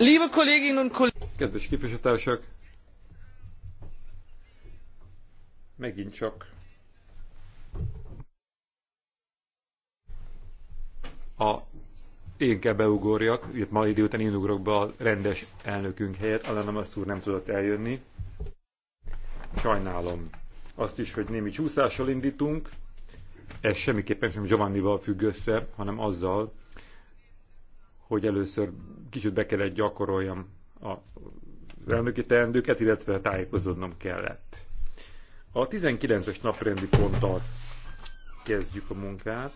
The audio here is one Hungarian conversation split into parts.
Liebe Kolleginnen und Kollegen! Kedves képviselőtársak! Megint csak a én kell beugorjak, itt ma idő után én ugrok be a rendes elnökünk helyett, Alana Masszúr nem tudott eljönni. Sajnálom azt is, hogy némi csúszással indítunk, ez semmiképpen sem Giovannival függ össze, hanem azzal, hogy először kicsit be kellett gyakoroljam az elnöki teendőket, illetve tájékozódnom kellett. A 19-es naprendi ponttal kezdjük a munkát.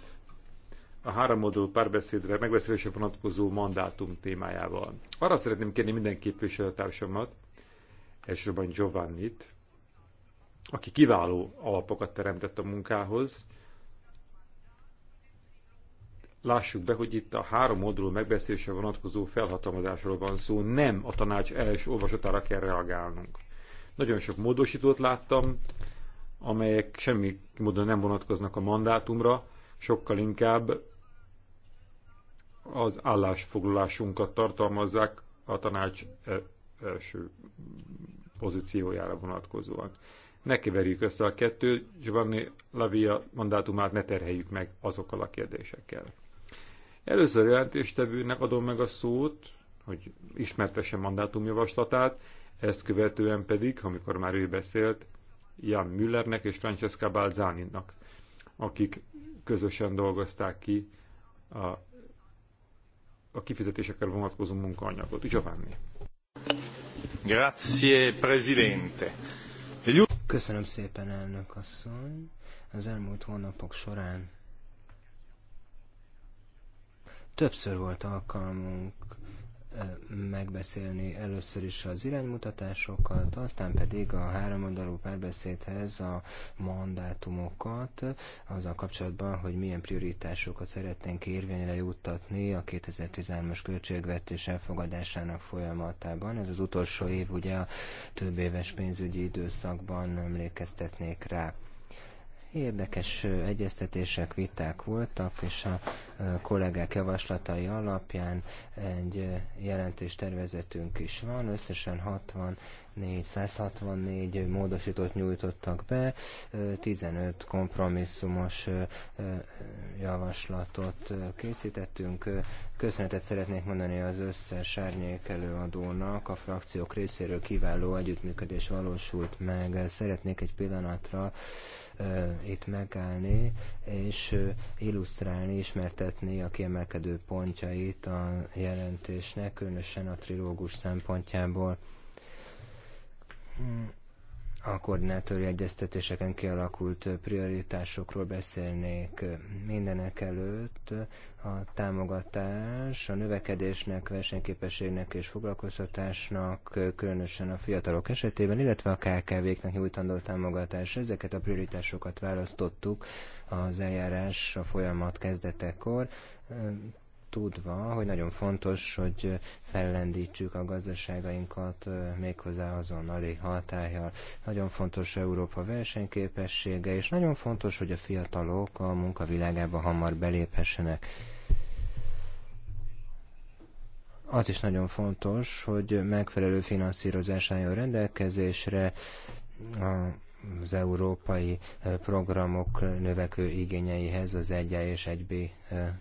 A háromoldalú párbeszédre megbeszélésre vonatkozó mandátum témájával. Arra szeretném kérni minden képviselőtársamat, elsősorban Giovannit, aki kiváló alapokat teremtett a munkához, lássuk be, hogy itt a három modul megbeszélésre vonatkozó felhatalmazásról van szó, nem a tanács első olvasatára kell reagálnunk. Nagyon sok módosítót láttam, amelyek semmi módon nem vonatkoznak a mandátumra, sokkal inkább az állásfoglalásunkat tartalmazzák a tanács e- első pozíciójára vonatkozóan. Ne keverjük össze a kettőt, Giovanni Lavia mandátumát ne terheljük meg azokkal a kérdésekkel. Először jelentéstevőnek adom meg a szót, hogy ismertesse mandátumjavaslatát, ezt követően pedig, amikor már ő beszélt, Jan Müllernek és Francesca Balzáninnak, akik közösen dolgozták ki a, a kifizetésekkel vonatkozó munkaanyagot. Giovanni. Grazie, Presidente. Köszönöm szépen, elnök asszony. Az elmúlt hónapok során Többször volt alkalmunk megbeszélni először is az iránymutatásokat, aztán pedig a háromoldalú párbeszédhez a mandátumokat, azzal kapcsolatban, hogy milyen prioritásokat szeretnénk érvényre juttatni a 2013-as költségvetés elfogadásának folyamatában. Ez az utolsó év ugye a több éves pénzügyi időszakban emlékeztetnék rá. Érdekes egyeztetések, viták voltak, és a kollégák javaslatai alapján egy jelentős tervezetünk is van, összesen 60 464 módosítót nyújtottak be, 15 kompromisszumos javaslatot készítettünk. Köszönetet szeretnék mondani az összes árnyék előadónak, a frakciók részéről kiváló együttműködés valósult meg. Szeretnék egy pillanatra itt megállni és illusztrálni, ismertetni ismertetni a kiemelkedő pontjait a jelentésnek, különösen a trilógus szempontjából. Hmm a koordinátori egyeztetéseken kialakult prioritásokról beszélnék mindenek előtt. A támogatás a növekedésnek, versenyképességnek és foglalkoztatásnak, különösen a fiatalok esetében, illetve a KKV-knek nyújtandó támogatás. Ezeket a prioritásokat választottuk az eljárás a folyamat kezdetekor tudva, hogy nagyon fontos, hogy fellendítsük a gazdaságainkat méghozzá azonnali hatályjal. Nagyon fontos Európa versenyképessége, és nagyon fontos, hogy a fiatalok a munkavilágába hamar beléphessenek az is nagyon fontos, hogy megfelelő finanszírozás álljon rendelkezésre, a az európai programok növekvő igényeihez az 1 és 1B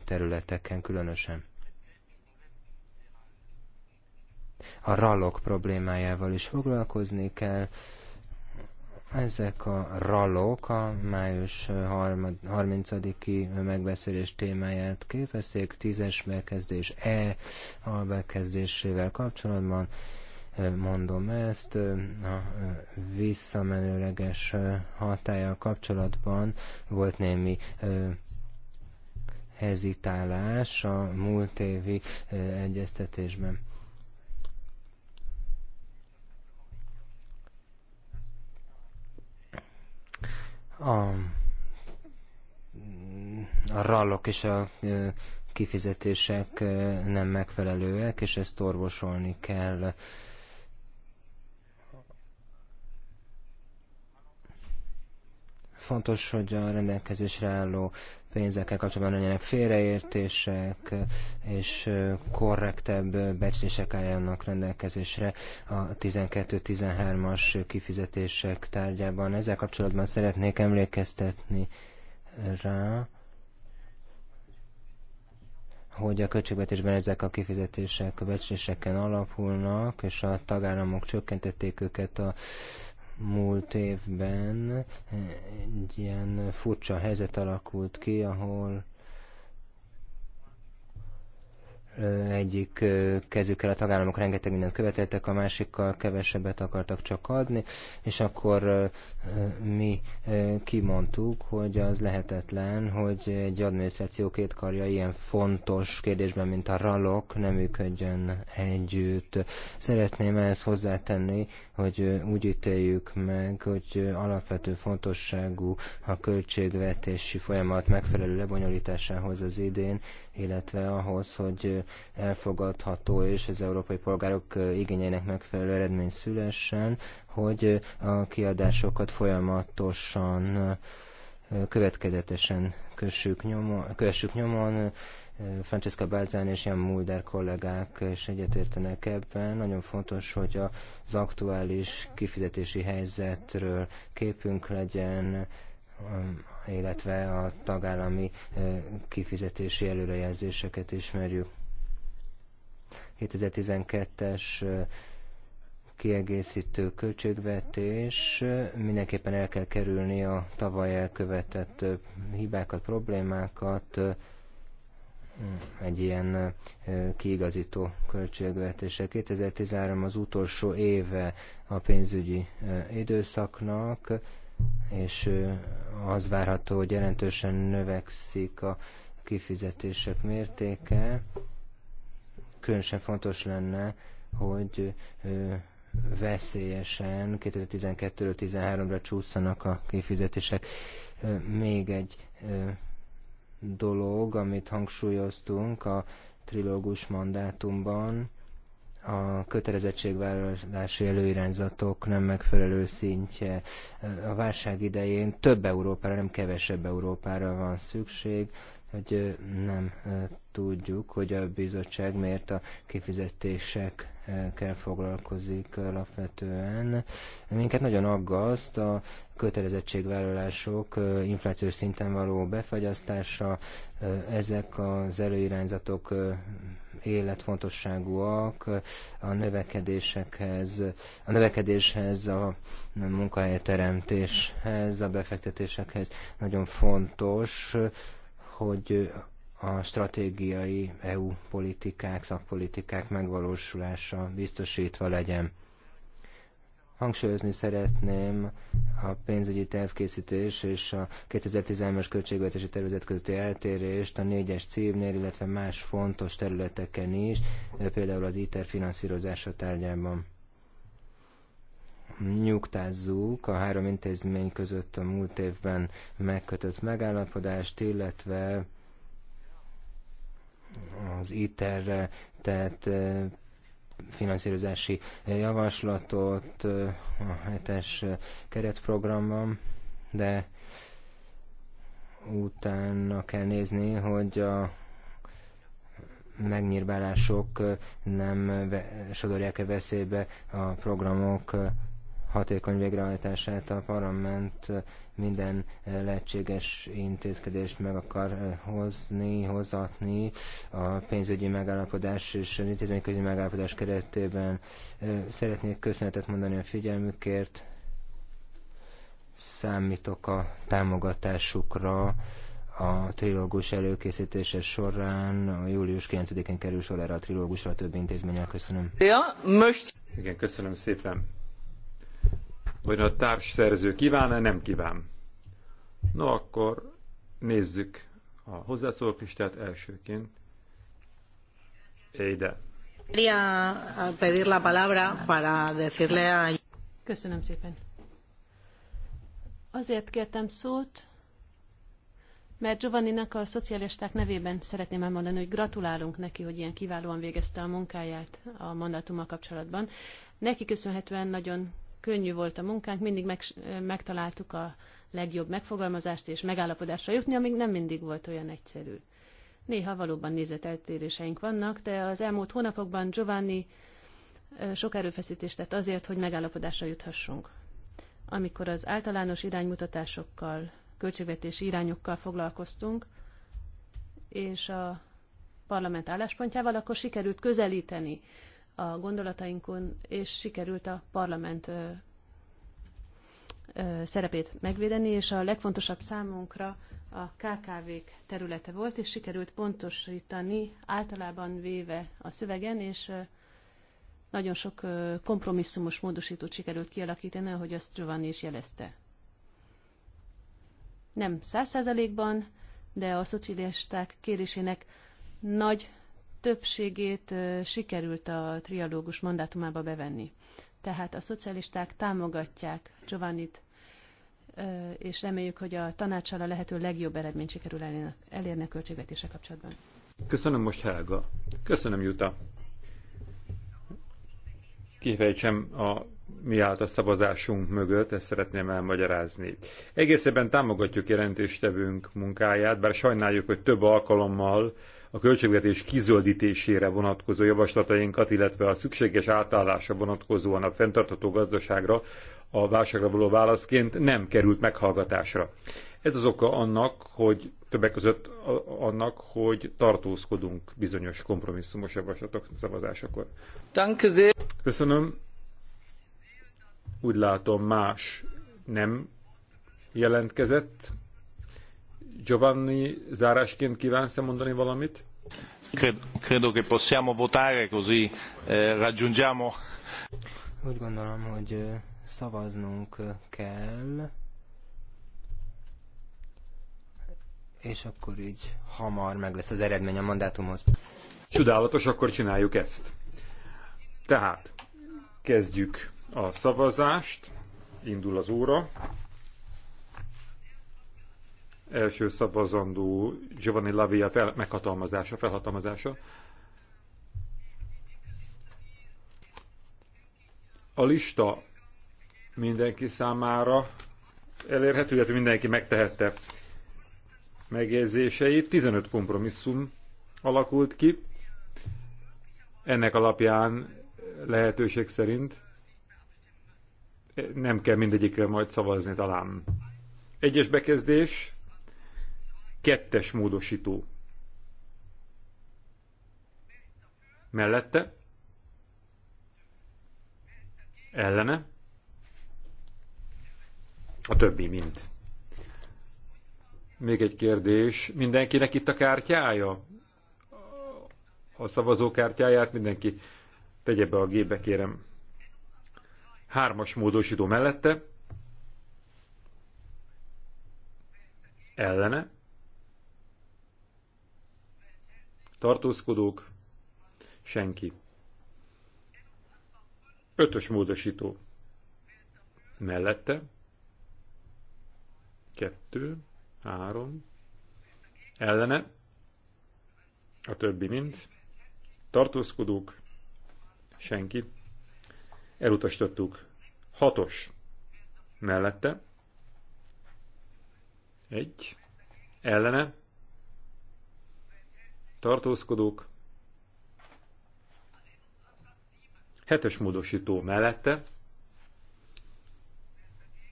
területeken különösen. A rallok problémájával is foglalkozni kell. Ezek a rallok a május 30-i megbeszélés témáját képezték, tízes bekezdés E albekezdésével kapcsolatban mondom ezt. A visszamenőleges hatája kapcsolatban volt némi hezitálás a múlt évi egyeztetésben. A, a rallok és a kifizetések nem megfelelőek, és ezt orvosolni kell Fontos, hogy a rendelkezésre álló pénzekkel kapcsolatban legyenek félreértések, és korrektebb becslések álljanak rendelkezésre a 12-13-as kifizetések tárgyában. Ezzel kapcsolatban szeretnék emlékeztetni rá, hogy a költségvetésben ezek a kifizetések a becsléseken alapulnak, és a tagállamok csökkentették őket a múlt évben eh, egy ilyen furcsa helyzet alakult ki, ahol egyik kezükkel a tagállamok rengeteg mindent követeltek, a másikkal kevesebbet akartak csak adni, és akkor mi kimondtuk, hogy az lehetetlen, hogy egy adminisztráció két karja ilyen fontos kérdésben, mint a ralok, nem működjön együtt. Szeretném ehhez hozzátenni, hogy úgy ítéljük meg, hogy alapvető fontosságú a költségvetési folyamat megfelelő lebonyolításához az idén, illetve ahhoz, hogy elfogadható és az európai polgárok igényeinek megfelelő eredmény szülessen, hogy a kiadásokat folyamatosan, következetesen kössük nyomon, kössük nyomon Francesca Balzán és Jan Mulder kollégák is egyetértenek ebben. Nagyon fontos, hogy az aktuális kifizetési helyzetről képünk legyen, illetve a tagállami kifizetési előrejelzéseket ismerjük. 2012-es kiegészítő költségvetés mindenképpen el kell kerülni a tavaly elkövetett hibákat, problémákat, egy ilyen kiigazító költségvetése. 2013 az utolsó éve a pénzügyi időszaknak, és az várható, hogy jelentősen növekszik a kifizetések mértéke. Különösen fontos lenne, hogy veszélyesen 2012-ről 13-ra csúszanak a kifizetések. Még egy dolog, amit hangsúlyoztunk a trilógus mandátumban, a kötelezettségvállalási előirányzatok nem megfelelő szintje. A válság idején több Európára, nem kevesebb Európára van szükség, hogy nem tudjuk, hogy a bizottság miért a kell foglalkozik alapvetően. Minket nagyon aggaszt a kötelezettségvállalások inflációs szinten való befagyasztása, ezek az előirányzatok életfontosságúak a növekedésekhez, a növekedéshez, a munkahelyteremtéshez, a befektetésekhez. Nagyon fontos, hogy a stratégiai EU politikák, szakpolitikák megvalósulása biztosítva legyen hangsúlyozni szeretném a pénzügyi tervkészítés és a 2013-as költségvetési tervezet közötti eltérést a négyes címnél, illetve más fontos területeken is, például az ITER finanszírozása tárgyában. Nyugtázzuk a három intézmény között a múlt évben megkötött megállapodást, illetve az ITER-re, tehát eh, finanszírozási javaslatot a hetes keretprogramban, de utána kell nézni, hogy a megnyírbálások nem sodorják-e veszélybe a programok hatékony végrehajtását a parlament minden lehetséges intézkedést meg akar hozni, hozatni a pénzügyi megállapodás és az intézményközi megállapodás keretében. Szeretnék köszönetet mondani a figyelmükért, számítok a támogatásukra, a trilógus előkészítése során, a július 9-én kerül sor erre a trilógusra a több intézménnyel. Köszönöm. Ja, most... Igen, köszönöm szépen vagy a társszerző kíván-e, nem kíván. No, akkor nézzük a hozzászólók listát elsőként. Éde. Eh, Köszönöm szépen. Azért kértem szót, mert giovanni a szocialisták nevében szeretném elmondani, hogy gratulálunk neki, hogy ilyen kiválóan végezte a munkáját a mandátummal kapcsolatban. Neki köszönhetően nagyon könnyű volt a munkánk, mindig meg, megtaláltuk a legjobb megfogalmazást és megállapodásra jutni, amíg nem mindig volt olyan egyszerű. Néha valóban nézeteltéréseink vannak, de az elmúlt hónapokban Giovanni sok erőfeszítést tett azért, hogy megállapodásra juthassunk. Amikor az általános iránymutatásokkal, költségvetési irányokkal foglalkoztunk, és a parlament álláspontjával, akkor sikerült közelíteni a gondolatainkon, és sikerült a parlament szerepét megvédeni, és a legfontosabb számunkra a KKV-k területe volt, és sikerült pontosítani általában véve a szövegen, és nagyon sok kompromisszumos módosítót sikerült kialakítani, ahogy azt Giovanni is jelezte. Nem száz százalékban, de a szocialisták kérésének nagy többségét sikerült a trialógus mandátumába bevenni. Tehát a szocialisták támogatják Giovannit, és reméljük, hogy a tanácsal a lehető legjobb eredményt sikerül elérni a költségvetése kapcsolatban. Köszönöm most Helga. Köszönöm Juta. Kifejtsem a mi állt a szavazásunk mögött, ezt szeretném elmagyarázni. Egészében támogatjuk jelentéstevünk munkáját, bár sajnáljuk, hogy több alkalommal a költségvetés kizöldítésére vonatkozó javaslatainkat, illetve a szükséges átállásra vonatkozóan a fenntartható gazdaságra a válságra való válaszként nem került meghallgatásra. Ez az oka annak, hogy többek között annak, hogy tartózkodunk bizonyos kompromisszumos javaslatok szavazásakor. Köszönöm. Úgy látom, más nem jelentkezett. Giovanni, zárásként kívánsz -e mondani valamit? Credo che possiamo votare così eh, raggiungiamo. Úgy gondolom, hogy eh, szavaznunk kell, és akkor így hamar meg lesz az eredmény a mandátumhoz. Csodálatos, akkor csináljuk ezt. Tehát kezdjük a szavazást, indul az óra első szavazandó Giovanni Lavia fel, meghatalmazása, felhatalmazása. A lista mindenki számára elérhető, illetve mindenki megtehette megjegyzéseit. 15 kompromisszum alakult ki. Ennek alapján lehetőség szerint nem kell mindegyikre majd szavazni talán. Egyes bekezdés, Kettes módosító. Mellette. Ellene. A többi mint. Még egy kérdés. Mindenkinek itt a kártyája? A szavazókártyáját mindenki tegye be a gépbe, kérem. Hármas módosító mellette. Ellene. tartózkodók, senki. Ötös módosító. Mellette. Kettő, három. Ellene. A többi mind. Tartózkodók. Senki. Elutasítottuk. Hatos. Mellette. Egy. Ellene tartózkodók. Hetes módosító mellette,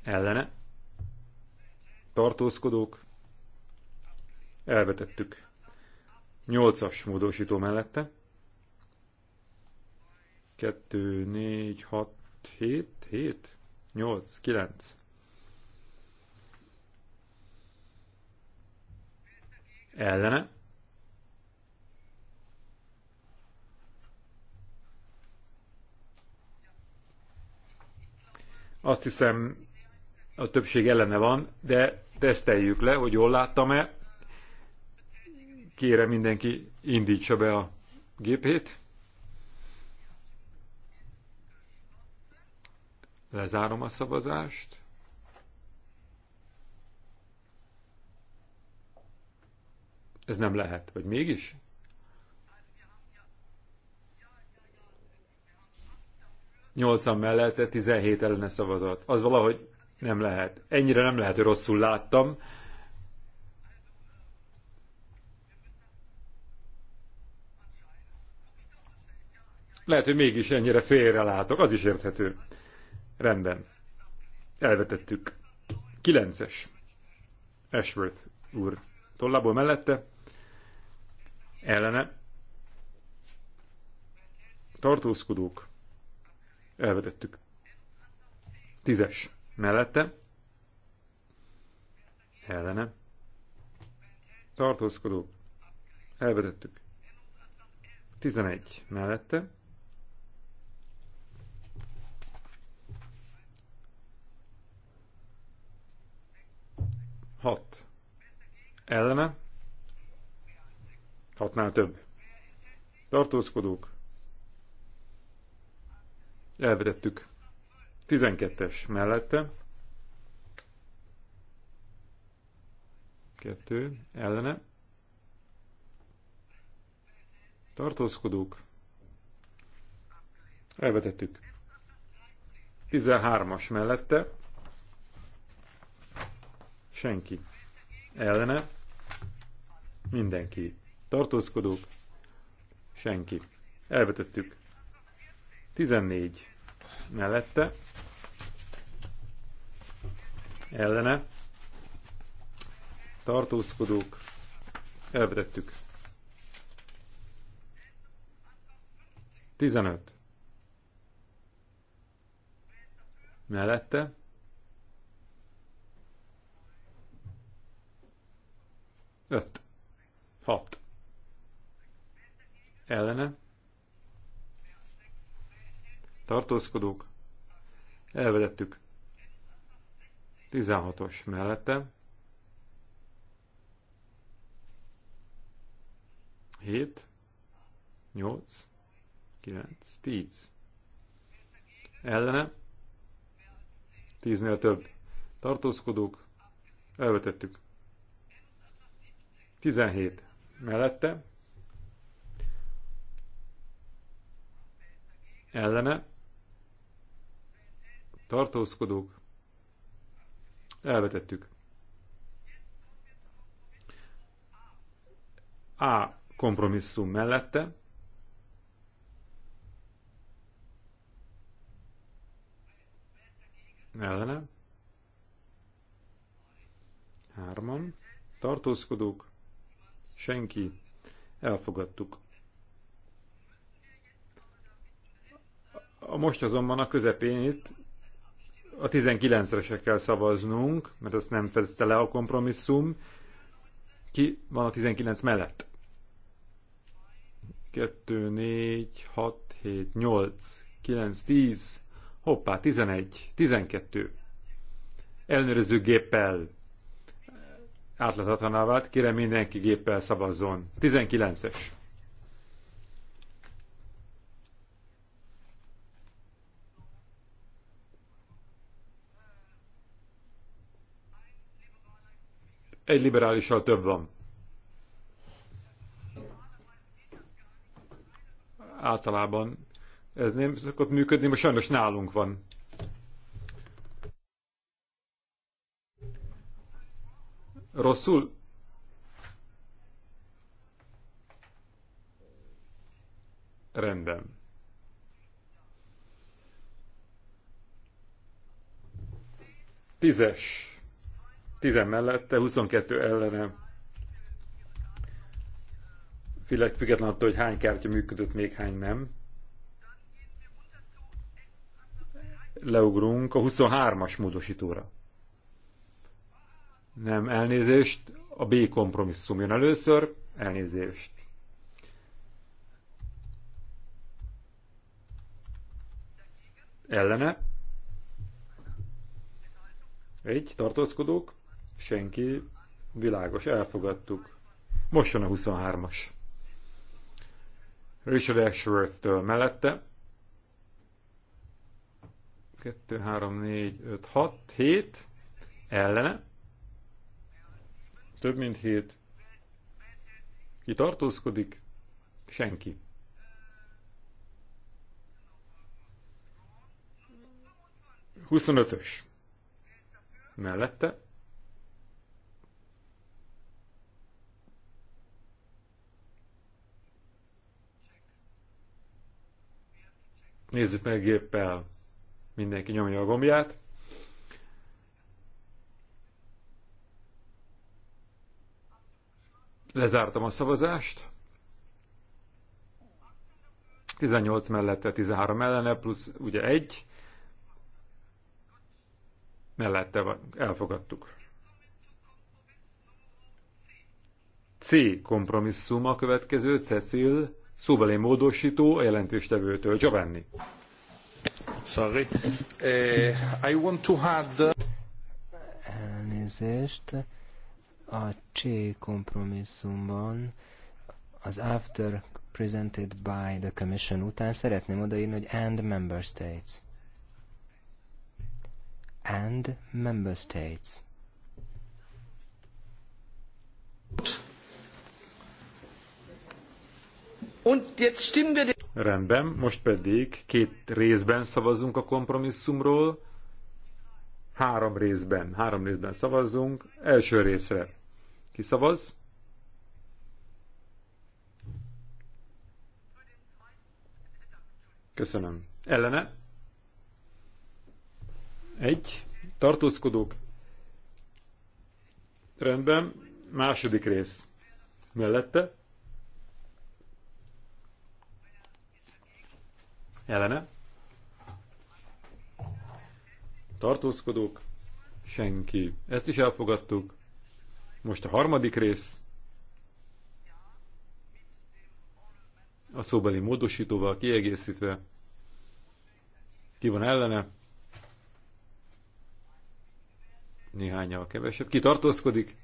ellene, tartózkodók, elvetettük. Nyolcas módosító mellette, kettő, négy, hat, hét, hét, nyolc, kilenc. Ellene. Azt hiszem, a többség ellene van, de teszteljük le, hogy jól láttam-e. Kérem mindenki indítsa be a gépét. Lezárom a szavazást. Ez nem lehet, vagy mégis? 80 mellette 17 ellene szavazott. Az valahogy nem lehet. Ennyire nem lehet, hogy rosszul láttam. Lehet, hogy mégis ennyire félre látok, az is érthető. Rendben. Elvetettük. 9-es. Ashworth úr tollából mellette. Ellene. Tartózkodók Elvetettük. Tízes. Mellette. Ellene. Tartózkodó. Elvetettük. Tizenegy. Mellette. Hat. Ellene. Hatnál több. Tartózkodók. Elvedettük. 12-es mellette. 2 Ellene. Tartózkodók. Elvetettük. 13-as mellette. Senki. Ellene. Mindenki. Tartózkodók. Senki. Elvetettük. 14 mellette, ellene, tartózkodók, elvetettük. 15 mellette, Öt. Hat. Ellene tartózkodók, elvedettük. 16-os mellette, 7, 8, 9, 10. Ellene, 10-nél több tartózkodók, elvetettük. 17 mellette, ellene, tartózkodók, elvetettük. A kompromisszum mellette, ellene, hárman, tartózkodók, senki, elfogadtuk. Most azonban a közepén itt a 19-esre kell szavaznunk, mert azt nem fedezte le a kompromisszum. Ki van a 19 mellett? 2, 4, 6, 7, 8, 9, 10, hoppá, 11, 12. Elnőrző géppel átláthatóan vált, kérem mindenki géppel szavazzon. 19-es. Egy liberálissal több van. Általában ez nem szokott működni, most sajnos nálunk van. Rosszul? Rendben. Tízes. 10 mellette, 22 ellene. Független attól, hogy hány kártya működött, még hány nem. Leugrunk a 23-as módosítóra. Nem, elnézést, a B kompromisszum jön először, elnézést. Ellene. Egy, tartózkodók. Senki? Világos, elfogadtuk. Most jön a 23-as. Richard Ashworth-től mellette. 2, 3, 4, 5, 6, 7 ellene. Több mint 7. Ki tartózkodik? Senki. Huszonötös. Mellette. Nézzük meg géppel. Mindenki nyomja a gombját. Lezártam a szavazást. 18 mellette, 13 ellene, plusz ugye 1. Mellette van, elfogadtuk. C kompromisszum a következő, Cecil szóbeli módosító a jelentéstevőtől. Giovanni. Sorry. Uh, I want to add... Elnézést. A C kompromisszumban az after presented by the commission után szeretném odaírni, hogy and member states. And member states. Rendben, most pedig két részben szavazzunk a kompromisszumról. Három részben, három részben szavazzunk. Első részre. Ki szavaz? Köszönöm. Ellene? Egy. Tartózkodók? Rendben. Második rész. Mellette? ellene. Tartózkodók, senki. Ezt is elfogadtuk. Most a harmadik rész. A szóbeli módosítóval kiegészítve. Ki van ellene? Néhányal kevesebb. Ki tartózkodik?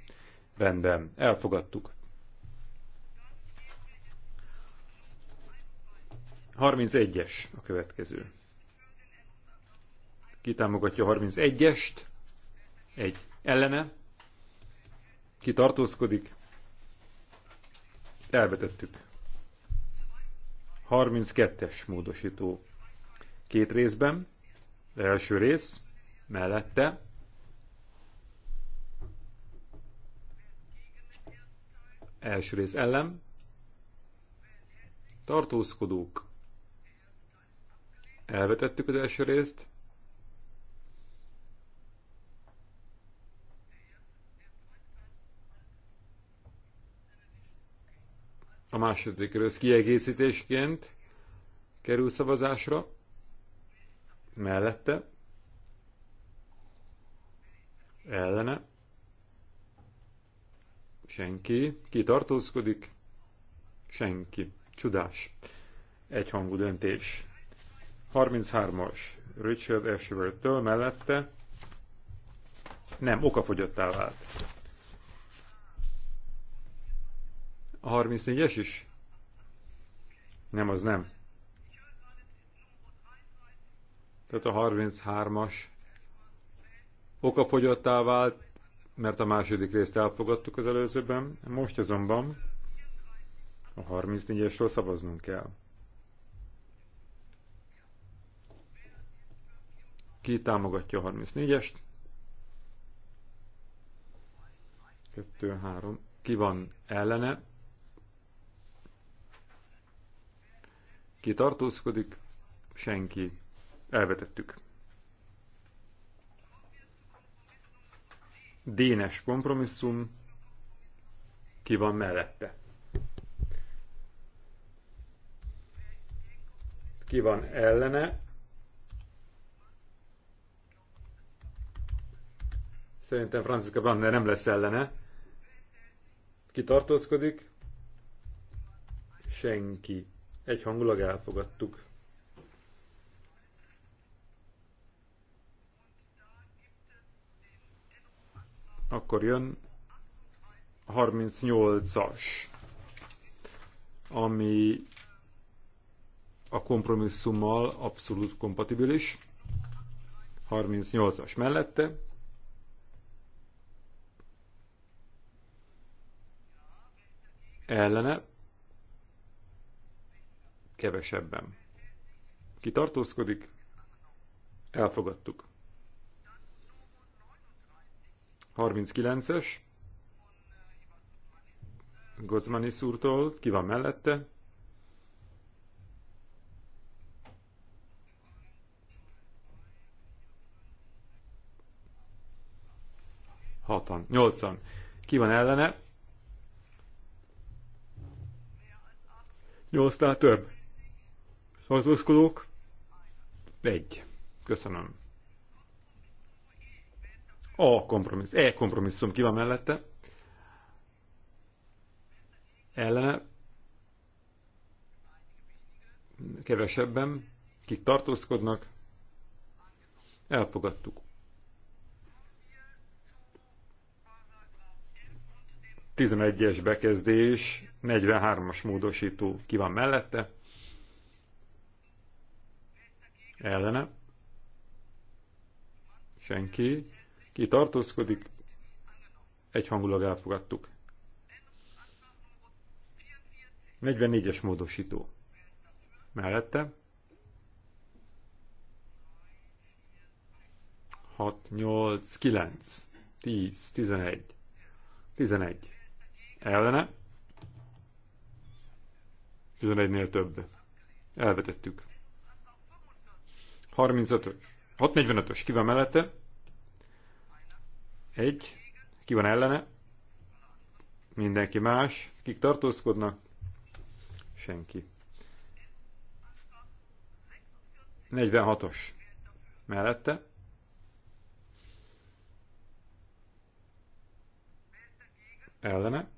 Rendben, elfogadtuk. 31-es a következő. Ki támogatja 31-est? Egy ellene. Ki tartózkodik? Elvetettük. 32-es módosító. Két részben. Első rész. Mellette. Első rész ellen. Tartózkodók Elvetettük az első részt. A második rész kiegészítésként kerül szavazásra. Mellette. Ellene. Senki. Ki tartózkodik? Senki. Csodás. Egyhangú döntés. 33-as Richard Ashworth-től mellette nem, okafogyottá vált. A 34-es is? Nem, az nem. Tehát a 33-as okafogyottá vált, mert a második részt elfogadtuk az előzőben, most azonban a 34-esről szavaznunk kell. Ki támogatja a 34-est? 2, 3. Ki van ellene? Ki tartózkodik? Senki. Elvetettük. Dénes kompromisszum. Ki van mellette? Ki van ellene? Szerintem Franciska Brandner nem lesz ellene. Ki tartózkodik? Senki. Egyhangulag elfogadtuk. Akkor jön 38-as, ami a kompromisszummal abszolút kompatibilis. 38-as mellette ellene kevesebben. Ki tartózkodik? Elfogadtuk. 39-es Gozmani szúrtól, ki van mellette? Hatan, nyolcan. Ki van ellene? Nyolcnál több. Tartózkodók? Egy. Köszönöm. A kompromissz, E kompromisszum ki van mellette? Ellene? Kevesebben. Kik tartózkodnak? Elfogadtuk. 11-es bekezdés, 43-as módosító ki van mellette. Ellene. Senki. Ki tartózkodik? Egyhangulag elfogadtuk. 44-es módosító. Mellette. 6, 8, 9, 10, 11. 11. Ellene. 11-nél több. Elvetettük. 35-ös. 645-ös. Ki van mellette? Egy. Ki van ellene? Mindenki más. Kik tartózkodnak? Senki. 46-os. Mellette? Ellene?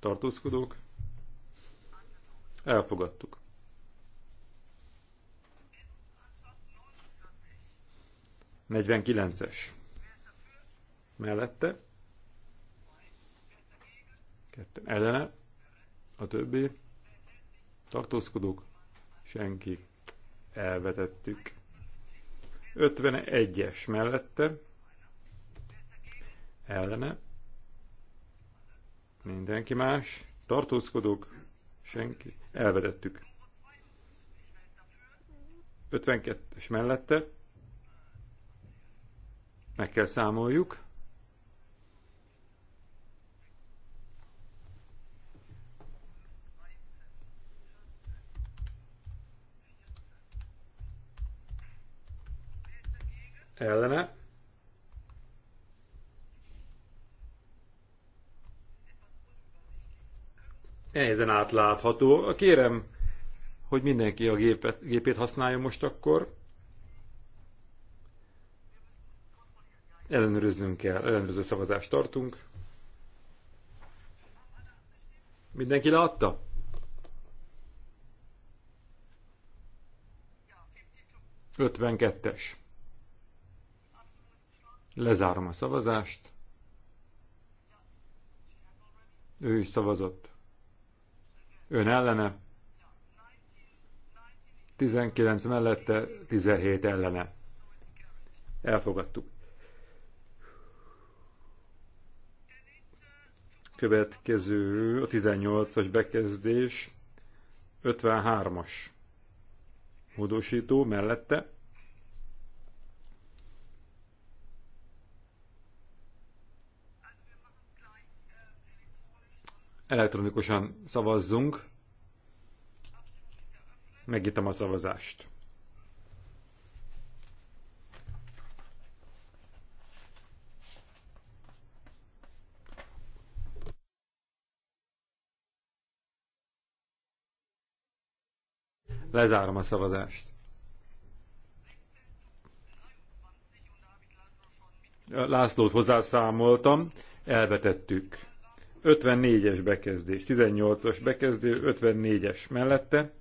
tartózkodók, elfogadtuk. Negyvenkilences. Mellette. Kettő. ellene. A többi. Tartózkodók. Senki. Elvetettük. 51-es mellette. Ellene Mindenki más? Tartózkodók? Senki? Elvedettük. 52-es mellette. Meg kell számoljuk. Ellene. nehezen átlátható. Kérem, hogy mindenki a gépet, gépét használja most akkor. Ellenőriznünk kell, ellenőrző szavazást tartunk. Mindenki látta? Ötvenkettes. Lezárom a szavazást. Ő is szavazott ön ellene, 19 mellette, 17 ellene. Elfogadtuk. Következő a 18-as bekezdés, 53-as módosító mellette, elektronikusan szavazzunk. Megnyitom a szavazást. Lezárom a szavazást. Lászlót hozzászámoltam, elvetettük. 54-es bekezdés, 18-as bekezdő, 54-es mellette,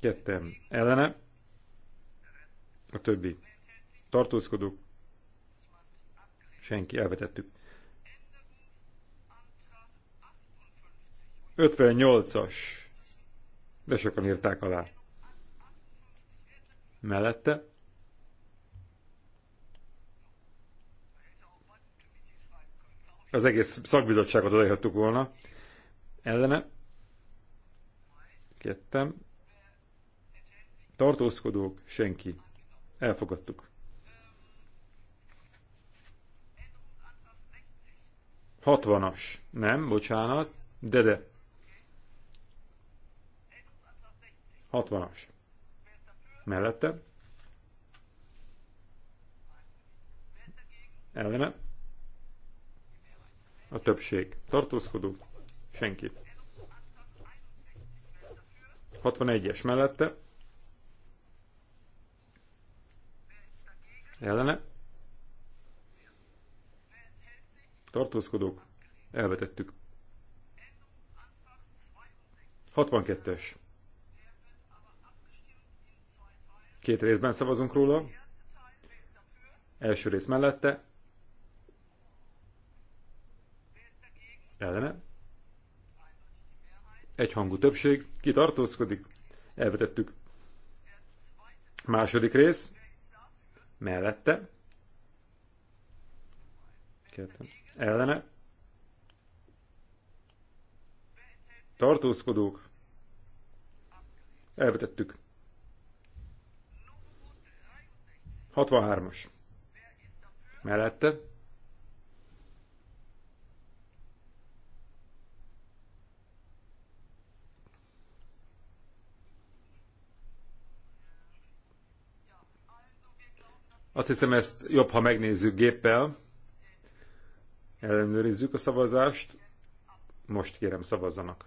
kettem ellene, a többi tartózkodók, senki, elvetettük. 58-as, de sokan írták alá. Mellette, az egész szakbizottságot odaírhattuk volna. Ellene. Kettem. Tartózkodók, senki. Elfogadtuk. Hatvanas? Nem, bocsánat. De de. Hatvanas. Mellette. Ellene a többség. Tartózkodó, senki. 61-es mellette. Ellene. Tartózkodók, elvetettük. 62-es. Két részben szavazunk róla. Első rész mellette, ellene. Egyhangú többség, kitartózkodik, elvetettük. Második rész, mellette, Kértem. ellene, tartózkodók, elvetettük. 63-as. Mellette, Azt hiszem ezt jobb, ha megnézzük géppel. Ellenőrizzük a szavazást. Most kérem szavazzanak.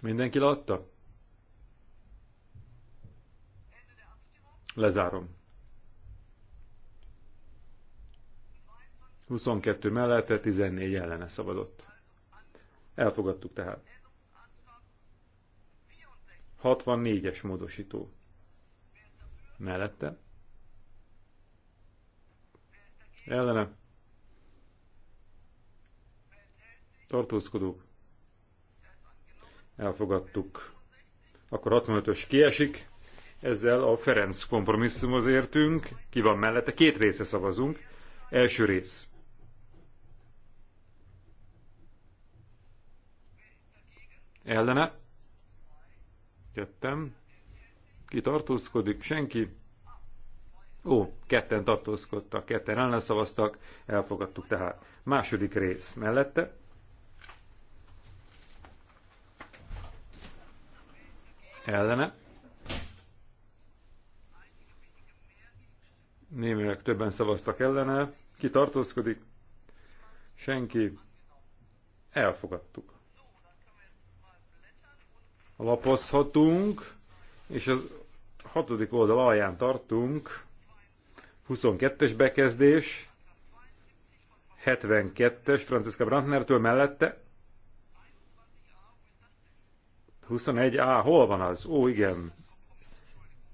Mindenki látta? Lezárom. 22 mellette, 14 ellene szavazott. Elfogadtuk tehát. 64-es módosító. Mellette. Ellene. Tartózkodók. Elfogadtuk. Akkor 65-ös kiesik. Ezzel a Ferenc kompromisszumhoz értünk. Ki van mellette? Két része szavazunk. Első rész. Ellene Kettem. Ki tartózkodik? Senki. Ó, ketten tartózkodtak, ketten ellenszavaztak, elfogadtuk tehát. Második rész mellette. Ellene. Némileg többen szavaztak ellene. Ki tartózkodik? Senki. Elfogadtuk lapozhatunk, és a hatodik oldal alján tartunk, 22-es bekezdés, 72-es Franciska Brandnertől mellette, 21A, hol van az? Ó, igen,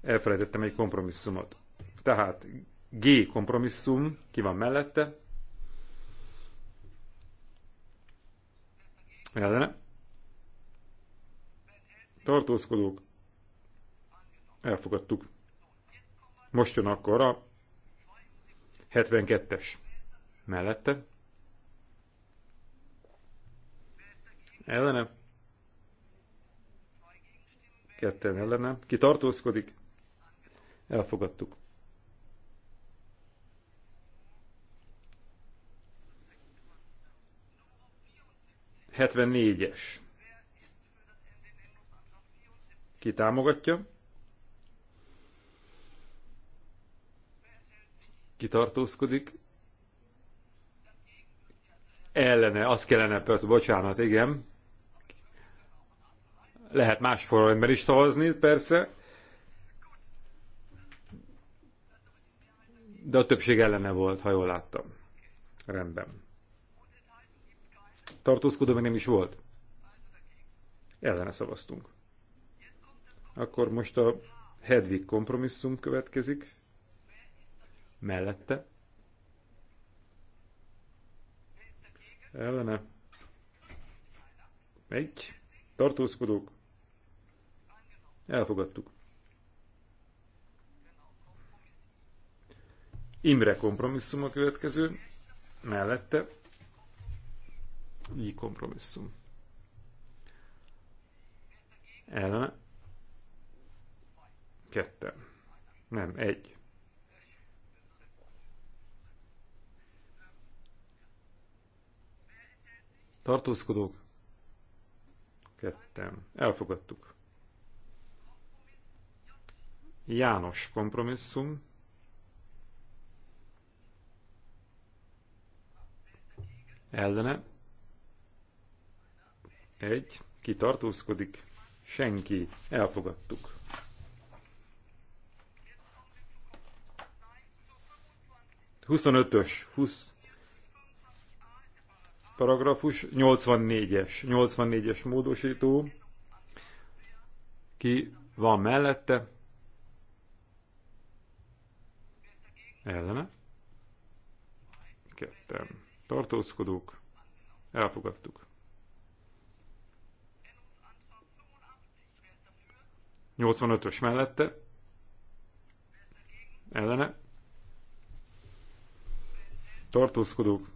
elfelejtettem egy kompromisszumot. Tehát G kompromisszum, ki van mellette? Ellene tartózkodók, elfogadtuk. Most jön akkor a 72-es mellette. Ellene. Ketten ellene. Ki tartózkodik? Elfogadtuk. Hetvennégyes. Ki támogatja? Ki tartózkodik? Ellene, azt kellene, persze, bocsánat, igen. Lehet más forralomban is szavazni, persze. De a többség ellene volt, ha jól láttam. Rendben. Tartózkodó még nem is volt. Ellene szavaztunk. Akkor most a Hedwig kompromisszum következik. Mellette. Ellene. Egy. Tartózkodók. Elfogadtuk. Imre kompromisszum a következő. Mellette. I kompromisszum. Ellene Ketten. Nem, egy. Tartózkodók. Ketten. Elfogadtuk. János kompromisszum. Ellene. Egy. Ki tartózkodik? Senki. Elfogadtuk. 25-ös, 20 paragrafus, 84-es, 84-es módosító, ki van mellette, ellene, ketten, tartózkodók, elfogadtuk. 85-ös mellette, ellene, tartózkodók,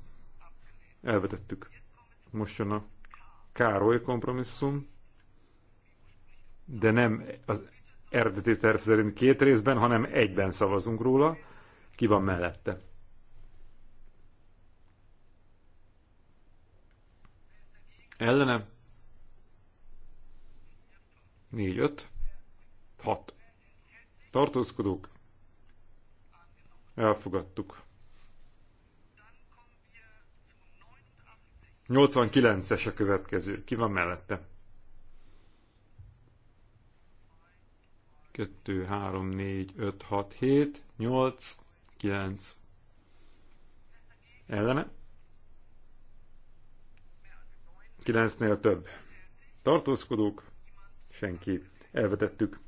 elvetettük. Most jön a Károly kompromisszum, de nem az eredeti terv szerint két részben, hanem egyben szavazunk róla. Ki van mellette? Ellene? 4, 5, 6. Tartózkodók? Elfogadtuk. 89-es a következő. Ki van mellette? 2, 3, 4, 5, 6, 7, 8, 9. Ellene? 9-nél több. Tartózkodók? Senki. Elvetettük.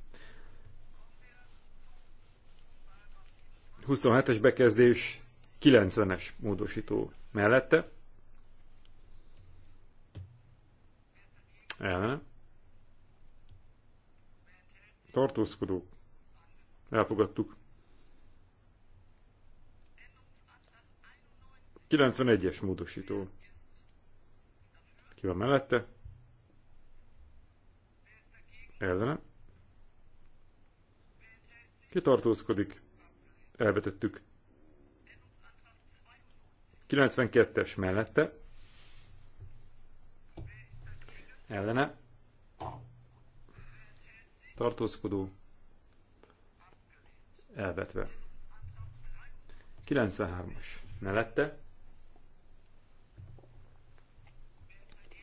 27-es bekezdés, 90-es módosító mellette ellene. Tartózkodók. Elfogadtuk. 91-es módosító. Ki van mellette? Ellene. Ki tartózkodik? Elvetettük. 92-es mellette ellene tartózkodó elvetve. 93-as mellette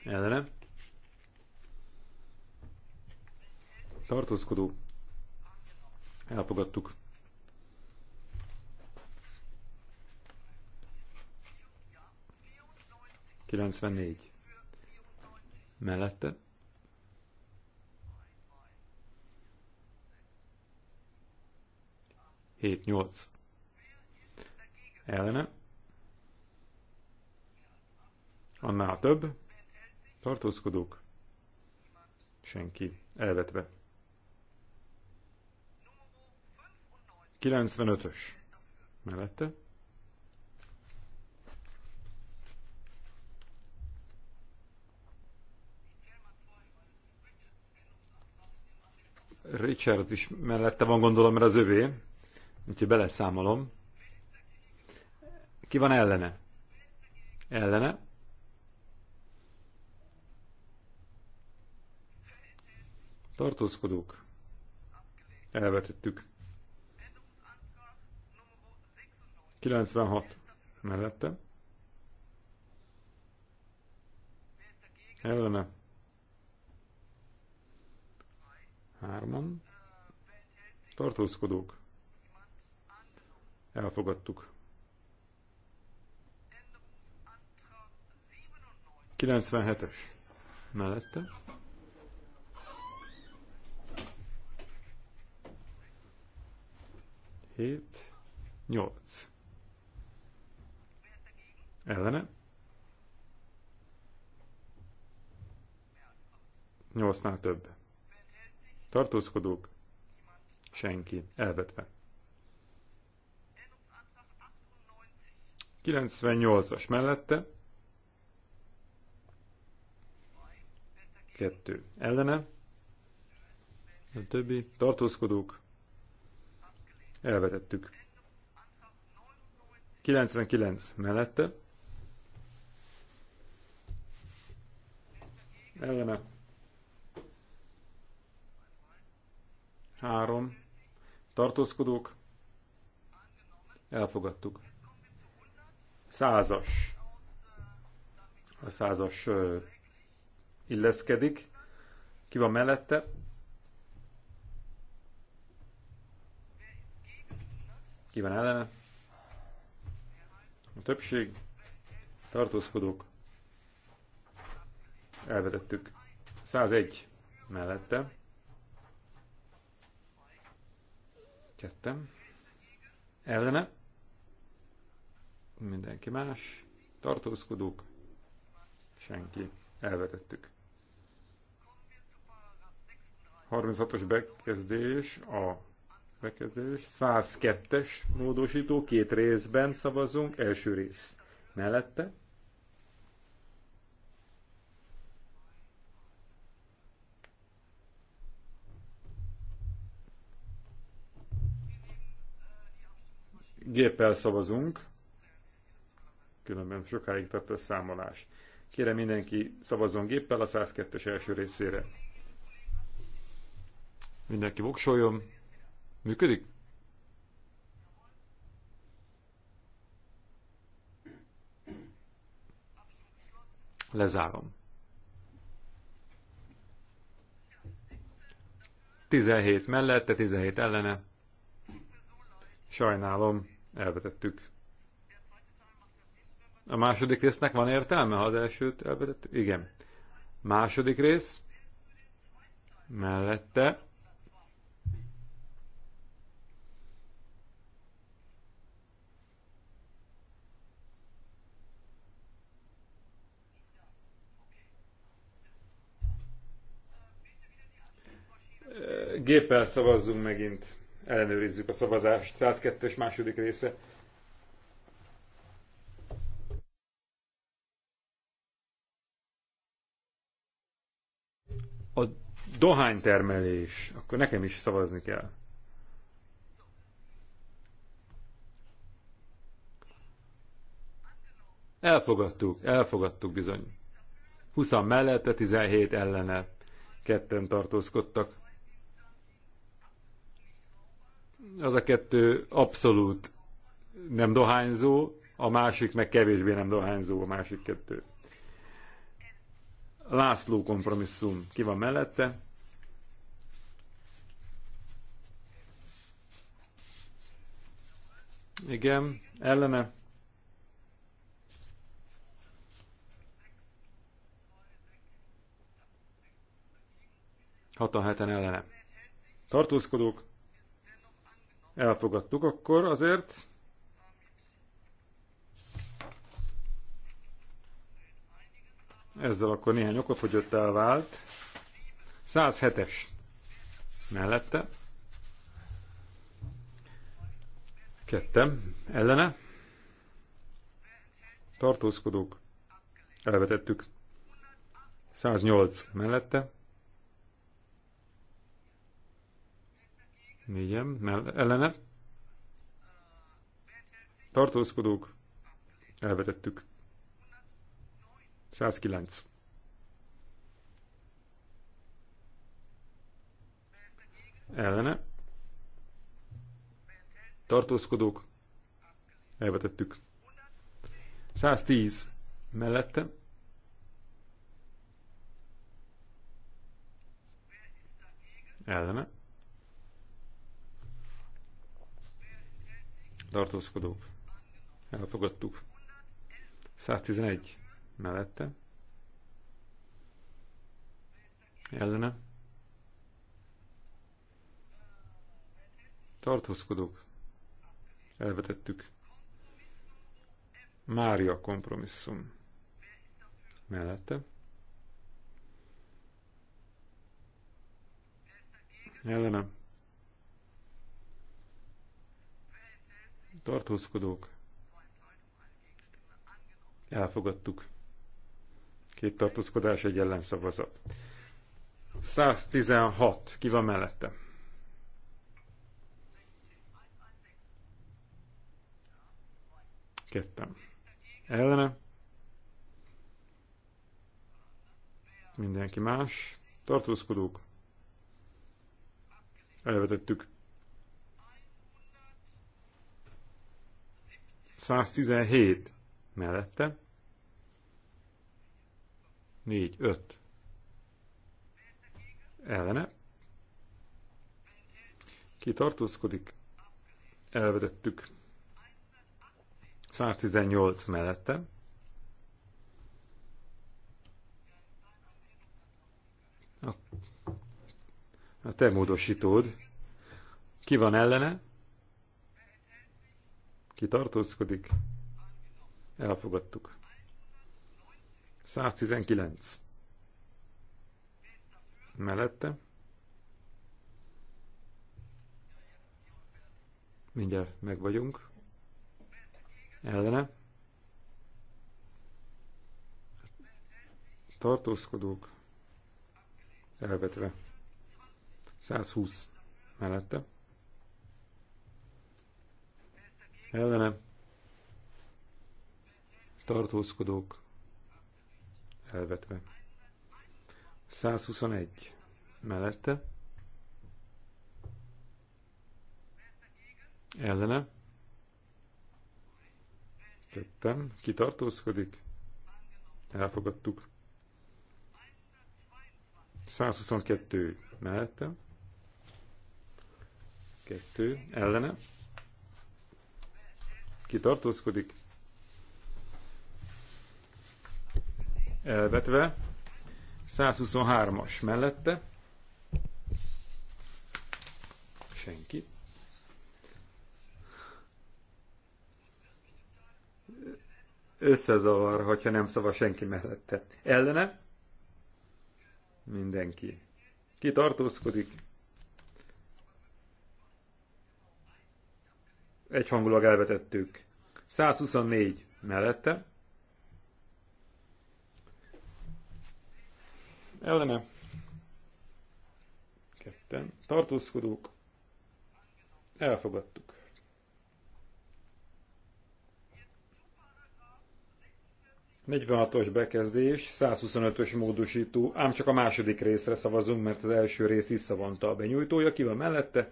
ellene tartózkodó elfogadtuk. Kilencvennégy mellette. Hét, nyolc. Ellene. Annál több. Tartózkodók. Senki. Elvetve. 95-ös. Mellette. 95-ös. Richard is mellette van, gondolom, mert az övé. Úgyhogy beleszámolom. Ki van ellene? Ellene. Tartózkodók. Elvetettük. 96 mellette. Ellene. Hárman. Tartózkodók. Elfogadtuk. 97-es. Mellette. Hét. Nyolc. Ellene. Nyolcnál több. Tartózkodók? Senki. Elvetve. 98-as mellette. 2. Ellene. A többi. Tartózkodók? Elvetettük. 99 mellette. Ellene 3 tartózkodók, elfogadtuk. Százas. A százas illeszkedik. Ki van mellette? Ki van ellene? A többség tartózkodók. Elvetettük. 101 mellette. Kettem. Ellene. Mindenki más. Tartózkodók. Senki. Elvetettük. 36-os bekezdés, a bekezdés, 102-es módosító, két részben szavazunk, első rész mellette, géppel szavazunk, különben sokáig tart a számolás. Kérem mindenki szavazzon géppel a 102-es első részére. Mindenki voksoljon. Működik? Lezárom. 17 mellette, 17 ellene. Sajnálom. Elvetettük. A második résznek van értelme, ha az elsőt elvetettük? Igen. Második rész mellette géppel szavazzunk megint ellenőrizzük a szavazást. 102-es második része. A dohánytermelés, akkor nekem is szavazni kell. Elfogadtuk, elfogadtuk bizony. 20 mellette, 17 ellene. Ketten tartózkodtak az a kettő abszolút nem dohányzó, a másik meg kevésbé nem dohányzó, a másik kettő. László kompromisszum. Ki van mellette? Igen, ellene. Hatan heten ellene. Tartózkodók. Elfogadtuk akkor azért. Ezzel akkor néhány okafogyottá elvált. 107-es mellette. Kettem. Ellene. Tartózkodók. Elvetettük. 108 mellette. Négyem. mell ellene. Tartózkodók, elvetettük. 109. Ellene. Tartózkodók, elvetettük. 110 mellette. Ellene. tartózkodók, elfogadtuk. 111 mellette, ellene, tartózkodók, elvetettük. Mária kompromisszum mellette. Ellene tartózkodók, elfogadtuk. Két tartózkodás, egy ellenszavazat. 116, ki van mellette? Kettem. Ellene. Mindenki más. Tartózkodók. Elvetettük 117 mellette. 4, 5 ellene. Ki tartózkodik? Elvetettük. 118 mellette. a te módosítód. Ki van ellene? Ki tartózkodik? Elfogadtuk. 119. Mellette. Mindjárt meg vagyunk. Ellene. Tartózkodók. Elvetve. 120. Mellette. ellene tartózkodók elvetve. 121 mellette ellene tettem, kitartózkodik, elfogadtuk. 122 mellette, 2 ellene, ki tartózkodik. Elvetve. 123-as mellette. Senki. Összezavar, hogyha nem szava senki mellette. Ellene? Mindenki. Ki tartózkodik? egyhangulag elvetettük. 124 mellette. Ellene. Ketten. Tartózkodók. Elfogadtuk. os bekezdés, 125-ös módosító, ám csak a második részre szavazunk, mert az első rész visszavonta a benyújtója, ki van mellette,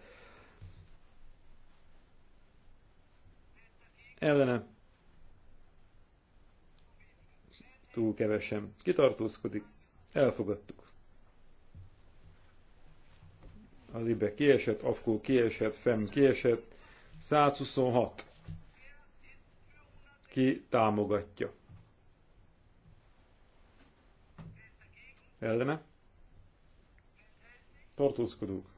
ellene túl kevesen kitartózkodik, elfogadtuk. A Libe kiesett, Afkó kiesett, Fem kiesett, 126. Ki támogatja? Ellene? Tartózkodók.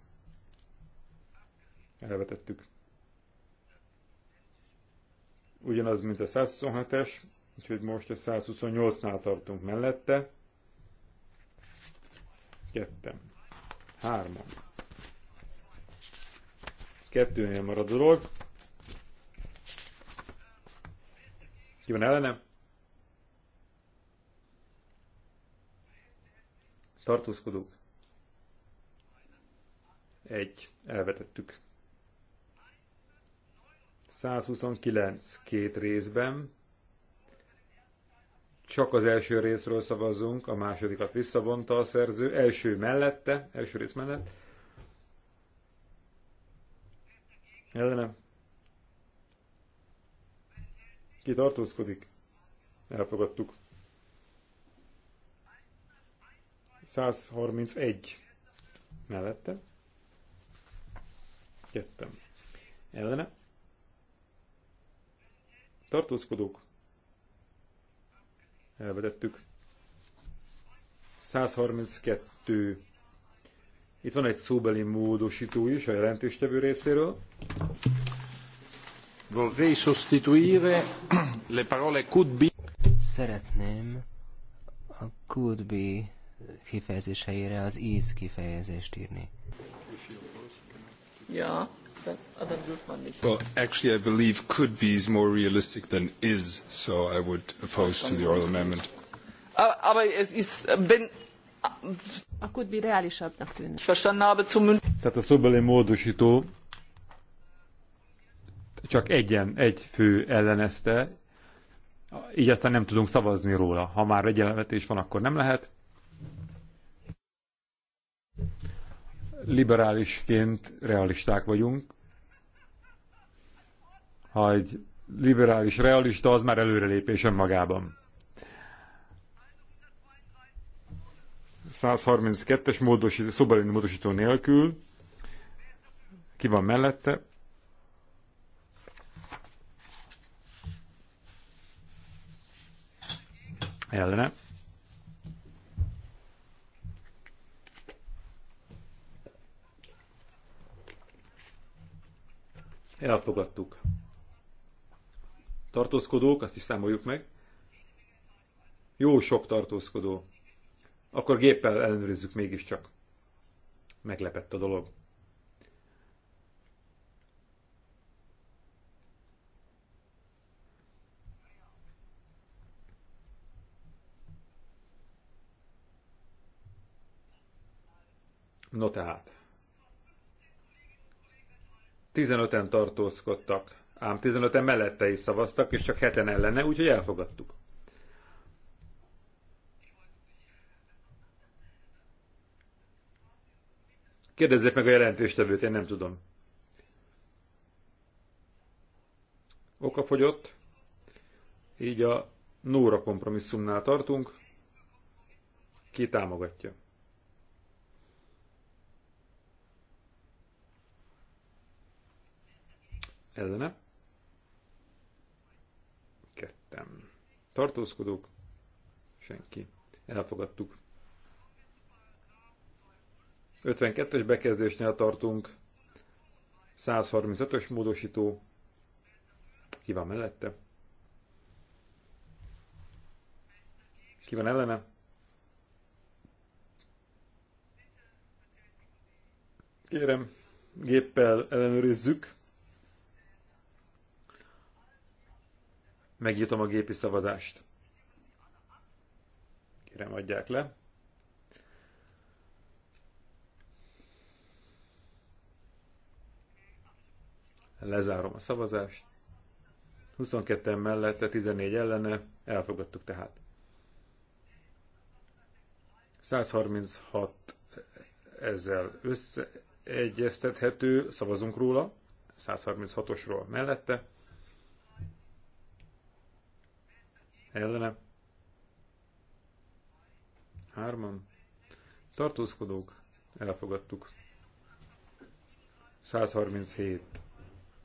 Elvetettük ugyanaz, mint a 127-es, úgyhogy most a 128-nál tartunk mellette. Kettem. Hárman. Kettőnél marad a dolog. Ki van ellene? Tartózkodók. Egy. Elvetettük. 129 két részben. Csak az első részről szavazunk, a másodikat visszavonta a szerző, első mellette, első rész mellett. Ellenem. Ki tartózkodik? Elfogadtuk. 131 mellette. Kettem. Ellenem tartózkodók, elvetettük. 132. Itt van egy szóbeli módosító is a jelentéstevő részéről. Vorrei sostituire le parole could be. Szeretném a could be kifejezés helyére az is kifejezést írni. Ja. But Adam Gutmann nicht. Well, actually, I believe could be is more realistic than is, so I would oppose to the oral amendment. Äh, aber es ist, äh, wenn äh, a could be reálisabbnak tűnik. Tehát a szobeli módosító csak egyen, egy fő ellenezte, így aztán nem tudunk szavazni róla. Ha már egy elvetés van, akkor nem lehet. Liberálisként realisták vagyunk, ha egy liberális realista, az már előrelépés önmagában. 132-es módosító, szobalini módosító nélkül. Ki van mellette? Ellene. Elfogadtuk tartózkodók, azt is számoljuk meg. Jó sok tartózkodó. Akkor géppel ellenőrizzük mégiscsak. Meglepett a dolog. No tehát. 15-en tartózkodtak ám 15-en mellette is szavaztak, és csak heten ellene, úgyhogy elfogadtuk. Kérdezzék meg a jelentéstevőt, én nem tudom. Oka fogyott, így a Nóra kompromisszumnál tartunk. Ki támogatja? Ellene? mellettem. Tartózkodók? Senki. Elfogadtuk. 52-es bekezdésnél tartunk. 135-ös módosító. Ki van mellette? Ki van ellene? Kérem, géppel ellenőrizzük. Megnyitom a gépi szavazást. Kérem, adják le. Lezárom a szavazást. 22 mellette, 14 ellene, elfogadtuk tehát. 136 ezzel összeegyeztethető, szavazunk róla, 136-osról mellette, ellene. Hárman. Tartózkodók. Elfogadtuk. 137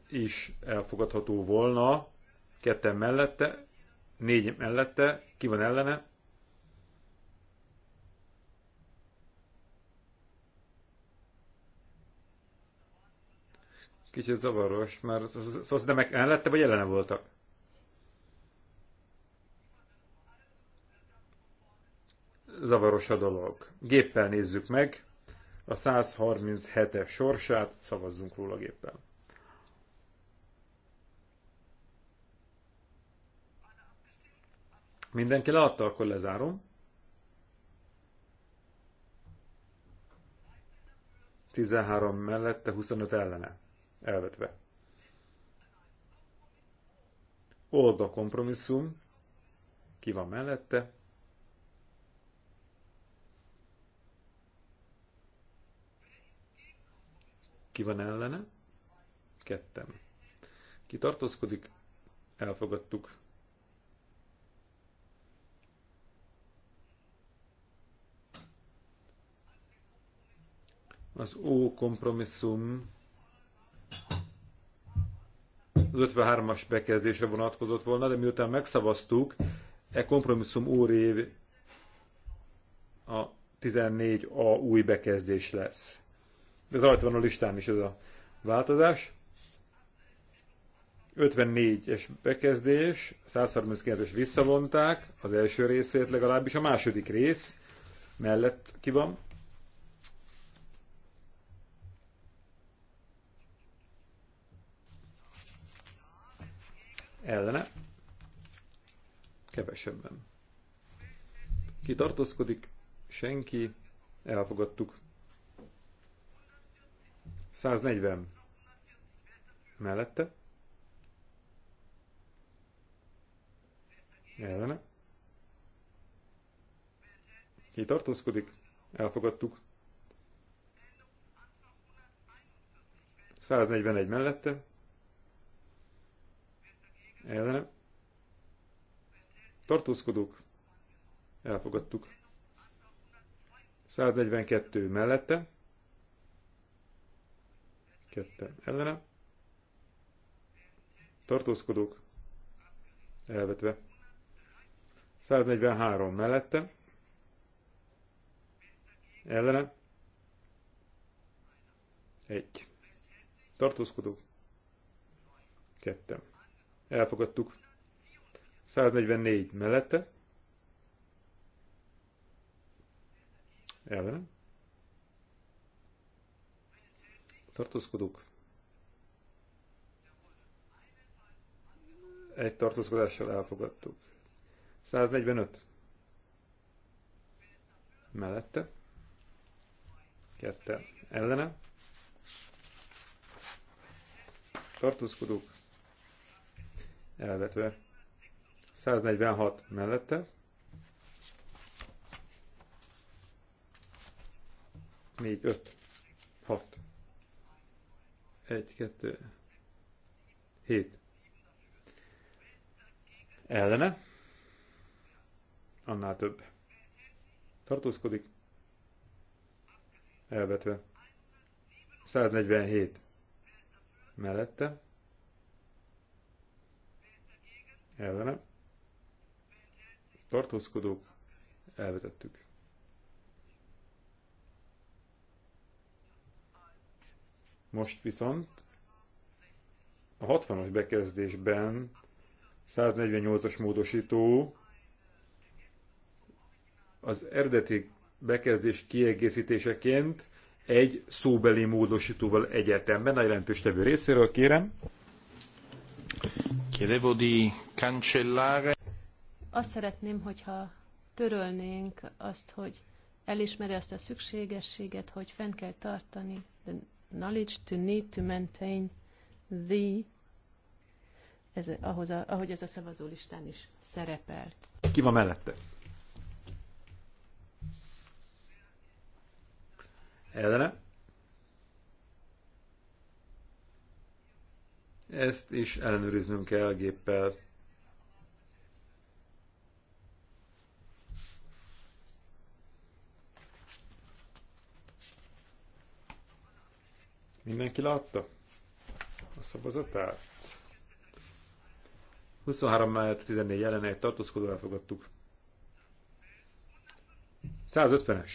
is elfogadható volna. Ketten mellette, négy mellette, ki van ellene? Kicsit zavaros, mert szóval nem mellette vagy ellene voltak? zavaros a dolog. Géppel nézzük meg a 137-es sorsát, szavazzunk róla géppel. Mindenki leadta, akkor lezárom. 13 mellette, 25 ellene. Elvetve. Old a kompromisszum. Ki van mellette? Ki van ellene? Ketten. Ki tartózkodik? Elfogadtuk. Az ó kompromisszum az 53-as bekezdésre vonatkozott volna, de miután megszavaztuk, e kompromisszum rév a 14A új bekezdés lesz de rajta van a listám is ez a változás. 54-es bekezdés, 139-es visszavonták, az első részét legalábbis, a második rész mellett ki van. Ellene. Kevesebben. Ki tartózkodik? Senki. Elfogadtuk. 140 mellette, ellene, ki tartózkodik, elfogadtuk, 141 mellette, ellene, tartózkodók, elfogadtuk, 142 mellette, ketten ellene. Tartózkodók elvetve. 143 mellette. Ellene. Egy. Tartózkodó. Kettem. Elfogadtuk. 144 mellette. Ellene. tartózkodók. Egy tartózkodással elfogadtuk. 145. Mellette. Kette. Ellene. Tartózkodók. Elvetve. 146 mellette. Még öt. hat. Egy, kettő, hét. Ellene? Annál több. Tartózkodik? Elvetve. 147. Mellette? Ellene? Tartózkodók? Elvetettük. Most viszont a 60-as bekezdésben 148-as módosító az eredeti bekezdés kiegészítéseként egy szóbeli módosítóval egyetemben a jelentős tevő részéről kérem. cancellare. Azt szeretném, hogyha törölnénk azt, hogy elismeri azt a szükségességet, hogy fenn kell tartani, de knowledge to need to maintain the ez, ahhoz a, ahogy ez a szavazólistán is szerepel. Ki van mellette? Ellene? Ezt is ellenőriznünk kell géppel. Mindenki látta? A szavazatát? 23 mellett 14 jelenet tartózkodó elfogadtuk. 150-es.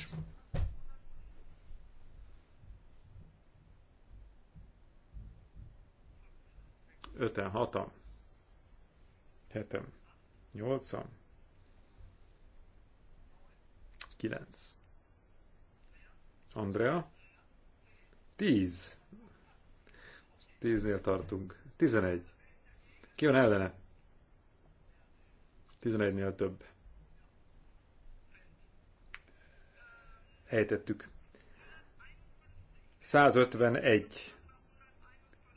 Öten, hatan, hetem, nyolcan, kilenc. Andrea, tíz. Tíznél tartunk. Tizenegy. Ki van ellene? Tizenegynél több. Ejtettük. 151.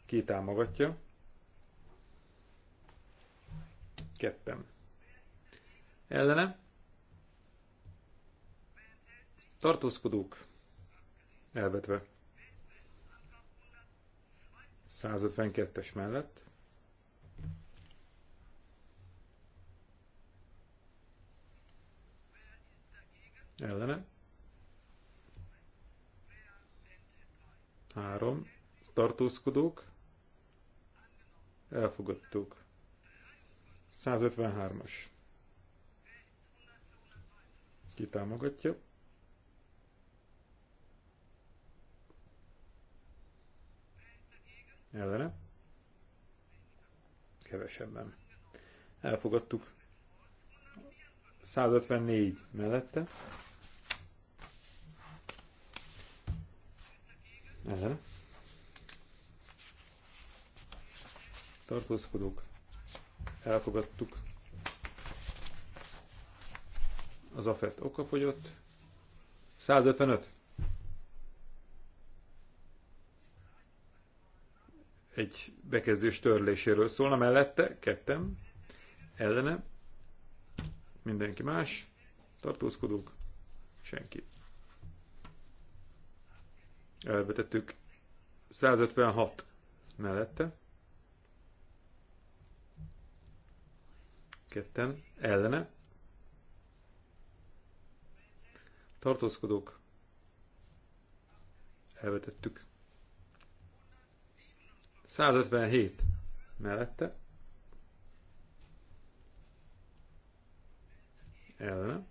Ki támogatja? Ketten. Ellene? Tartózkodók. Elvetve. 152-es mellett. Ellene. 3. Tartózkodók. Elfogadtuk. 153-as. Ki ellene. Kevesebben. Elfogadtuk. 154 mellette. Ellene. Tartózkodók. Elfogadtuk. Az afet okafogyott. 155. egy bekezdés törléséről szólna mellette, kettem, ellene, mindenki más, tartózkodók, senki. Elvetettük 156 mellette, ketten, ellene, tartózkodók, elvetettük 157 mellette. Ellene.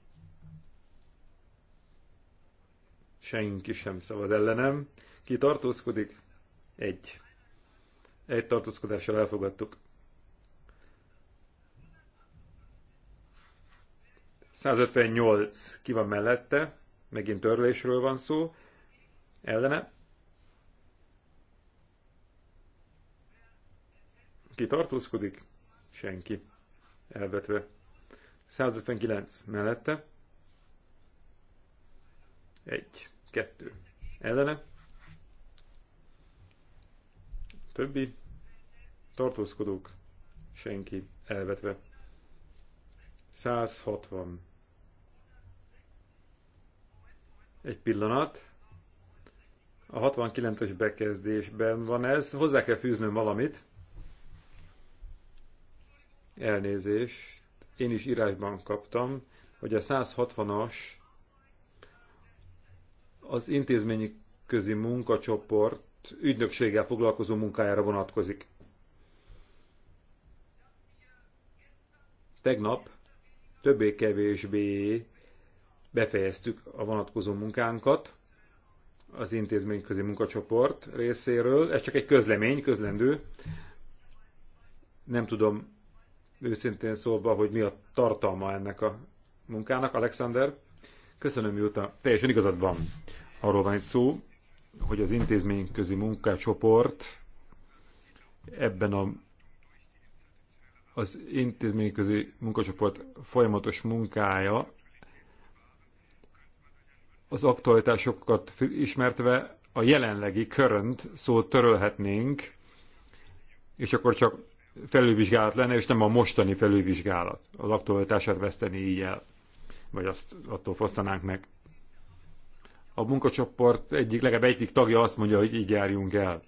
Senki sem szavaz ellenem. Ki tartózkodik? Egy. Egy tartózkodással elfogadtuk. 158 ki van mellette, megint törlésről van szó, ellene, Ki tartózkodik? Senki. Elvetve. 159 mellette. 1, 2. Ellene. Többi. Tartózkodók. Senki. Elvetve. 160. Egy pillanat. A 69-es bekezdésben van ez. Hozzá kell fűznöm valamit. Elnézést. Én is írásban kaptam, hogy a 160-as az intézményi közi munkacsoport ügynökséggel foglalkozó munkájára vonatkozik. Tegnap többé-kevésbé befejeztük a vonatkozó munkánkat az közi munkacsoport részéről. Ez csak egy közlemény, közlendő. Nem tudom, őszintén szólva, hogy mi a tartalma ennek a munkának. Alexander, köszönöm Jutta, teljesen igazad van. Arról van itt szó, hogy az intézményközi munkácsoport ebben a, az intézményközi munkacsoport folyamatos munkája az aktualitásokat ismertve a jelenlegi körönt szót törölhetnénk, és akkor csak felülvizsgálat lenne, és nem a mostani felülvizsgálat. Az aktualitását veszteni így el, vagy azt attól fosztanánk meg. A munkacsoport egyik, legalább egyik tagja azt mondja, hogy így járjunk el.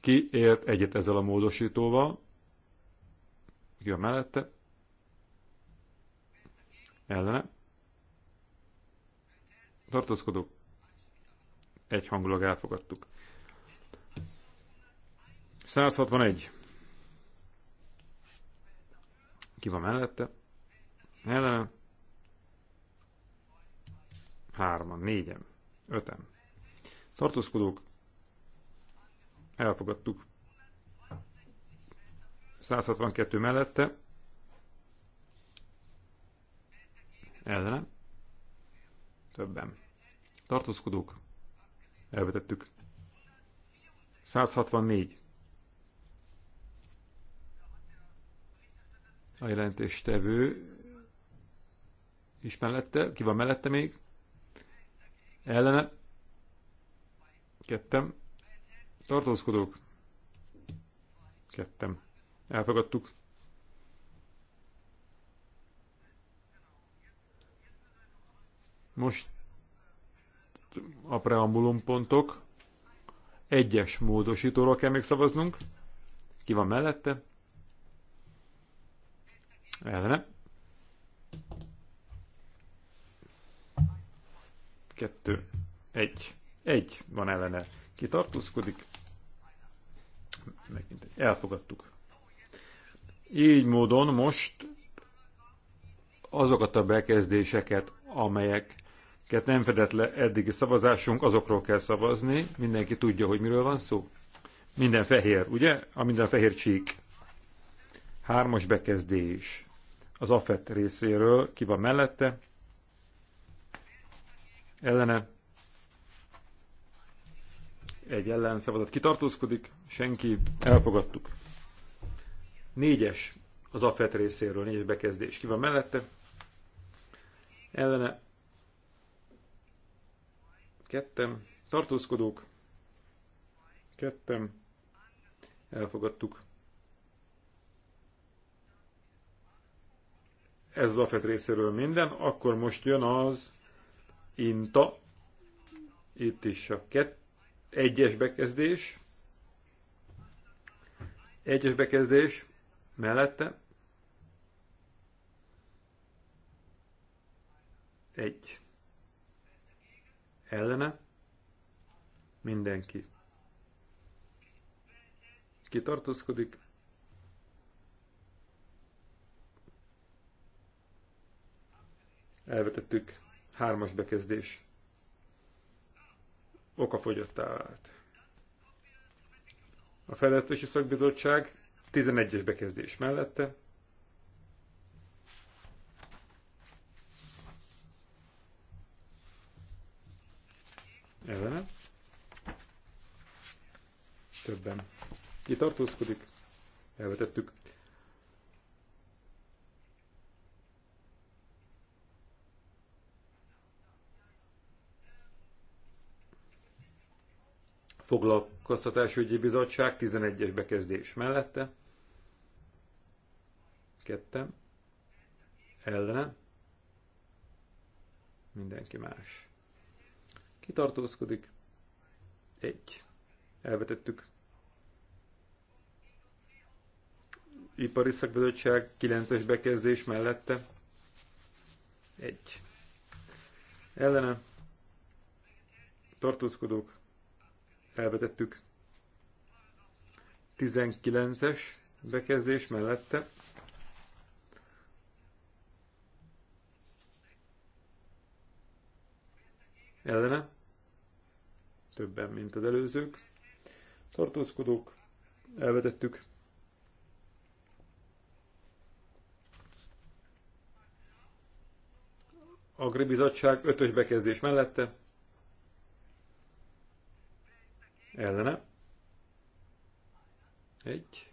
Ki ért egyet ezzel a módosítóval? Ki a mellette? Ellene? Egy hangulag elfogadtuk. 161. Ki van mellette? Ellene. Hárman, négyen, öten. Tartózkodók. Elfogadtuk. 162 mellette. Ellene. Többen. Tartózkodók. Elvetettük. 164. a jelentéstevő is mellette, ki van mellette még? Ellene? Kettem. Tartózkodók? Kettem. Elfogadtuk. Most a preambulum pontok. Egyes módosítóról kell még szavaznunk. Ki van mellette? Ellene. Kettő. Egy. Egy van ellene. Ki tartózkodik? Megint Elfogadtuk. Így módon most azokat a bekezdéseket, amelyeket nem fedett le eddigi szavazásunk, azokról kell szavazni. Mindenki tudja, hogy miről van szó. Minden fehér, ugye? A minden fehér csík. Hármas bekezdés az AFET részéről, ki van mellette, ellene, egy ellen szavazat kitartózkodik, senki, elfogadtuk. Négyes az AFET részéről, négyes bekezdés, ki van mellette, ellene, kettem, tartózkodók, kettem, elfogadtuk. ez a AFET részéről minden, akkor most jön az INTA, itt is a kett, egyes bekezdés, egyes bekezdés mellette, egy ellene, mindenki. Ki elvetettük, hármas bekezdés okafogyottá vált. A fejlesztési szakbizottság 11-es bekezdés mellette ellene többen kitartózkodik, elvetettük Foglalkoztatásügyi Bizottság 11-es bekezdés mellette. Kettem. Ellene. Mindenki más. Kitartózkodik. Egy. Elvetettük. Ipari Szakbizottság 9-es bekezdés mellette. Egy. Ellene tartózkodók elvetettük. 19-es bekezdés mellette. Ellene. Többen, mint az előzők. Tartózkodók. Elvetettük. A Agribizottság ötös bekezdés mellette. ellene. Egy,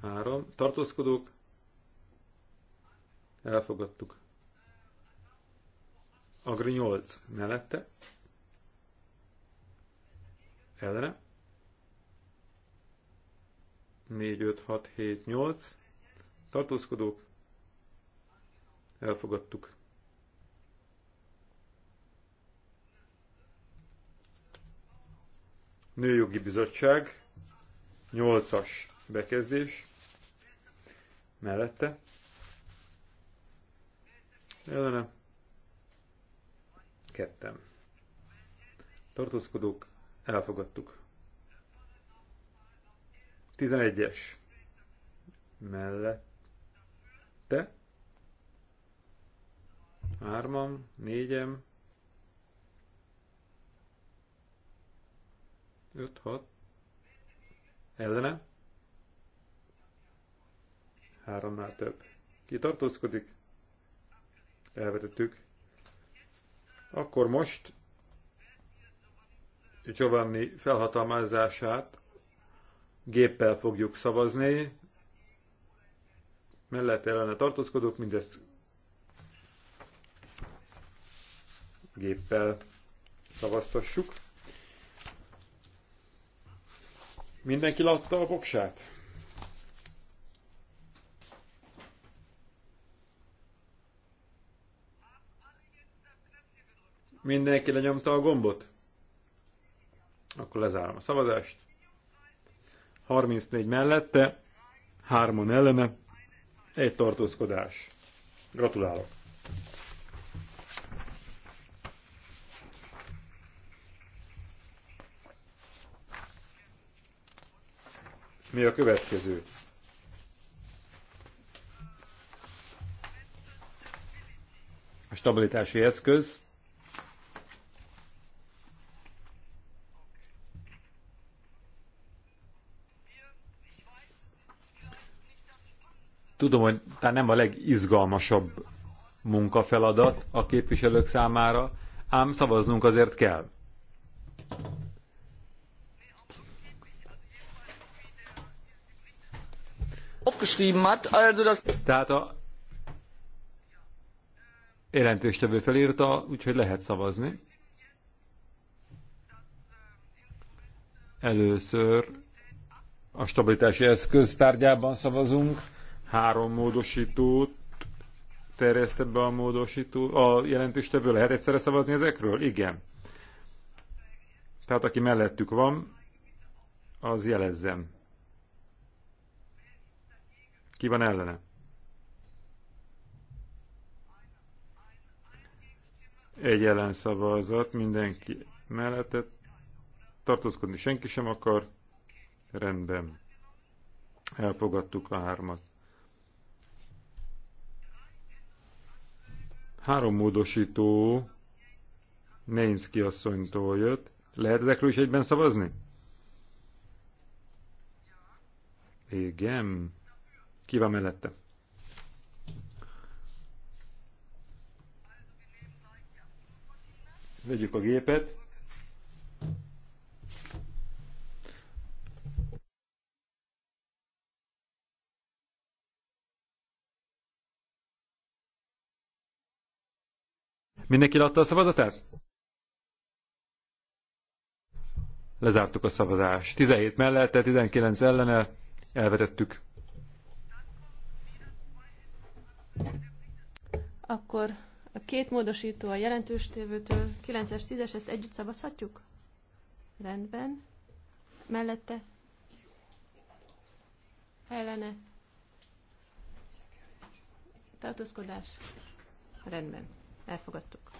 három, tartózkodók, elfogadtuk. Agri 8 mellette, ellene. 4, 5, 6, 7, 8, tartózkodók, elfogadtuk. Nőjogi Bizottság, 8-as bekezdés, mellette, ellene, ketten. Tartózkodók, elfogadtuk. 11-es, mellette, hárman, négyem, 5-6 ellene. 3-nál több. kitartózkodik, Elvetettük. Akkor most Giovanni felhatalmazását géppel fogjuk szavazni. Mellett ellene tartózkodok, mindezt géppel szavaztassuk. Mindenki látta a voksát? Mindenki lenyomta a gombot? Akkor lezárom a szavazást. 34 mellette, 3 ellene, egy tartózkodás. Gratulálok! mi a következő? A stabilitási eszköz. Tudom, hogy tehát nem a legizgalmasabb munkafeladat a képviselők számára, ám szavaznunk azért kell. aufgeschrieben hat. Also das Tehát a felírta, úgyhogy lehet szavazni. Először a stabilitási eszköz tárgyában szavazunk. Három módosítót terjeszte be a módosító, a jelentéstevő. Lehet egyszerre szavazni ezekről? Igen. Tehát aki mellettük van, az jelezzem. Ki van ellene? Egy ellenszavazat, mindenki mellette. Tartózkodni senki sem akar. Rendben. Elfogadtuk a hármat. Három módosító Neinszki asszonytól jött. Lehet ezekről is egyben szavazni? Igen. Ki van mellette? Vegyük a gépet. Mindenki látta a szavazatát? Lezártuk a szavazást. 17 mellette, 19 ellene elvetettük. Akkor a két módosító a tévőtől, 9-es, 10-es, ezt együtt szavazhatjuk? Rendben. Mellette? Ellene? Tartózkodás? Rendben. Elfogadtuk.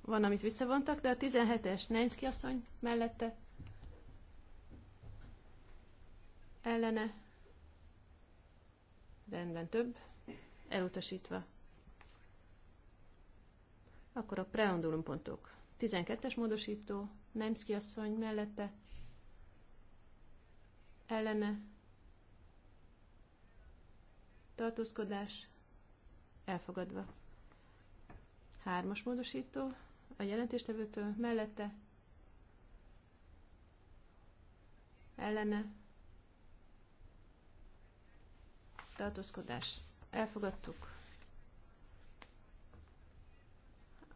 Van, amit visszavontak, de a 17-es Nenszki asszony mellette ellene rendben több, elutasítva. Akkor a preandulum pontok. 12-es módosító, Nemszki asszony mellette, ellene, tartózkodás, elfogadva. Hármas módosító, a jelentéstevőtől mellette, ellene, tartózkodás elfogadtuk.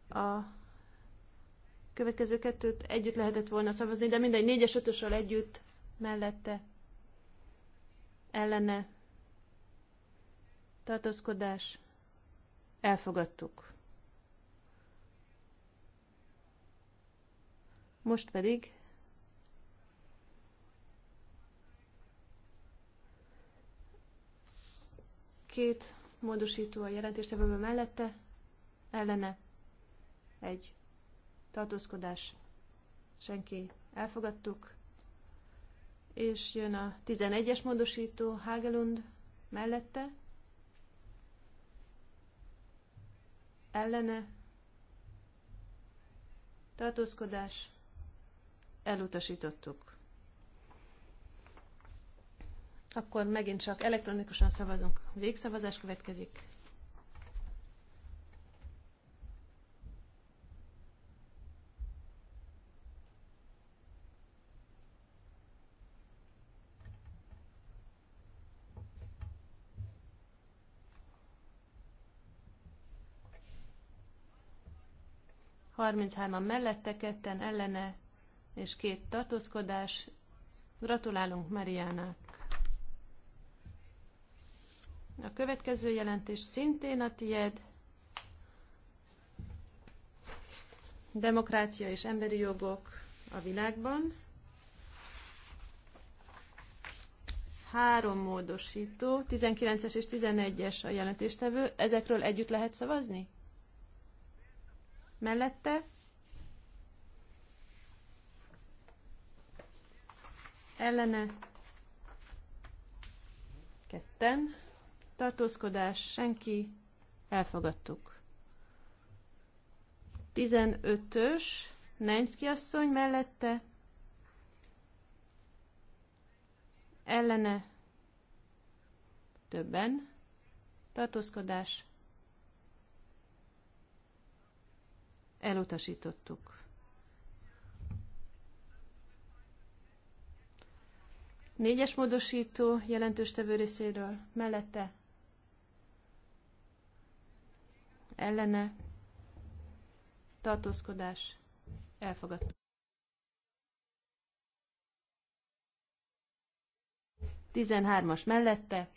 A következő kettőt együtt lehetett volna szavazni, de mindegy, négyes es együtt, mellette, ellene, tartózkodás, elfogadtuk. Most pedig két módosító a jelentéstevőből mellette, ellene, egy, tartózkodás, senki, elfogadtuk, és jön a 11-es módosító Hagelund mellette, ellene, tartózkodás, elutasítottuk. Akkor megint csak elektronikusan szavazunk. Végszavazás következik. Harminchárman mellette, ketten ellene, és két tartózkodás. Gratulálunk Mariának! A következő jelentés szintén a tied. Demokrácia és emberi jogok a világban. Három módosító, 19-es és 11-es a jelentéstevő. Ezekről együtt lehet szavazni? Mellette? Ellene? Ketten tartózkodás, senki, elfogadtuk. 15-ös, Nenszki asszony mellette, ellene, többen, tartózkodás, elutasítottuk. Négyes módosító jelentős tevő részéről mellette ellene tartózkodás elfogadtuk. Tizenhármas mellette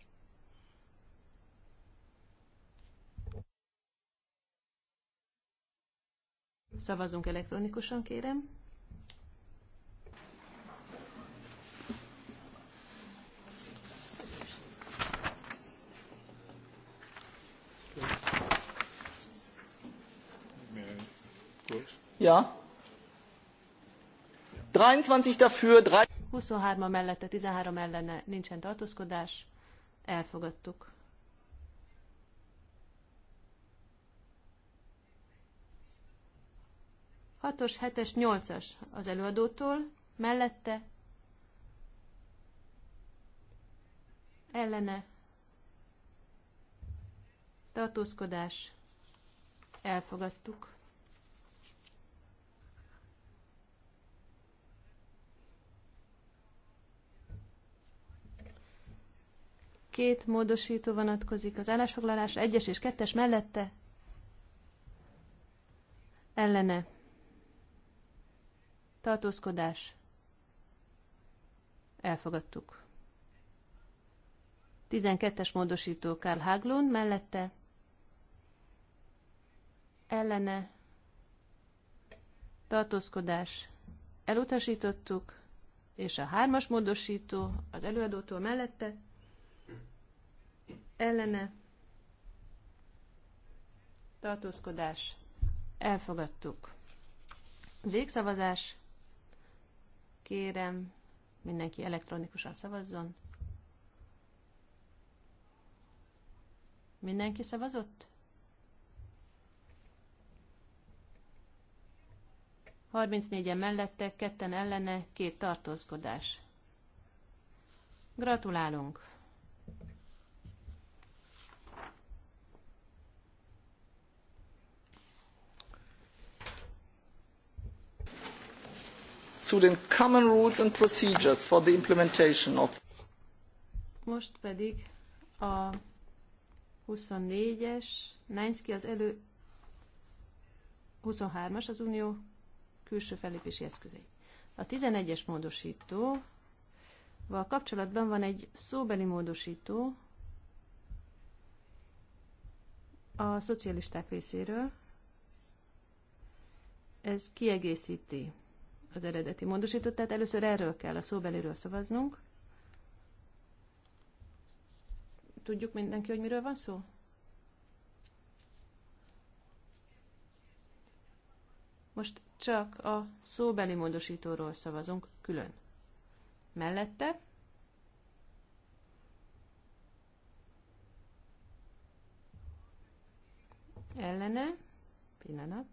Szavazunk elektronikusan, kérem. Ja. 23 dafür, 3... 23 mellette, 13 ellene nincsen tartózkodás. Elfogadtuk. Hatos, hetes, nyolcas az előadótól, mellette, ellene, tartózkodás, elfogadtuk. Két módosító vonatkozik az állásfoglalás egyes és kettes mellette ellene tartózkodás elfogadtuk. 12-es módosító Karl Haglund mellette ellene tartózkodás elutasítottuk, és a hármas módosító az előadótól mellette ellene tartózkodás elfogadtuk. Végszavazás kérem mindenki elektronikusan szavazzon. Mindenki szavazott? 34-en mellette, ketten ellene, két tartózkodás. Gratulálunk! zu den common rules and procedures for the implementation of. Most pedig a 24-es, Nainski az elő 23-as az unió külső fellépési eszközei. A 11-es módosítóval kapcsolatban van egy szóbeli módosító a szocialisták részéről. Ez kiegészíti az eredeti módosított, tehát először erről kell a szóbeliről szavaznunk. Tudjuk mindenki, hogy miről van szó? Most csak a szóbeli módosítóról szavazunk külön. Mellette ellene, pillanat,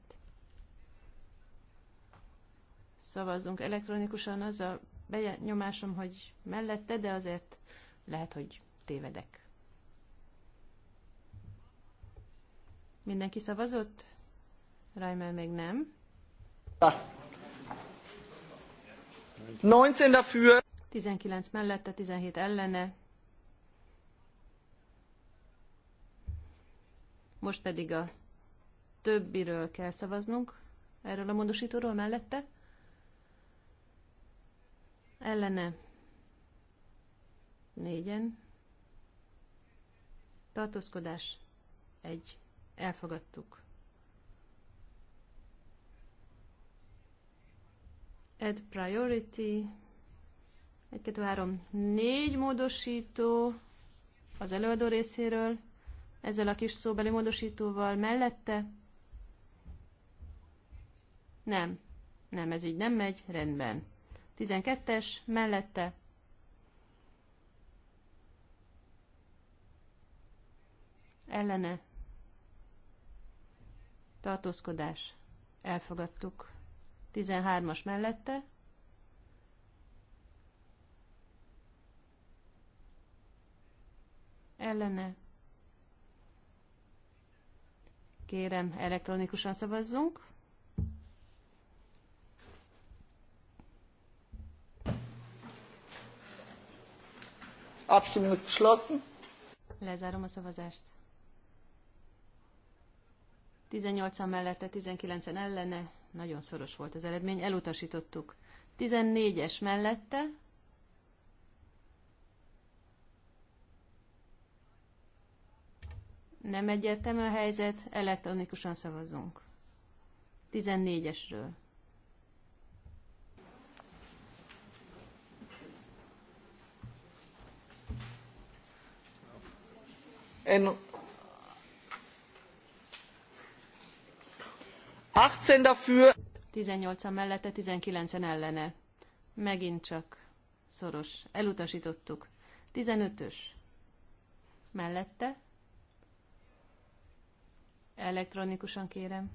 szavazzunk elektronikusan, az a benyomásom, hogy mellette, de azért lehet, hogy tévedek. Mindenki szavazott? Reimer még nem. 19 19 mellette, 17 ellene. Most pedig a többiről kell szavaznunk. Erről a módosítóról mellette ellene négyen, tartózkodás egy, elfogadtuk. Add priority, egy kettő három négy módosító az előadó részéről, ezzel a kis szóbeli módosítóval mellette. Nem, nem, ez így nem megy, rendben. 12-es mellette ellene tartózkodás elfogadtuk. 13-as mellette ellene kérem elektronikusan szavazzunk. Abstimmung ist geschlossen. Lezárom a szavazást. 18-an mellette, 19-en ellene, nagyon szoros volt az eredmény, elutasítottuk. 14-es mellette, nem egyértelmű a helyzet, elektronikusan szavazunk. 14-esről. in achtzehn dafür. 18 mellette, 19 ellene. Megint csak szoros. Elutasítottuk. 15-ös. Mellette. Elektronikusan kérem.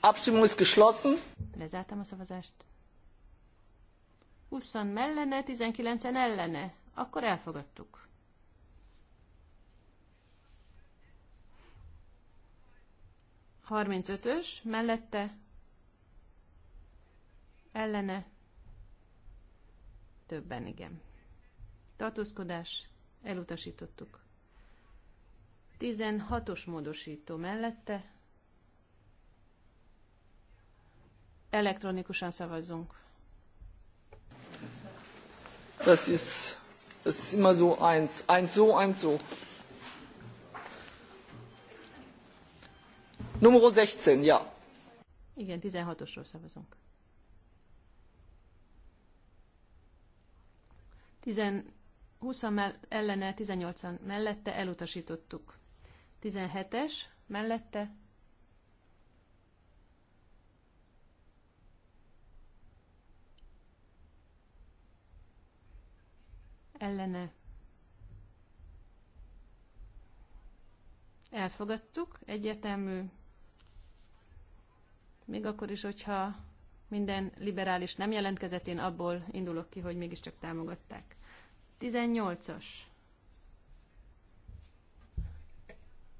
Abstimmung ist geschlossen. Lezártam a szavazást. 20 mellene, 19-en ellene. Akkor elfogadtuk. Harmincötös, mellette, ellene, többen igen. Tartózkodás, elutasítottuk. Tizenhatos módosító mellette elektronikusan szavazzunk. Das ist, das ist immer so eins. Eins so, eins so. Nummer 16, ja. Igen, 16-osról szavazunk. 10, 20 ellene, 18 mellette elutasítottuk. 17-es mellette ellene elfogadtuk, egyetemű, még akkor is, hogyha minden liberális nem jelentkezett, én abból indulok ki, hogy mégiscsak támogatták. 18-as.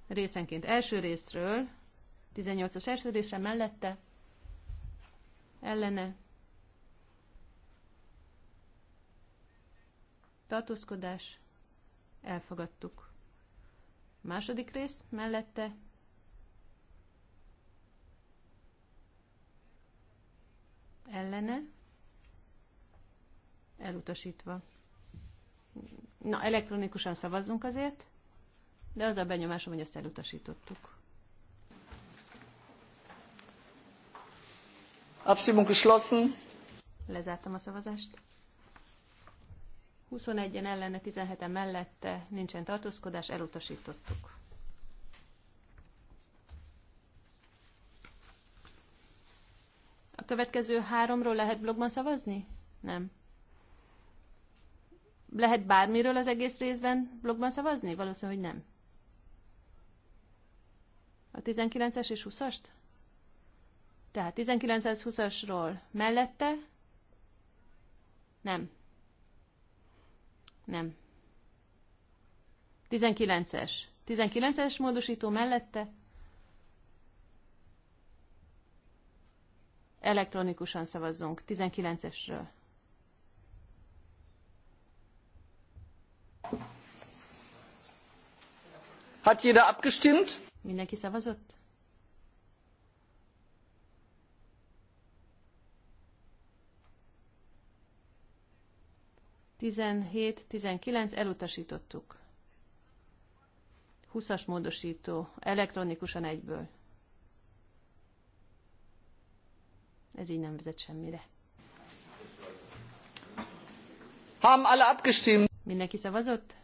Részenként első részről, 18-as első részre mellette, ellene, tartózkodás, elfogadtuk. Második rész mellette ellene, elutasítva. Na, elektronikusan szavazzunk azért, de az a benyomásom, hogy ezt elutasítottuk. Abstimmung geschlossen. Lezártam a szavazást. 21-en ellene, 17-en mellette nincsen tartózkodás, elutasítottuk. A következő háromról lehet blogban szavazni? Nem. Lehet bármiről az egész részben blogban szavazni? Valószínű, hogy nem. A 19-es és 20-ast? Tehát 20 asról mellette? Nem. Nem. 19-es. 19-es módosító mellette elektronikusan szavazzunk 19-esről. Hat jeder abgestimmt? Mindenki szavazott? 17-19 elutasítottuk. 20-as módosító, elektronikusan egyből. Ez így nem vezet semmire. Haben alle abgestimmt. Mindenki szavazott?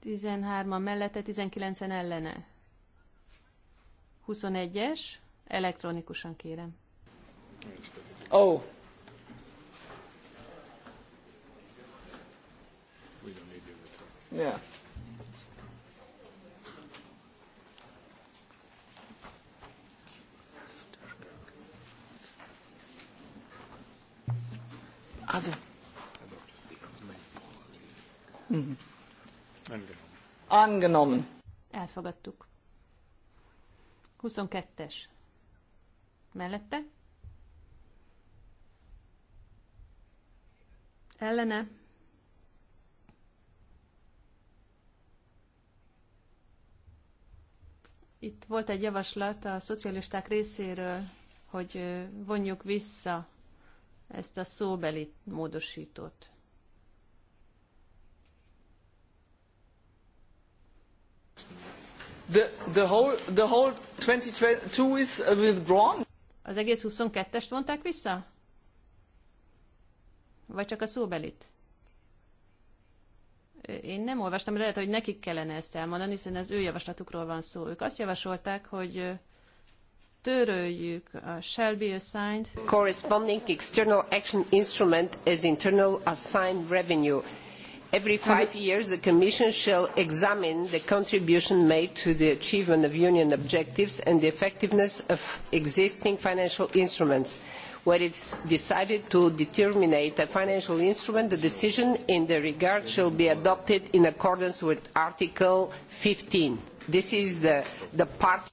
Tizenhárman mellette, tizenkilencen ellene. 21-es. Elektronikusan kérem. Ó. Oh. Yeah. Also. Mhm. Angenommen. Elfogadtuk. 22-es mellette, ellene, itt volt egy javaslat a szocialisták részéről, hogy vonjuk vissza ezt a szóbeli módosítót. The, the whole, the whole 22 is uh, withdrawn? Az egész 22-est vonták vissza? Vagy csak a szóbelit? Én nem olvastam, de lehet, hogy nekik kellene ezt elmondani, hiszen az ő javaslatukról van szó. Ők azt javasolták, hogy töröljük a shall be assigned corresponding external action instrument as internal assigned revenue Every five years, the Commission shall examine the contribution made to the achievement of Union objectives and the effectiveness of existing financial instruments. Where is decided to determine a financial instrument, the decision in the regard shall be adopted in accordance with Article 15. This is the, the part...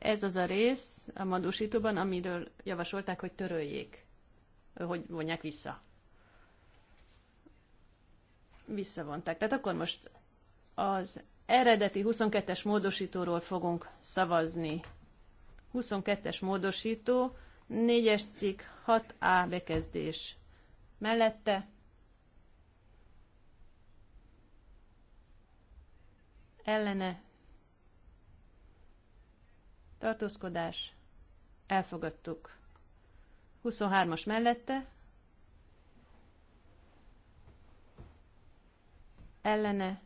Ez az a rész a módosítóban, amiről javasolták, hogy töröljék, hogy vonják vissza visszavonták. Tehát akkor most az eredeti 22-es módosítóról fogunk szavazni. 22-es módosító, 4-es cikk, 6A bekezdés. Mellette ellene tartózkodás, elfogadtuk. 23-as mellette ellene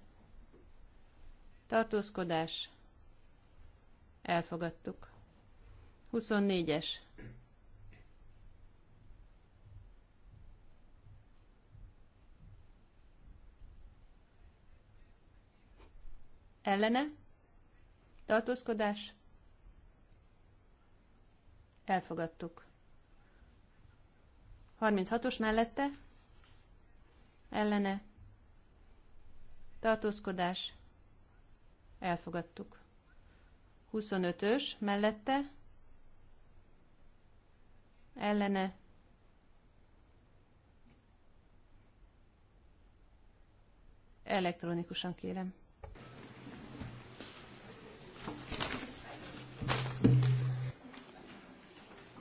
tartózkodás elfogadtuk. 24-es ellene tartózkodás elfogadtuk. 36-os mellette ellene tartózkodás, elfogadtuk. 25-ös mellette, ellene, elektronikusan kérem.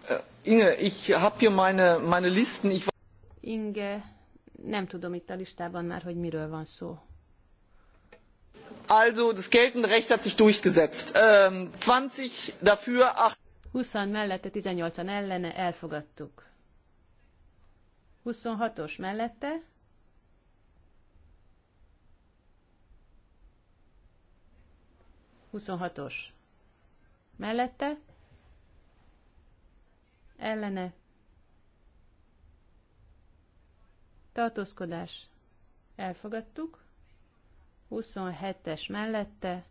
Äh, Inge, ich hab hier meine, meine Listen. Ich... Inge, nem tudom itt a listában már, hogy miről van szó also das geltende recht hat sich durchgesetzt. Ähm, zwanzig dafür acht. húszan mellette tizennyolcan ellene elfogadtuk. huszonhatos mellette. huszonhatos mellette. ellene. tartózkodás. elfogadtuk. 27-es mellette,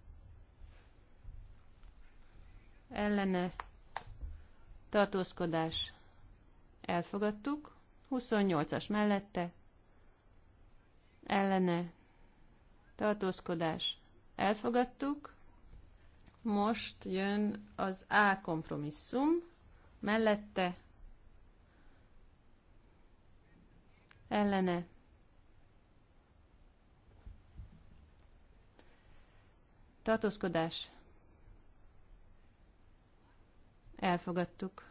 ellene, tartózkodás, elfogadtuk, 28-as mellette, ellene, tartózkodás, elfogadtuk, most jön az A kompromisszum, mellette, ellene, Tartózkodás. Elfogadtuk.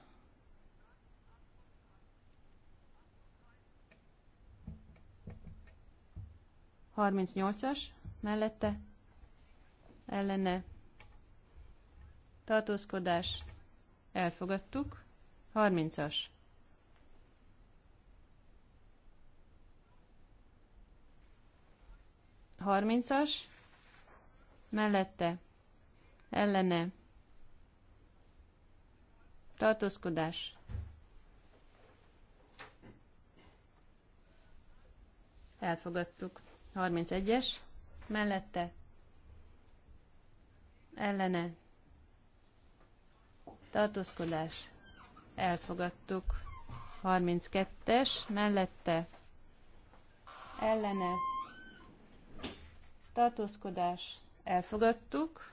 Harminc nyolcas mellette ellene tartózkodás elfogadtuk. harmincas Harmincas mellette, ellene, tartózkodás. Elfogadtuk. 31-es, mellette, ellene, tartózkodás. Elfogadtuk. 32-es, mellette, ellene, tartózkodás elfogadtuk.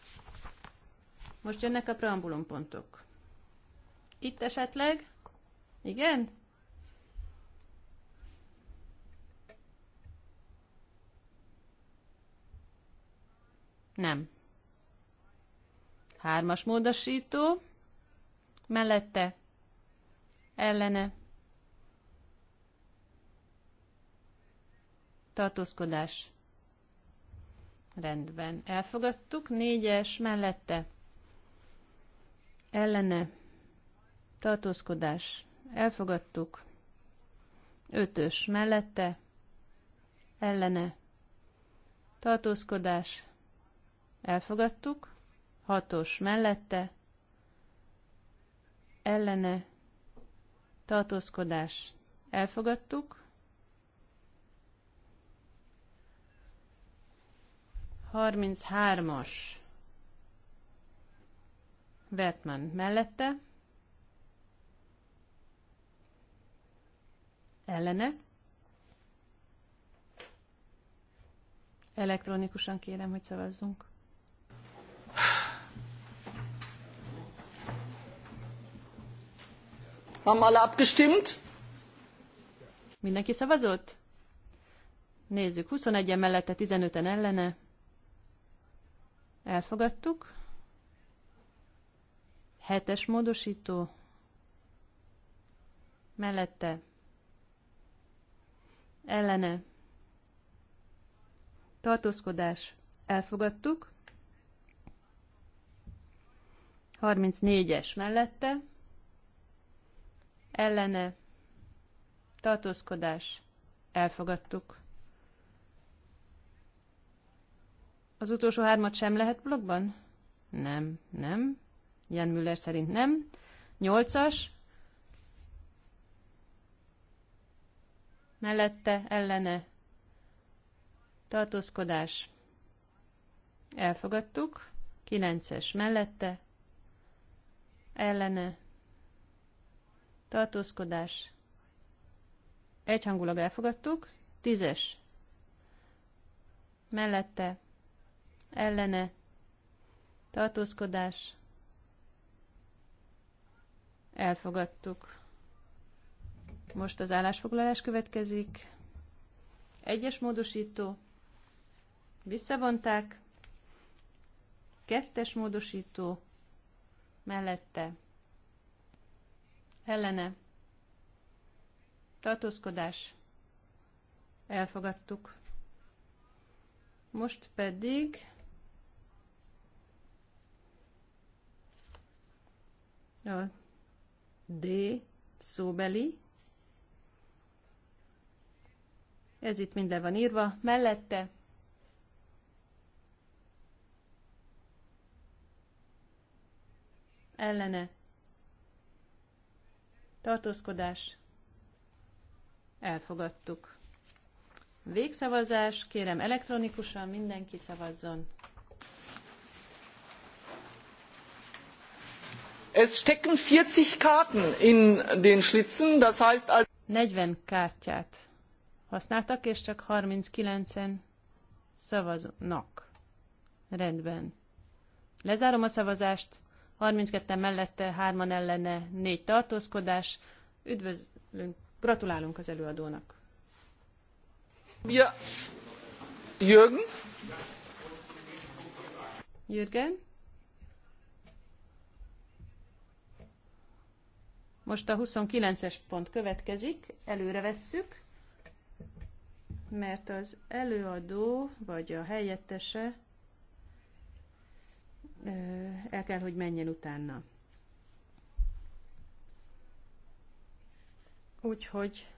Most jönnek a preambulumpontok. pontok. Itt esetleg? Igen? Nem. Hármas módosító. Mellette. Ellene. Tartózkodás. Rendben. Elfogadtuk. Négyes mellette. Ellene. Tartózkodás. Elfogadtuk. Ötös mellette. Ellene. Tartózkodás. Elfogadtuk. Hatos mellette. Ellene. Tartózkodás. Elfogadtuk. 33-as Vetman mellette, ellene. Elektronikusan kérem, hogy szavazzunk. Haben alle abgestimmt? Mindenki szavazott? Nézzük, 21-en mellette, 15-en ellene. Elfogadtuk. Hetes módosító. Mellette. Ellene. Tartózkodás. Elfogadtuk. 34-es mellette. Ellene. Tartózkodás. Elfogadtuk. Az utolsó hármat sem lehet blogban? Nem, nem. Jan Müller szerint nem. Nyolcas. Mellette, ellene. Tartózkodás. Elfogadtuk. Kilences mellette. Ellene. Tartózkodás. Egyhangulag elfogadtuk. Tízes. Mellette ellene tartózkodás elfogadtuk. Most az állásfoglalás következik. Egyes módosító visszavonták, kettes módosító mellette ellene tartózkodás elfogadtuk. Most pedig A D szóbeli. Ez itt minden van írva. Mellette ellene tartózkodás elfogadtuk. Végszavazás, kérem elektronikusan mindenki szavazzon. Es stecken 40 Karten in den Schlitzen, das heißt... 40 kártyát használtak, és csak 39-en szavaznak. Rendben. Lezárom a szavazást. 32 mellette, 3-an ellene, 4 tartózkodás. Üdvözlünk, gratulálunk az előadónak. Ja. Jürgen? Jürgen? Most a 29-es pont következik, előre vesszük, mert az előadó vagy a helyettese el kell, hogy menjen utána. Úgyhogy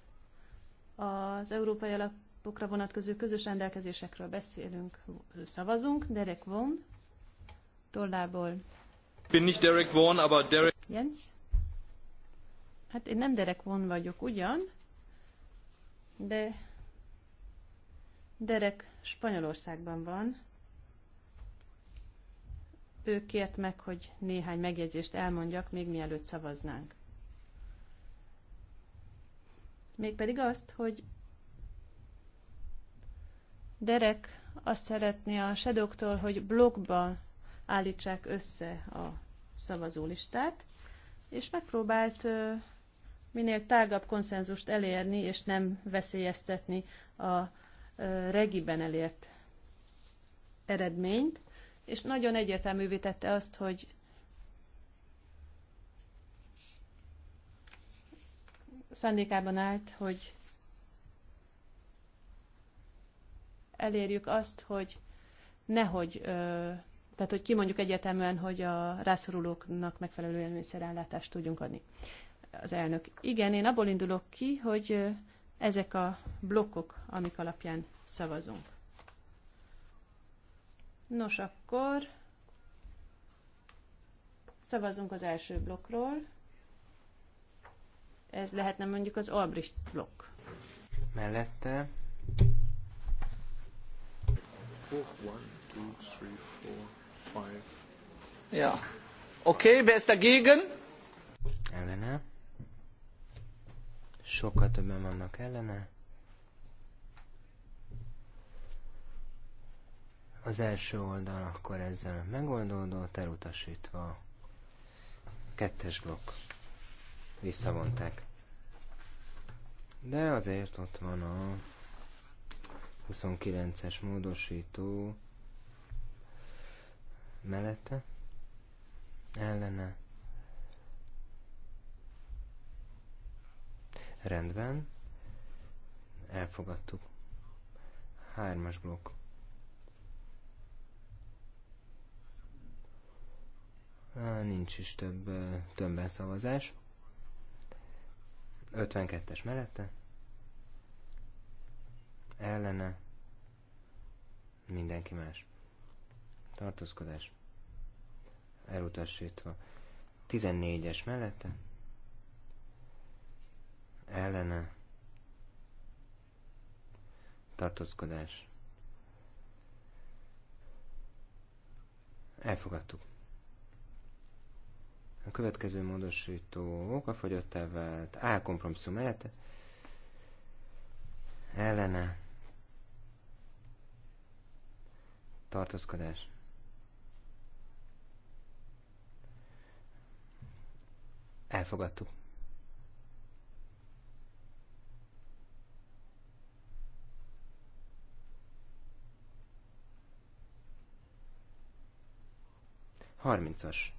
az európai alapokra vonatkozó közös rendelkezésekről beszélünk, szavazunk. Derek Vaughan tollából. Bin nicht Derek Vaughan, aber Derek... Jens? Hát én nem derek von vagyok ugyan, de Derek Spanyolországban van. Ő kért meg, hogy néhány megjegyzést elmondjak, még mielőtt szavaznánk. Mégpedig azt, hogy Derek azt szeretné a sedoktól, hogy blogba állítsák össze a szavazólistát, és megpróbált minél tágabb konszenzust elérni, és nem veszélyeztetni a regiben elért eredményt, és nagyon egyértelművé tette azt, hogy szándékában állt, hogy elérjük azt, hogy nehogy, tehát hogy kimondjuk egyértelműen, hogy a rászorulóknak megfelelő élményszerállátást tudjunk adni az elnök. Igen, én abból indulok ki, hogy ezek a blokkok, amik alapján szavazunk. Nos, akkor szavazunk az első blokkról. Ez lehetne mondjuk az Albrecht blokk. Mellette. Ja. Oké, okay, wer ist dagegen? Ellene. Sokkal többen vannak ellene. Az első oldal akkor ezzel megoldódott, elutasítva. Kettes blokk. Visszavonták. De azért ott van a 29-es módosító mellette, ellene Rendben. Elfogadtuk. Hármas blokk. Á, nincs is több tömbben szavazás. 52-es mellette. Ellene. Mindenki más. Tartózkodás. Elutasítva. 14-es mellette ellene tartózkodás elfogadtuk. A következő módosító fogyott vált A kompromisszum mellette ellene tartózkodás elfogadtuk. 30-as.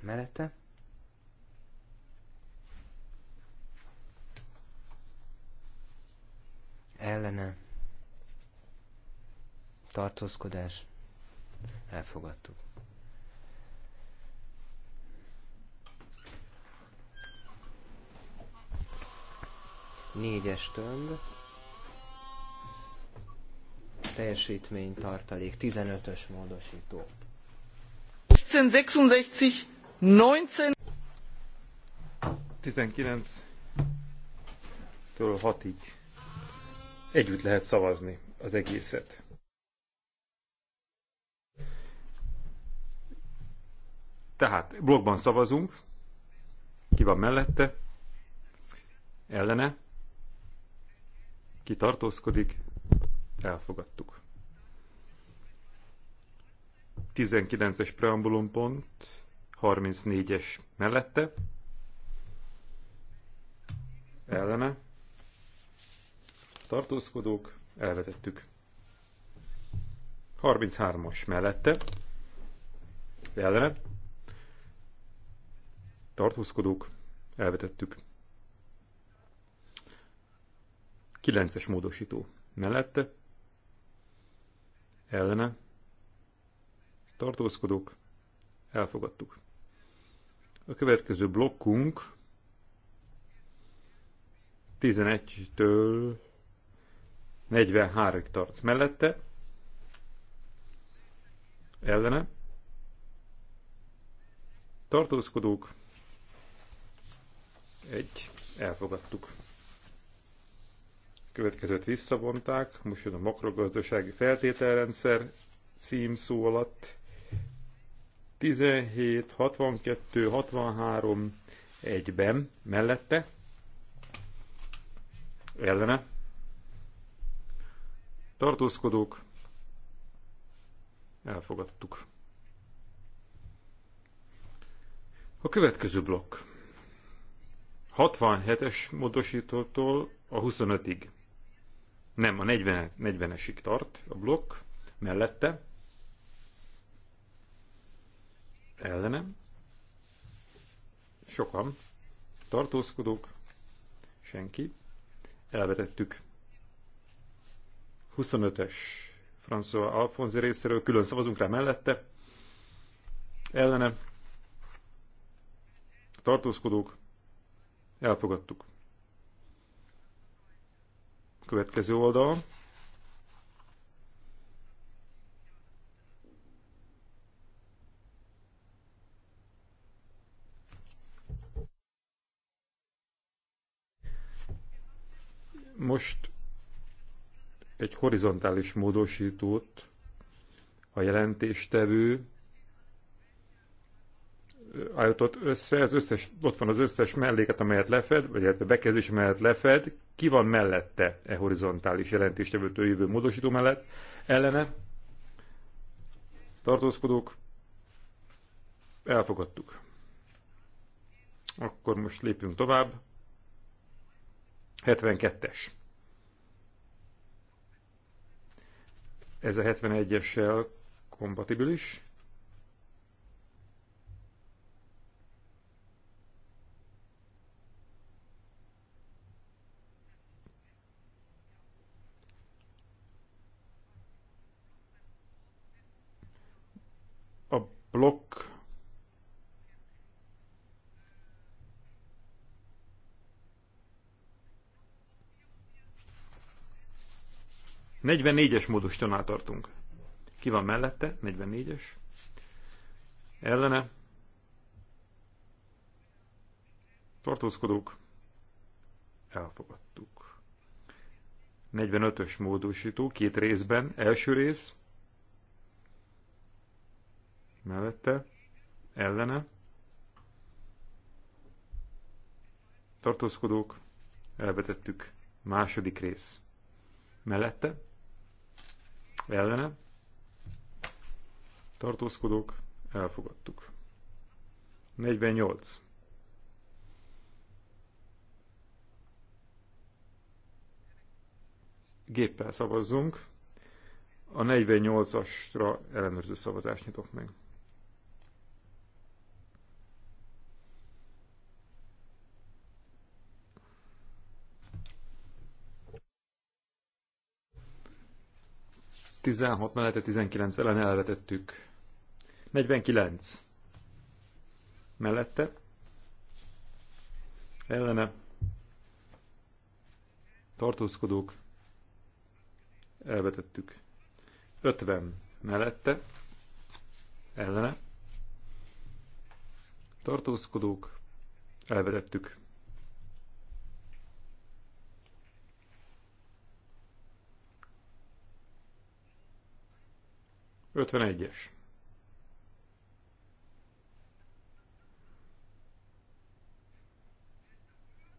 Mellette. Ellene. Tartózkodás. Elfogadtuk. Négyes tömb. Teljesítmény tartalék. 15-ös módosító sechzehn sechsundsechzig neunzehn. tizenkilenctől hatig együtt lehet szavazni az egészet. Tehát blogban szavazunk, ki van mellette, ellene, ki tartózkodik, elfogadtuk. 19-es pont, 34-es mellette, elleme, tartózkodók, elvetettük. 33-as mellette, elleme, tartózkodók, elvetettük. 9-es módosító mellette, ellene, tartózkodók, elfogadtuk. A következő blokkunk 11-től 43-ig tart. Mellette ellene tartózkodók, egy, elfogadtuk. Következőt visszavonták, most jön a makrogazdasági feltételrendszer címszó alatt 17, 62, 63 egyben mellette, ellene, tartózkodók, elfogadtuk. A következő blokk. 67-es módosítótól a 25-ig. Nem, a 40-esig tart a blokk mellette. ellenem, sokan, tartózkodók, senki, elvetettük. 25-es François Alfonzi részéről, külön szavazunk rá mellette, ellene, tartózkodók, elfogadtuk. Következő oldal, Most egy horizontális módosítót a jelentéstevő állított össze, az összes, ott van az összes melléket, amelyet lefed, vagy a bekezdés mellett lefed, ki van mellette e horizontális jelentéstevőtől jövő módosító mellett, ellene tartózkodók, elfogadtuk. Akkor most lépjünk tovább. 72-es. Ez a 71-essel kompatibilis. 44-es módosítónál tartunk. Ki van mellette? 44-es. Ellene. Tartózkodók. Elfogadtuk. 45-ös módosító, két részben. Első rész. Mellette. Ellene. Tartózkodók. Elvetettük. Második rész. Mellette ellene tartózkodók elfogadtuk. 48. Géppel szavazzunk. A 48-asra ellenőrző szavazást nyitok meg. 16 mellette 19 ellen elvetettük. 49 mellette ellene tartózkodók elvetettük. 50 mellette ellene tartózkodók elvetettük. 51-es.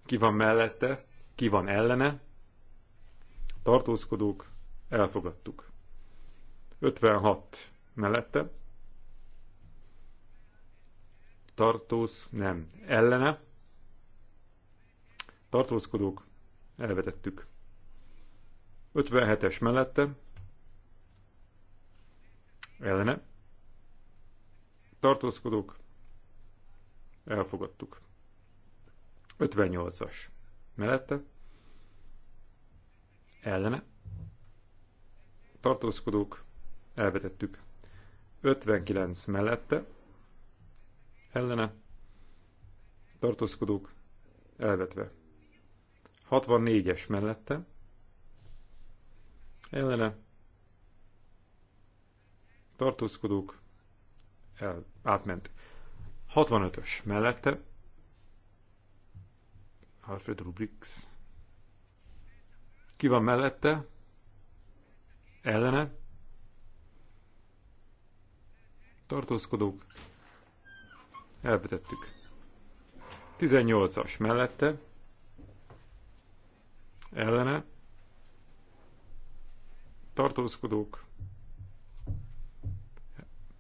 Ki van mellette, ki van ellene. Tartózkodók, elfogadtuk. 56 mellette. Tartóz, nem, ellene. Tartózkodók, elvetettük. 57-es mellette ellene tartózkodók elfogadtuk. 58-as mellette ellene tartózkodók elvetettük. 59 mellette ellene tartózkodók elvetve. 64-es mellette ellene tartózkodók, el, átment. 65-ös mellette, Alfred Rubrix. Ki van mellette? Ellene? Tartózkodók. Elvetettük. 18-as mellette. Ellene. Tartózkodók.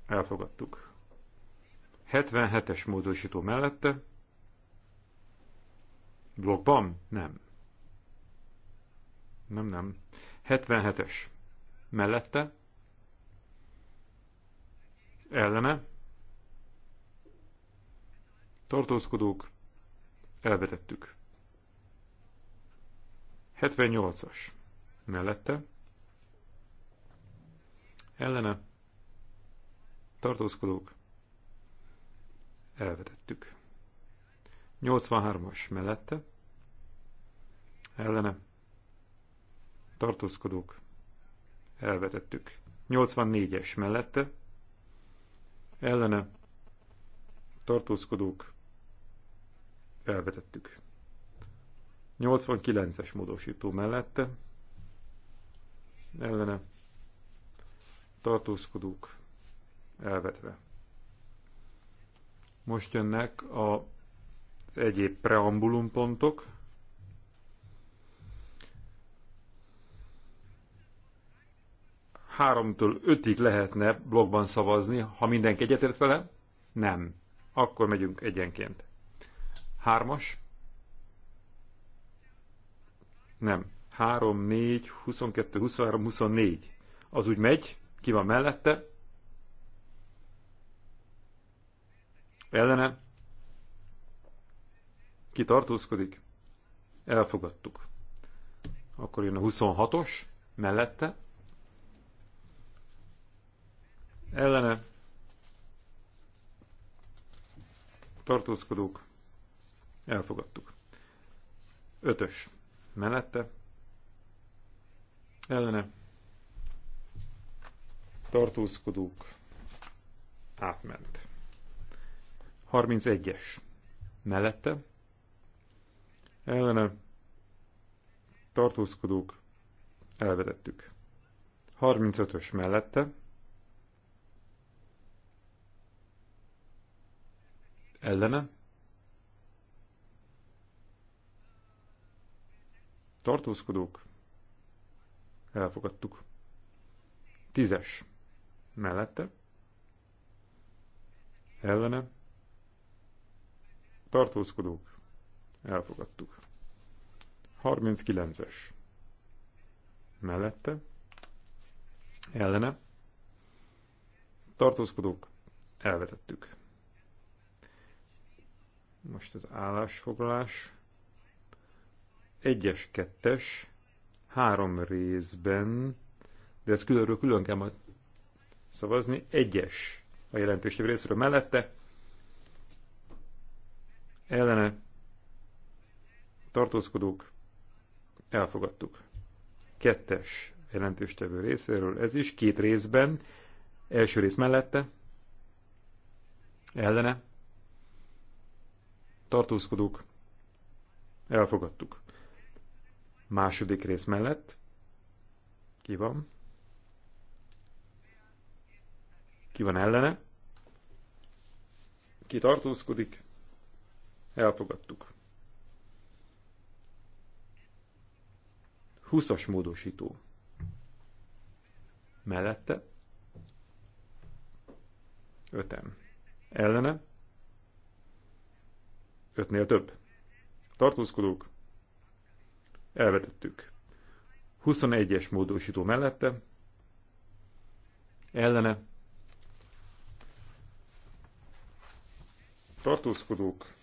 Elfogadtuk. 77-es módosító mellette. Blokkban? Nem. Nem, nem. 77-es mellette. Elleme. Tartózkodók. Elvetettük. 78-as mellette. Ellene tartózkodók, elvetettük. 83-as mellette, ellene, tartózkodók, elvetettük. 84-es mellette, ellene, tartózkodók, elvetettük. 89-es módosító mellette, ellene, tartózkodók, elvetve. Most jönnek a egyéb preambulum pontok. Háromtól ötig lehetne blogban szavazni, ha mindenki egyetért vele? Nem. Akkor megyünk egyenként. Hármas? Nem. 3, 4, 22, 23, 24. Az úgy megy, ki van mellette, ellene kitartózkodik, elfogadtuk. Akkor jön a 26-os, mellette, ellene tartózkodók, elfogadtuk. 5-ös, mellette, ellene tartózkodók, átment. 31-es. Mellette. Ellene. Tartózkodók. Elvetettük. 35-ös mellette. Ellene. Tartózkodók. Elfogadtuk. 10-es mellette. Ellene tartózkodók, elfogadtuk. 39-es. Mellette, ellene, tartózkodók, elvetettük. Most az állásfoglalás. Egyes, kettes, három részben, de ez különről külön kell majd szavazni. Egyes a jelentőség részről mellette, ellene tartózkodók elfogadtuk. Kettes jelentéstevő részéről ez is, két részben, első rész mellette, ellene tartózkodók elfogadtuk. Második rész mellett ki van? Ki van ellene? Ki tartózkodik? Elfogadtuk. 20-as módosító. Mellette. 5-em. Ellene. 5-nél több. Tartózkodók. Elvetettük. 21-es módosító mellette. Ellene. Tartózkodók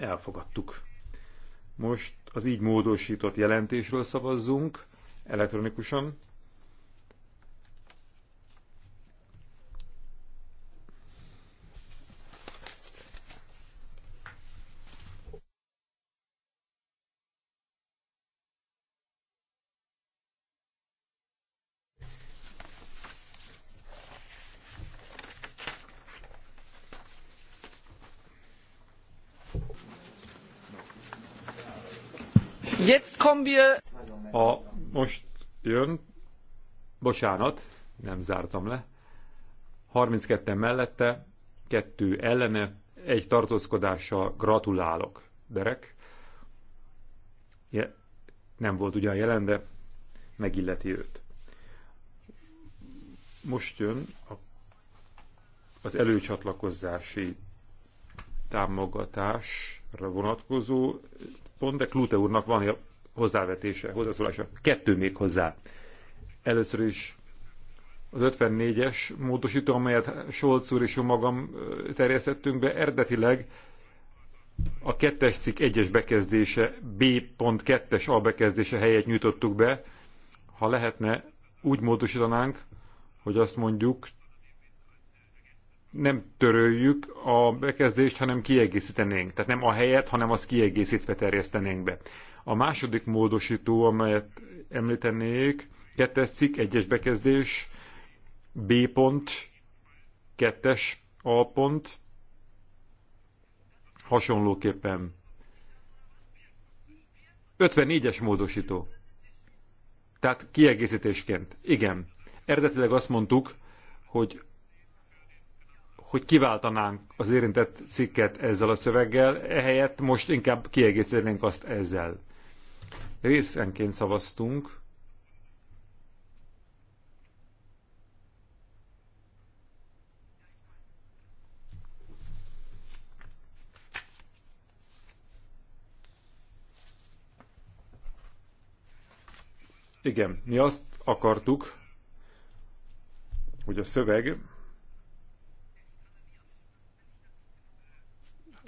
Elfogadtuk. Most az így módosított jelentésről szavazzunk elektronikusan. A, most jön, bocsánat, nem zártam le. 32-en mellette, kettő ellene, egy tartózkodással gratulálok, Derek. Je, nem volt ugyan jelen, de megilleti őt. Most jön a, az előcsatlakozási támogatásra vonatkozó pont, de Klute úrnak van hozzávetése, hozzászólása. Kettő még hozzá. Először is az 54-es módosító, amelyet Solc úr és magam terjesztettünk be, eredetileg a kettes cikk egyes bekezdése, B.2-es bekezdése helyett nyújtottuk be. Ha lehetne, úgy módosítanánk, hogy azt mondjuk, nem töröljük a bekezdést, hanem kiegészítenénk. Tehát nem a helyet, hanem azt kiegészítve terjesztenénk be. A második módosító, amelyet említenék, kettes cikk, egyes bekezdés, B pont, kettes A pont, hasonlóképpen 54-es módosító. Tehát kiegészítésként. Igen. Eredetileg azt mondtuk, hogy, hogy kiváltanánk az érintett cikket ezzel a szöveggel, ehelyett most inkább kiegészítenénk azt ezzel részenként szavaztunk, Igen, mi azt akartuk, hogy a szöveg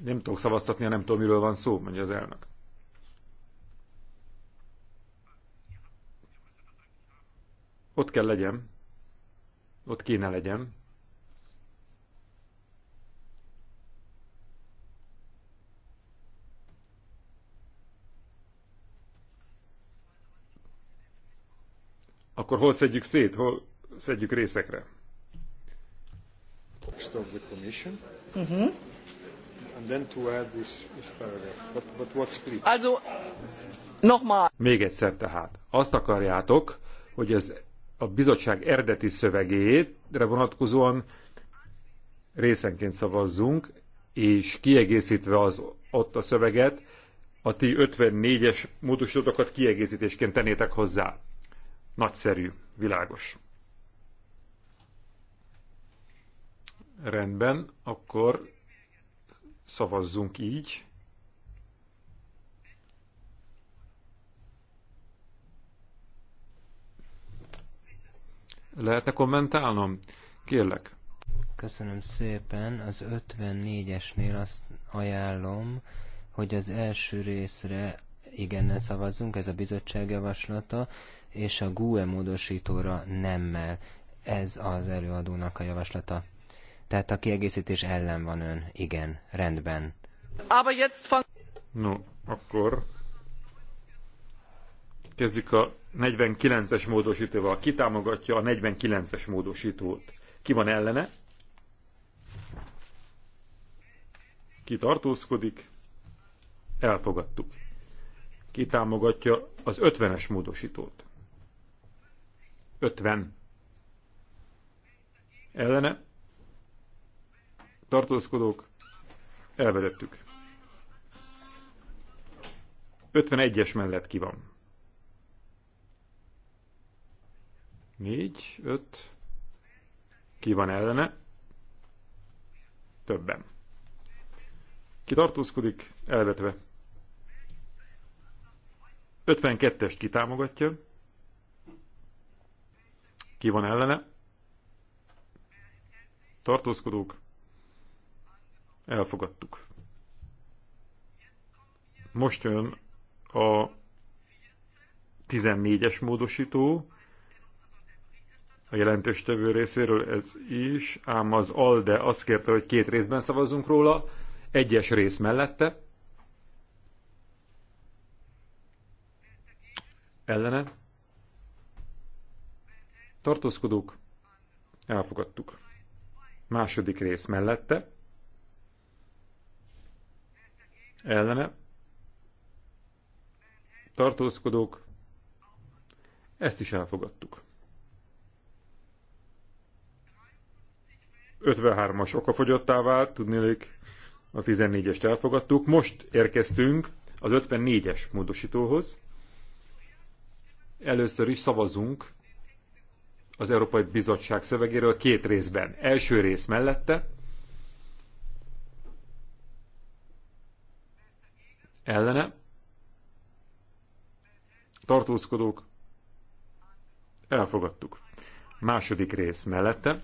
nem tudok szavaztatni, ha nem tudom, miről van szó, mondja az elnök. Ott kell legyen, ott kéne legyen. Akkor hol szedjük szét, hol szedjük részekre? with Mm-hmm. And then to add this, this paragraph. But, but what split? Also, nochmal. Még egyszer tehát. Azt akarjátok, hogy az a bizottság eredeti szövegére vonatkozóan részenként szavazzunk, és kiegészítve az ott a szöveget, a ti 54-es módosítókat kiegészítésként tenétek hozzá. Nagyszerű, világos. Rendben, akkor szavazzunk így. Lehetne kommentálnom? Kérlek. Köszönöm szépen. Az 54-esnél azt ajánlom, hogy az első részre igennel szavazzunk, ez a bizottság javaslata, és a GUE módosítóra nemmel. Ez az előadónak a javaslata. Tehát a kiegészítés ellen van ön. Igen, rendben. No, akkor Kezdjük a 49-es módosítóval. Ki támogatja a 49-es módosítót? Ki van ellene? Ki tartózkodik? Elfogadtuk. Ki támogatja az 50-es módosítót? 50. Ellene? Tartózkodók? Elvedettük. 51-es mellett ki van. Négy, öt. Ki van ellene? Többen. Ki tartózkodik? Elvetve. 52-est kitámogatja. Ki van ellene? Tartózkodók. Elfogadtuk. Most jön a 14-es módosító a jelentéstevő részéről ez is, ám az ALDE azt kérte, hogy két részben szavazzunk róla, egyes rész mellette, ellene, tartózkodók, elfogadtuk. Második rész mellette, ellene, tartózkodók, ezt is elfogadtuk. 53-as okafogyottá vált, tudnélik a 14-est elfogadtuk. Most érkeztünk az 54-es módosítóhoz. Először is szavazunk az Európai Bizottság szövegéről két részben. Első rész mellette, ellene, tartózkodók, elfogadtuk. Második rész mellette,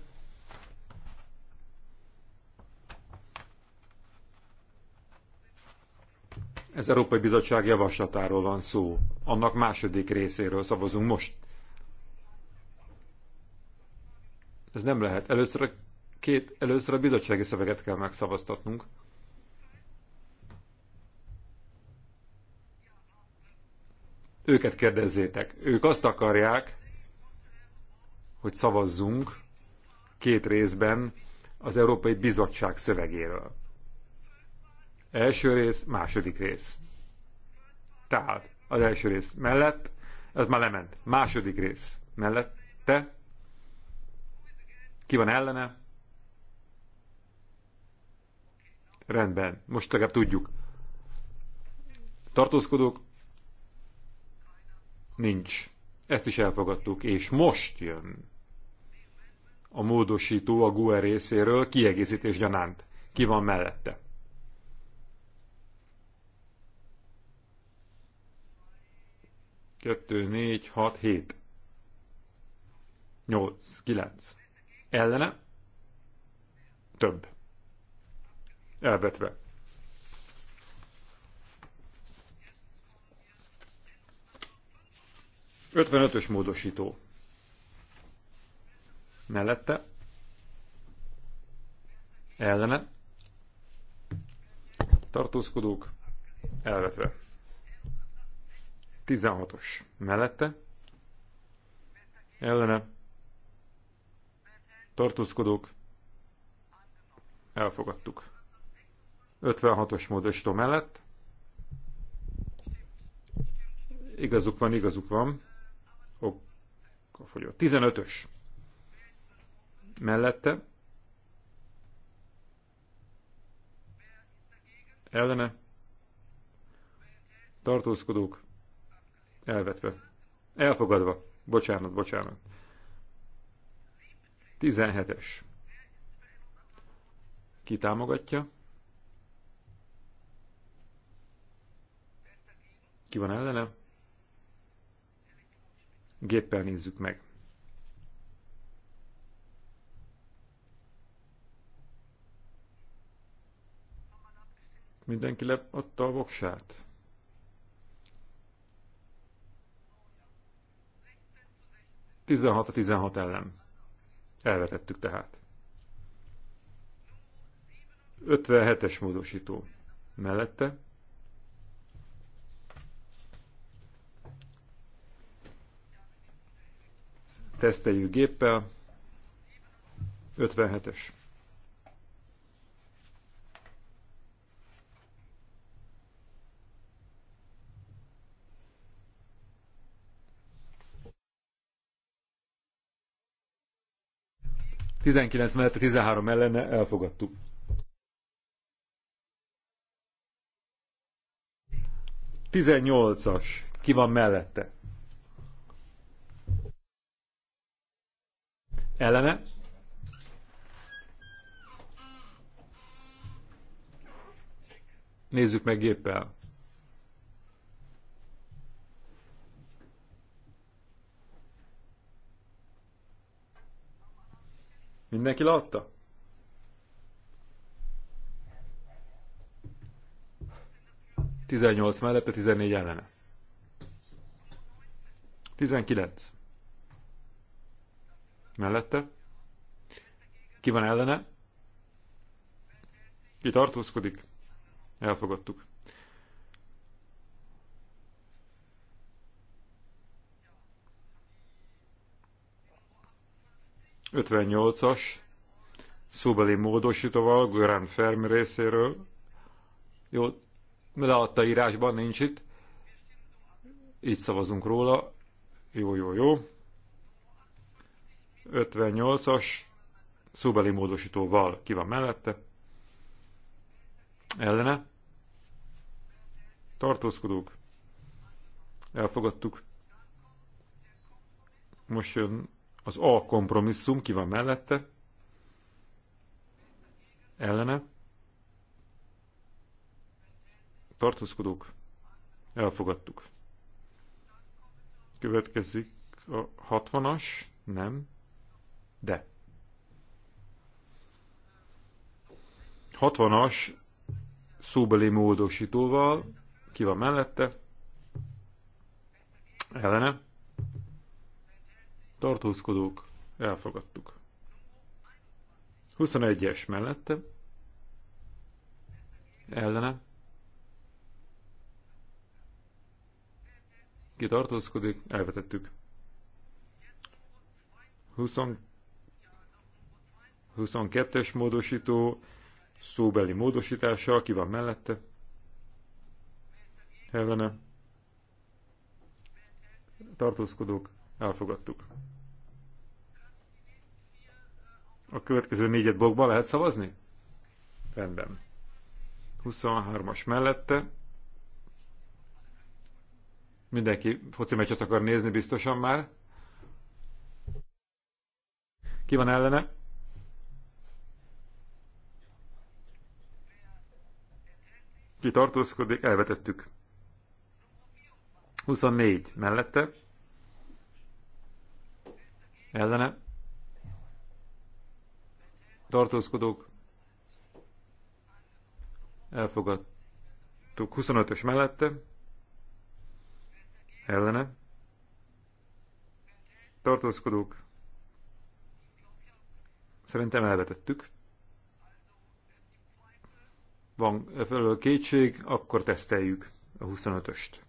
Ez Európai Bizottság javaslatáról van szó. Annak második részéről szavazunk most. Ez nem lehet. Először a, két, először a bizottsági szöveget kell megszavaztatnunk. Őket kérdezzétek. Ők azt akarják, hogy szavazzunk két részben az Európai Bizottság szövegéről. Első rész, második rész. Tehát az első rész mellett, ez már lement. Második rész mellette. Ki van ellene? Rendben, most legalább tudjuk. Tartózkodók? Nincs. Ezt is elfogadtuk. És most jön a módosító a GUE részéről kiegészítés gyanánt. Ki van mellette? 2, 4, 6, 7, 8, 9. Ellene több. Elvetve. Ötvenötös módosító. Mellette. Ellene. Tartózkodók. Elvetve. 16-os mellette, ellene, tartózkodók, elfogadtuk. 56-os módosító mellett, igazuk van, igazuk van, a fogyó. 15-ös mellette, ellene, tartózkodók, Elvetve. Elfogadva. Bocsánat, bocsánat. 17-es. Ki támogatja? Ki van ellene? Géppel nézzük meg. Mindenki leadta a voksát? 16 a 16 ellen. Elvetettük tehát. 57-es módosító mellette. Teszteljük géppel. 57-es. 19 mellett 13 ellene elfogadtuk. Tizennyolcas. Ki van mellette? Ellene? Nézzük meg géppel. Mindenki látta? Tizennyolc mellette, tizennégy ellene. Tizenkilenc. Mellette. Ki van ellene? Ki tartózkodik? Elfogadtuk. 58-as szóbeli módosítóval, Görán Fermi részéről. Jó, leadta írásban, nincs itt. Így szavazunk róla. Jó, jó, jó. 58-as szóbeli módosítóval ki van mellette. Ellene. Tartózkodók. Elfogadtuk. Most jön az A kompromisszum ki van mellette, ellene, tartózkodók, elfogadtuk. Következik a 60-as, nem, de. 60-as szóbeli módosítóval, ki van mellette, ellene, tartózkodók, elfogadtuk. 21-es mellette, ellene, ki tartózkodik, elvetettük. 20, 22-es módosító, szóbeli módosítása, aki van mellette, ellene, tartózkodók, elfogadtuk. A következő négyet blogban lehet szavazni? Rendben. 23-as mellette. Mindenki foci meccset akar nézni biztosan már. Ki van ellene? Ki tartózkodik? Elvetettük. 24 mellette. Ellene tartózkodók elfogadtuk 25-ös mellette, ellene, tartózkodók, szerintem elvetettük. Van felől kétség, akkor teszteljük a 25-öst.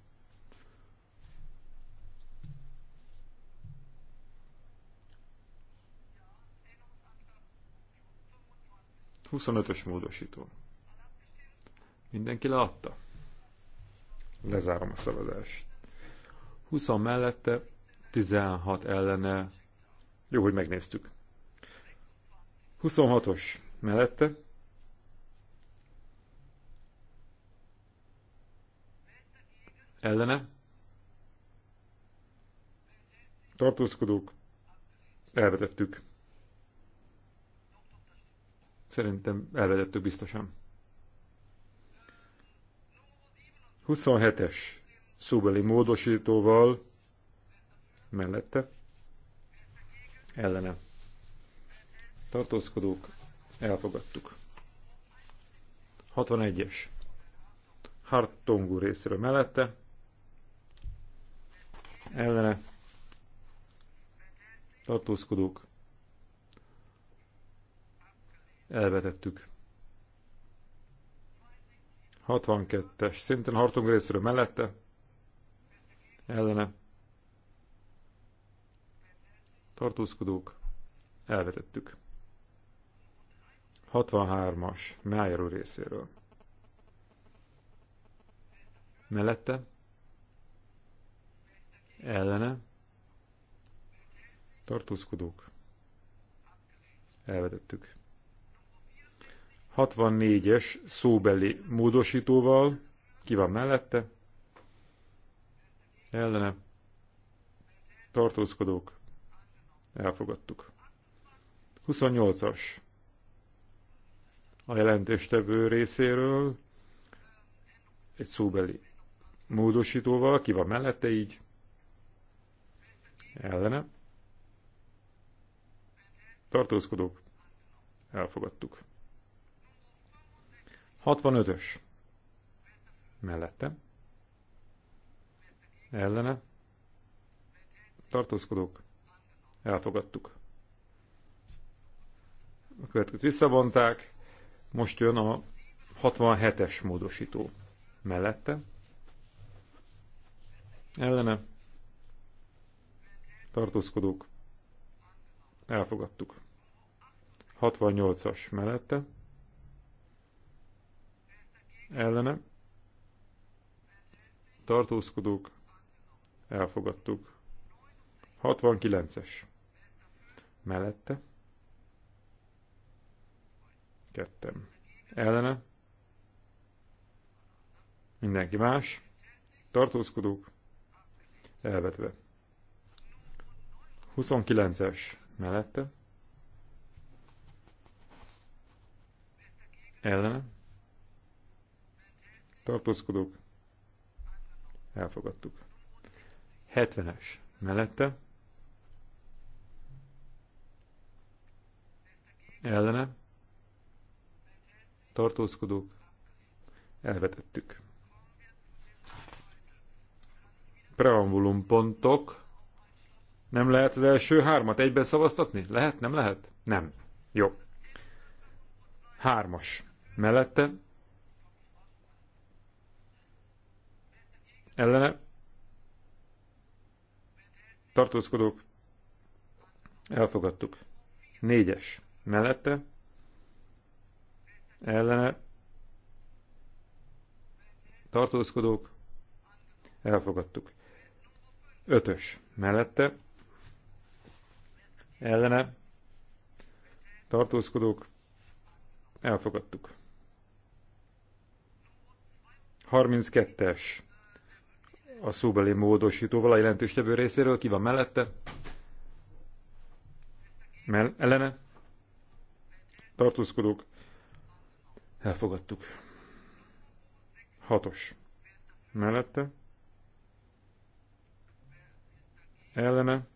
25-ös módosító. Mindenki leadta? Lezárom a szavazást. 20 mellette, 16 ellene. Jó, hogy megnéztük. 26-os mellette. Ellene. Tartózkodók. Elvetettük. Szerintem elvedettük biztosan. 27-es szóbeli módosítóval mellette ellene tartózkodók elfogadtuk. 61-es Hartongú részéről mellette ellene tartózkodók elvetettük. 62-es, szintén hartunk részéről mellette, ellene, tartózkodók, elvetettük. 63-as, Májerő részéről. Mellette, ellene, tartózkodók, elvetettük. 64-es szóbeli módosítóval. Ki van mellette? Ellene. Tartózkodók. Elfogadtuk. 28-as. A jelentéstevő részéről egy szóbeli módosítóval. Ki van mellette így? Ellene. Tartózkodók. Elfogadtuk. 65-ös. Mellette. Ellene. Tartózkodók. Elfogadtuk. A következőt visszavonták. Most jön a 67-es módosító. Mellette. Ellene. Tartózkodók. Elfogadtuk. 68-as mellette ellene tartózkodók elfogadtuk. 69-es mellette kettem ellene mindenki más tartózkodók elvetve. 29-es mellette ellene tartózkodók, elfogadtuk. 70-es mellette, ellene, tartózkodók, elvetettük. Preambulum pontok. Nem lehet az első hármat egyben szavaztatni? Lehet? Nem lehet? Nem. Jó. Hármas. Mellette ellene tartózkodók elfogadtuk. Négyes mellette ellene tartózkodók elfogadtuk. Ötös mellette ellene tartózkodók elfogadtuk. 32-es a szóbeli módosítóval a jelentőstevő részéről. Ki van mellette? Mel ellene? Tartózkodók? Elfogadtuk. Hatos. Mellette? Ellene?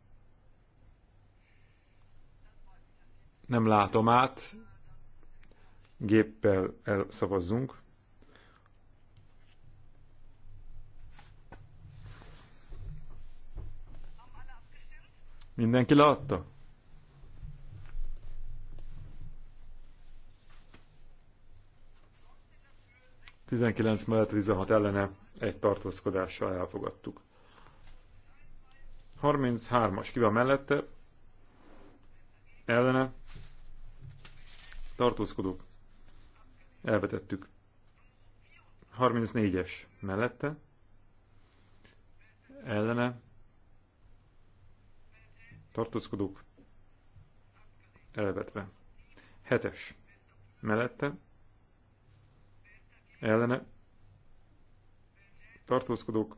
Nem látom át. Géppel elszavazzunk. Mindenki látta? Tizenkilenc mellett 16 ellene egy tartózkodással elfogadtuk. 33-as kivel mellette, ellene, tartózkodók, elvetettük. 34-es mellette, ellene, tartózkodók elvetve. Hetes mellette ellene tartózkodók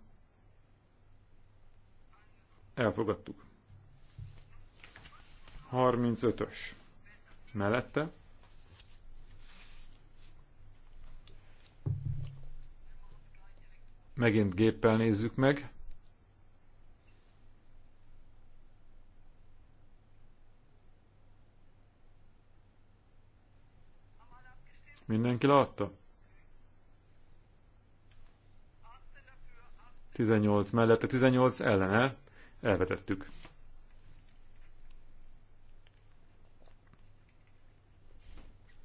elfogadtuk. 35-ös mellette megint géppel nézzük meg. Mindenki látta? 18 mellette, 18 ellene elvetettük.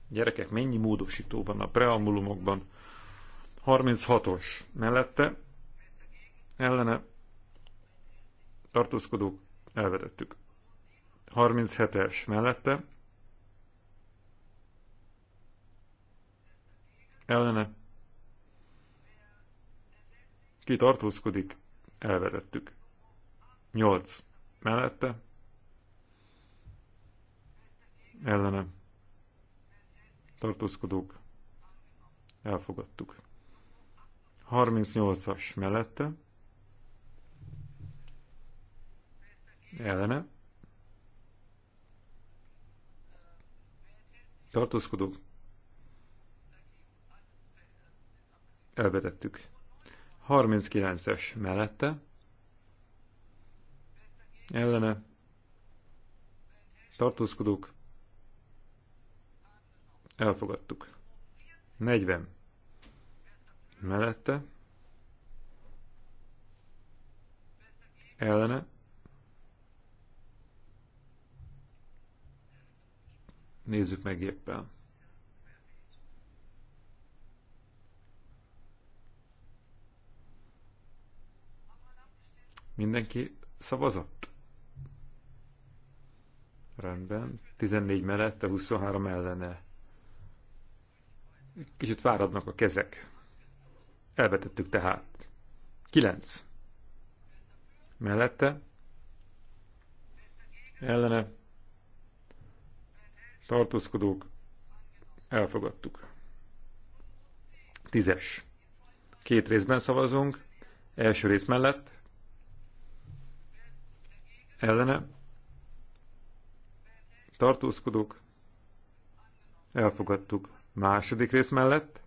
Gyerekek, mennyi módosító van a preambulumokban? 36-os mellette, ellene tartózkodók elvetettük. 37-es mellette, ellene ki tartózkodik, elvetettük. 8 mellette ellene tartózkodók, elfogadtuk. 38-as mellette ellene tartózkodók, elvetettük. 39-es mellette, ellene, tartózkodók, elfogadtuk. 40 mellette, ellene, nézzük meg éppen. Mindenki szavazott? Rendben. 14 mellette, 23 ellene. Kicsit váradnak a kezek. Elvetettük tehát. 9. Mellette. Ellene. Tartózkodók. Elfogadtuk. Tízes. Két részben szavazunk. Első rész mellett ellene tartózkodók elfogadtuk második rész mellett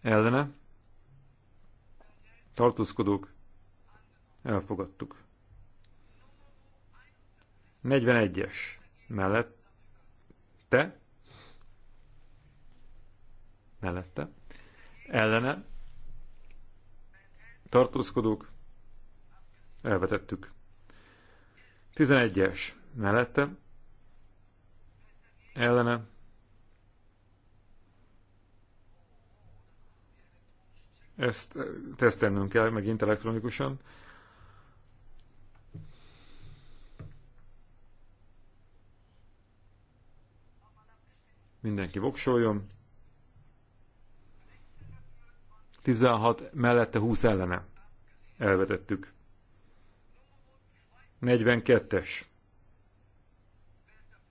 ellene tartózkodók elfogadtuk 41-es mellett te mellette ellene tartózkodók Elvetettük. 11-es mellette. Ellene. Ezt tesztelnünk kell megint elektronikusan. Mindenki voksoljon. 16 mellette 20 ellene. Elvetettük. 42-es.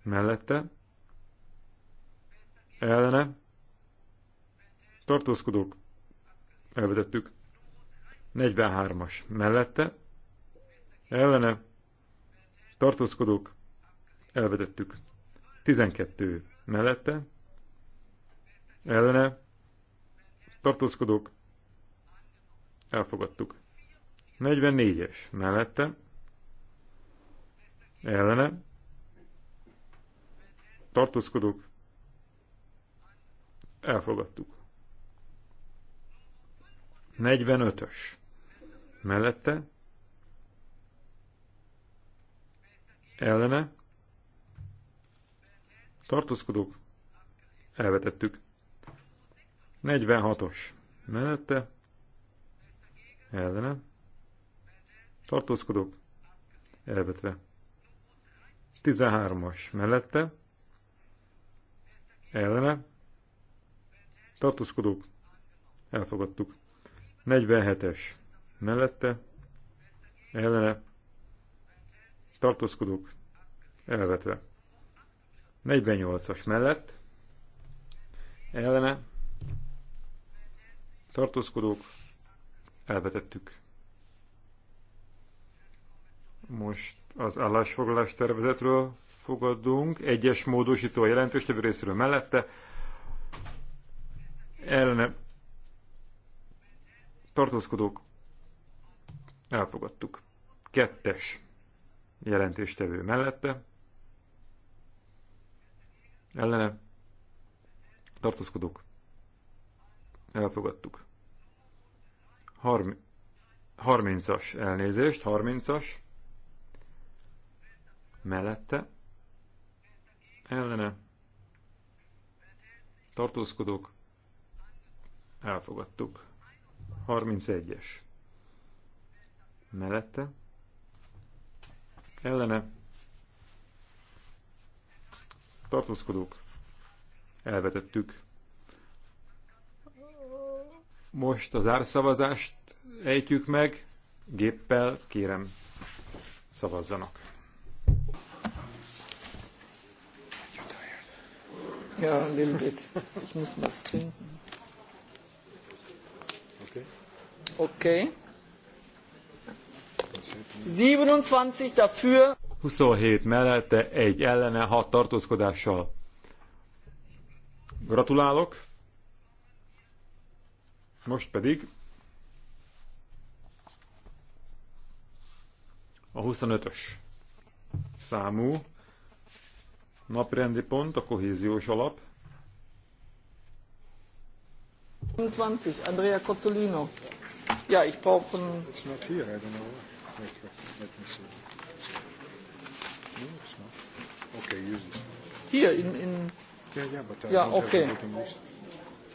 Mellette. Ellene. Tartózkodók. Elvetettük. 43-as. Mellette. Ellene. Tartózkodók. Elvetettük. 12. Mellette. Ellene. Tartózkodók. Elfogadtuk. 44-es. Mellette ellene tartózkodók elfogadtuk. 45-ös mellette ellene tartózkodók elvetettük. 46-os mellette ellene tartózkodók elvetve. 13-as mellette, ellene, tartózkodók, elfogadtuk. 47-es mellette, ellene, tartózkodók, elvetve. 48-as mellett, ellene, tartózkodók, elvetettük. Most az állásfoglalás tervezetről fogadunk, egyes módosító a jelentős tevő részéről mellette, ellene tartózkodók elfogadtuk. Kettes jelentéstevő mellette, ellene tartózkodók elfogadtuk. 30-as elnézést, 30-as mellette, ellene, tartózkodók, elfogadtuk. 31-es, mellette, ellene, tartózkodók, elvetettük. Most az árszavazást ejtjük meg, géppel kérem szavazzanak. Ja, a little bit. Ich muss was trinken. Okay. 27 dafür. 27 mellette, egy ellene, 6 tartózkodással. Gratulálok. Most pedig a 25-ös számú naprendi pont a kohéziós alap. 25, Andrea Cozzolino. Ja, ich brauche... Ein... Okay, use this. Here, in... in... Ja, yeah, but I yeah, don't okay. have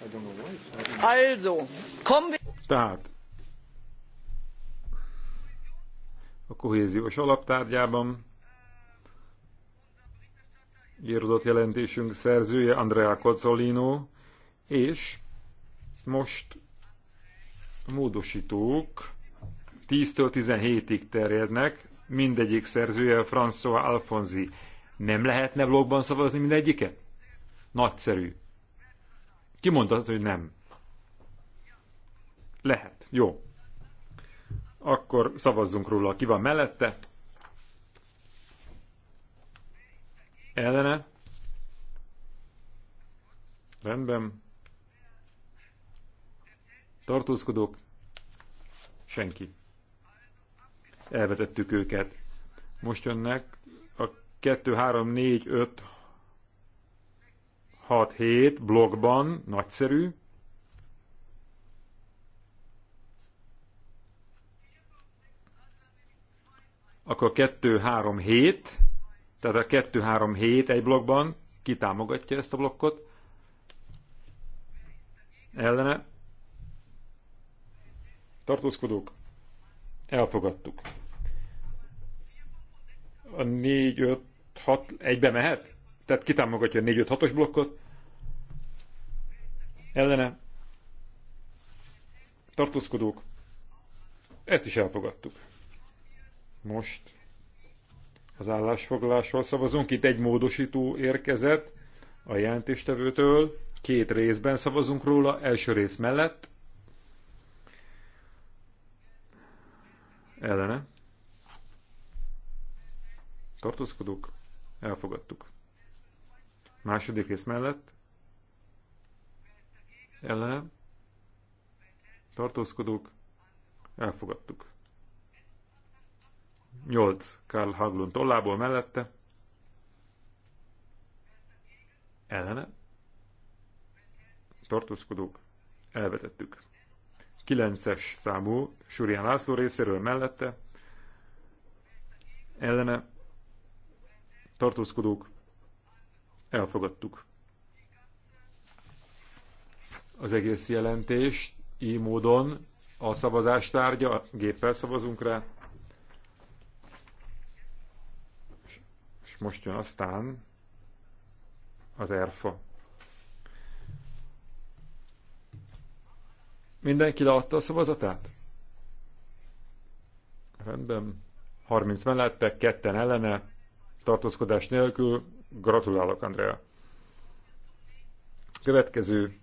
I don't know why it's not Also, kommen wir... Tehát, a kohéziós alaptárgyában írodott jelentésünk szerzője Andrea Cozzolino, és most módosítók 10-től 17-ig terjednek, mindegyik szerzője François Alfonzi. Nem lehetne blogban szavazni mindegyiket? Nagyszerű. Ki mondta az, hogy nem? Lehet. Jó. Akkor szavazzunk róla. Ki van mellette? Ellene? Rendben. Tartózkodók? Senki. Elvetettük őket. Most jönnek a 2, 3, 4, 5, 6, 7 blogban. Nagyszerű. Akkor 2, 3, 7. Tehát a 2-3-7 egy blokkban kitámogatja ezt a blokkot. Ellene. Tartózkodók. Elfogadtuk. A 4-5-6 egybe mehet? Tehát kitámogatja a 4-5-6-os blokkot. Ellene. Tartózkodók. Ezt is elfogadtuk. Most az állásfoglásról szavazunk. Itt egy módosító érkezett a jelentéstevőtől. Két részben szavazunk róla, első rész mellett. Ellene. Tartózkodók. Elfogadtuk. Második rész mellett. Ellene. Tartózkodók. Elfogadtuk. Nyolc Karl Haglun tollából mellette. Ellene. Tartózkodók. Elvetettük. 9-es számú Surian László részéről mellette. Ellene. Tartózkodók. Elfogadtuk. Az egész jelentést így módon a szavazás tárgya, géppel szavazunk rá, most jön aztán az erfa. Mindenki leadta a szavazatát? Rendben. 30 mellette, ketten ellene, tartózkodás nélkül. Gratulálok, Andrea. Következő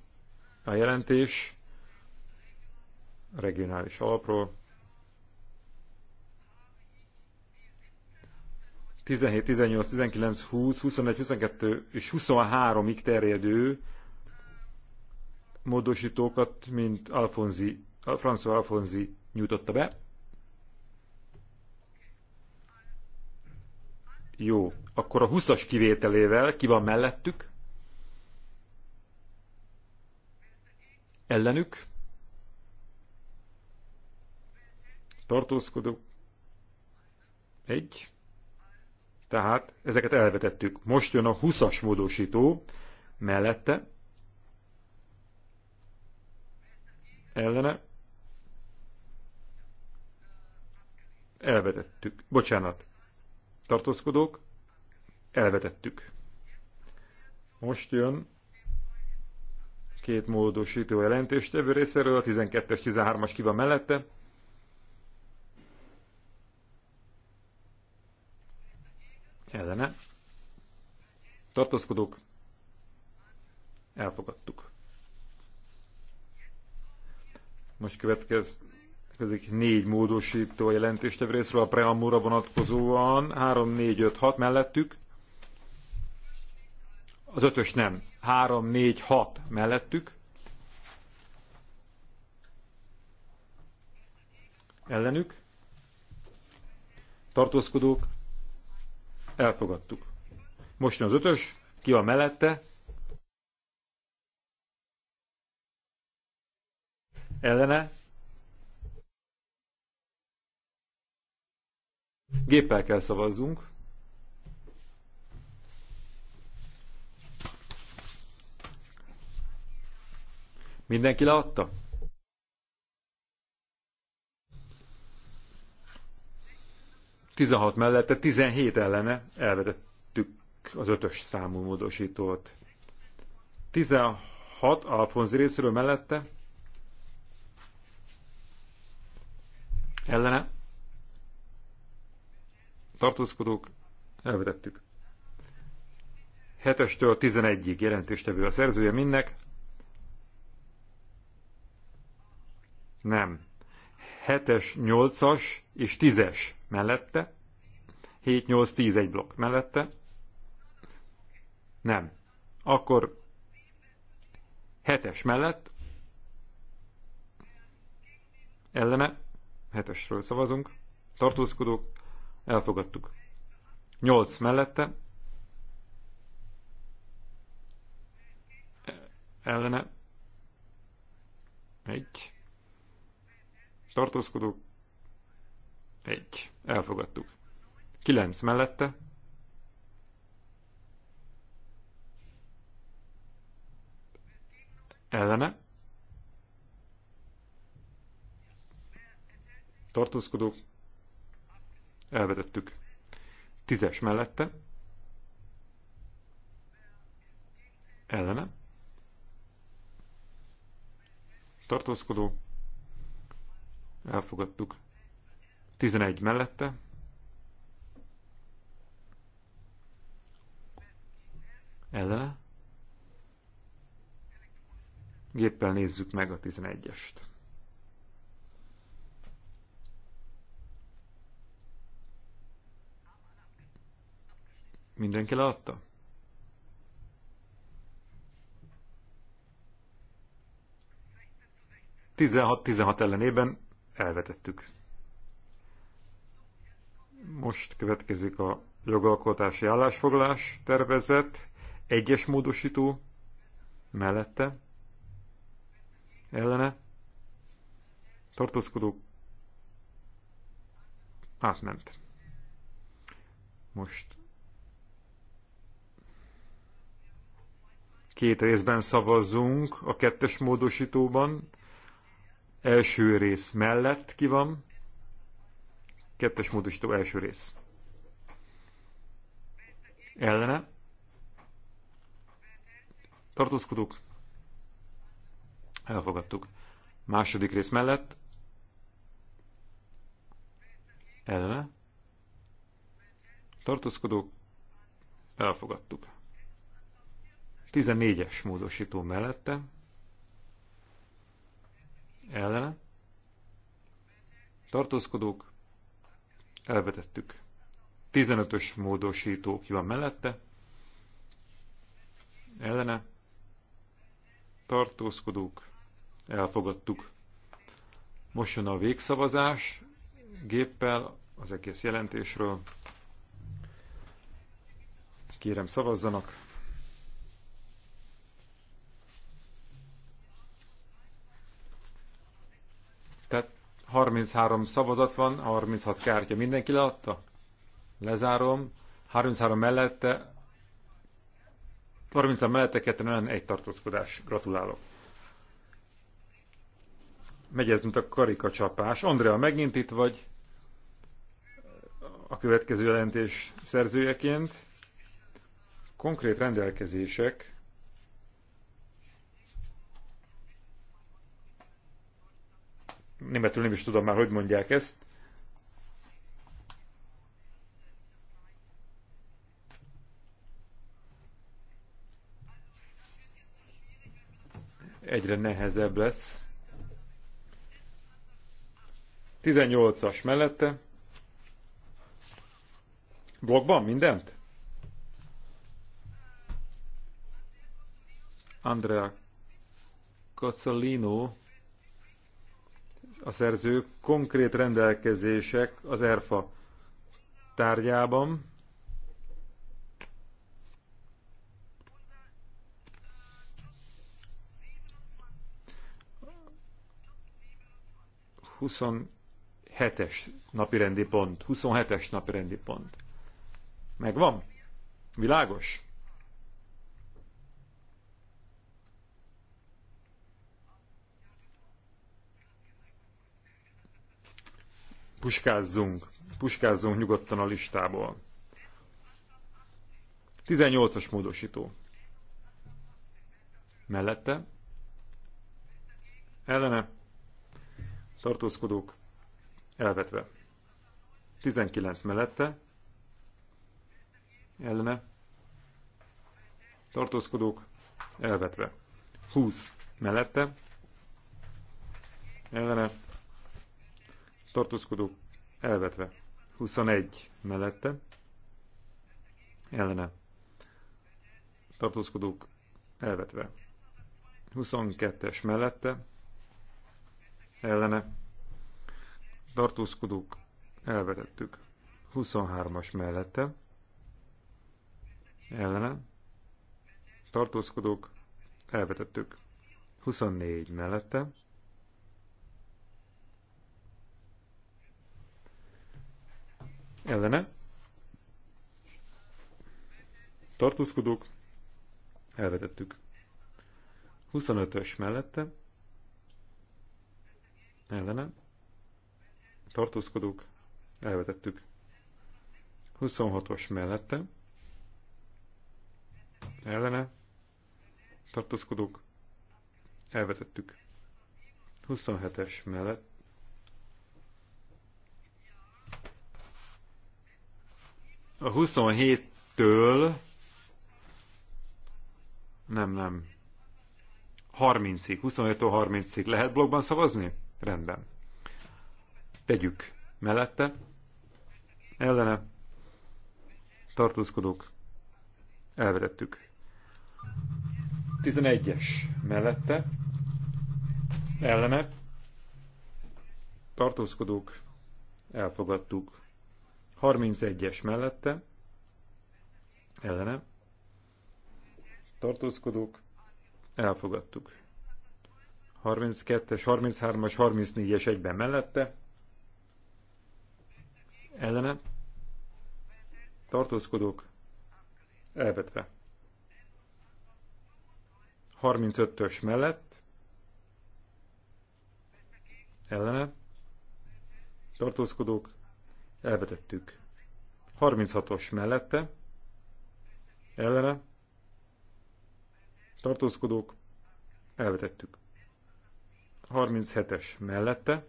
a jelentés regionális alapról. 17, 18, 19, 20, 21, 22 és 23-ig terjedő módosítókat, mint Alfonzi, François Alfonzi nyújtotta be. Jó, akkor a 20-as kivételével ki van mellettük? Ellenük? Tartózkodó. Egy. Tehát ezeket elvetettük. Most jön a 20-as módosító mellette. Ellene. Elvetettük. Bocsánat. Tartózkodók. Elvetettük. Most jön két módosító jelentéstevő részéről, a 12-es, 13-as ki van mellette, ellene tartózkodók elfogadtuk. Most következik négy módosító a jelentéstev részről a preambulra vonatkozóan, 3, 4, 5, 6 mellettük, az ötös nem, 3, 4, 6 mellettük, ellenük, tartózkodók, Elfogadtuk. Most jön az ötös, ki a mellette? Ellene? Géppel kell szavazzunk. Mindenki leadta? 16 mellette, 17 ellene elvetettük az ötös számú módosítót. 16 Alfonzi részéről mellette, ellene tartózkodók elvetettük. 7-estől 11-ig jelentéstevő a szerzője mindnek. Nem. 7-es, 8-as és 10-es mellette, 7, 8, 10 egy blokk mellette, nem. Akkor 7-es mellett, ellene, 7-esről szavazunk, tartózkodók, elfogadtuk. 8 mellette, ellene, 1, tartózkodók, egy. Elfogadtuk. Kilenc mellette. Ellene. Tartózkodók. Elvetettük. Tízes mellette. Ellene. Tartózkodó elfogadtuk. 11 mellette, ellene. Géppel nézzük meg a 11-est. Mindenki leadta? Tizenhat-tizenhat ellenében elvetettük. Most következik a jogalkotási állásfoglalás tervezet, egyes módosító mellette, ellene, tartózkodó átment. Most két részben szavazzunk a kettes módosítóban, Első rész mellett ki van. Kettes módosító első rész. Ellene. Tartózkodók. Elfogadtuk. Második rész mellett. Ellene. Tartózkodók. Elfogadtuk. 14-es módosító mellette ellene, tartózkodók, elvetettük. 15-ös módosító ki van mellette, ellene, tartózkodók, elfogadtuk. Most jön a végszavazás géppel az egész jelentésről. Kérem szavazzanak! 33 szavazat van, 36 kártya. Mindenki leadta? Lezárom. 33 mellette, 30 mellette ketten olyan egy tartózkodás. Gratulálok. Megy ez, mint a karikacsapás. Andrea, megint itt vagy a következő jelentés szerzőjeként. Konkrét rendelkezések németül nem is tudom már, hogy mondják ezt. Egyre nehezebb lesz. 18-as mellette. Blogban mindent? Andrea Cozzolino a szerző konkrét rendelkezések az ERFA tárgyában. Huszon 27-es napirendi pont. 27-es napirendi pont. Megvan? Világos? puskázzunk, puskázzunk nyugodtan a listából. 18-as módosító. Mellette. Ellene. Tartózkodók. Elvetve. 19 mellette. Ellene. Tartózkodók. Elvetve. 20 mellette. Ellene tartózkodó elvetve. 21 mellette ellene tartózkodók elvetve. 22-es mellette ellene tartózkodók elvetettük. 23-as mellette ellene tartózkodók elvetettük. 24 mellette ellene, tartózkodók, elvetettük. 25-ös mellette, ellene, tartózkodók, elvetettük. 26-os mellette, ellene, tartózkodók, elvetettük. 27-es mellett, A 27-től nem, nem. 30-ig, 25-től 30-ig lehet blogban szavazni? Rendben. Tegyük. Mellette? Ellene? Tartózkodók? Elvedettük. 11-es. Mellette? Ellene? Tartózkodók? Elfogadtuk. 31-es mellette, ellene, tartózkodók, elfogadtuk. 32-es, 33-as, 34-es egyben mellette, ellene, tartózkodók, elvetve. 35-ös mellett, ellene, tartózkodók, elvetettük. 36-os mellette, ellene, tartózkodók, elvetettük. 37-es mellette,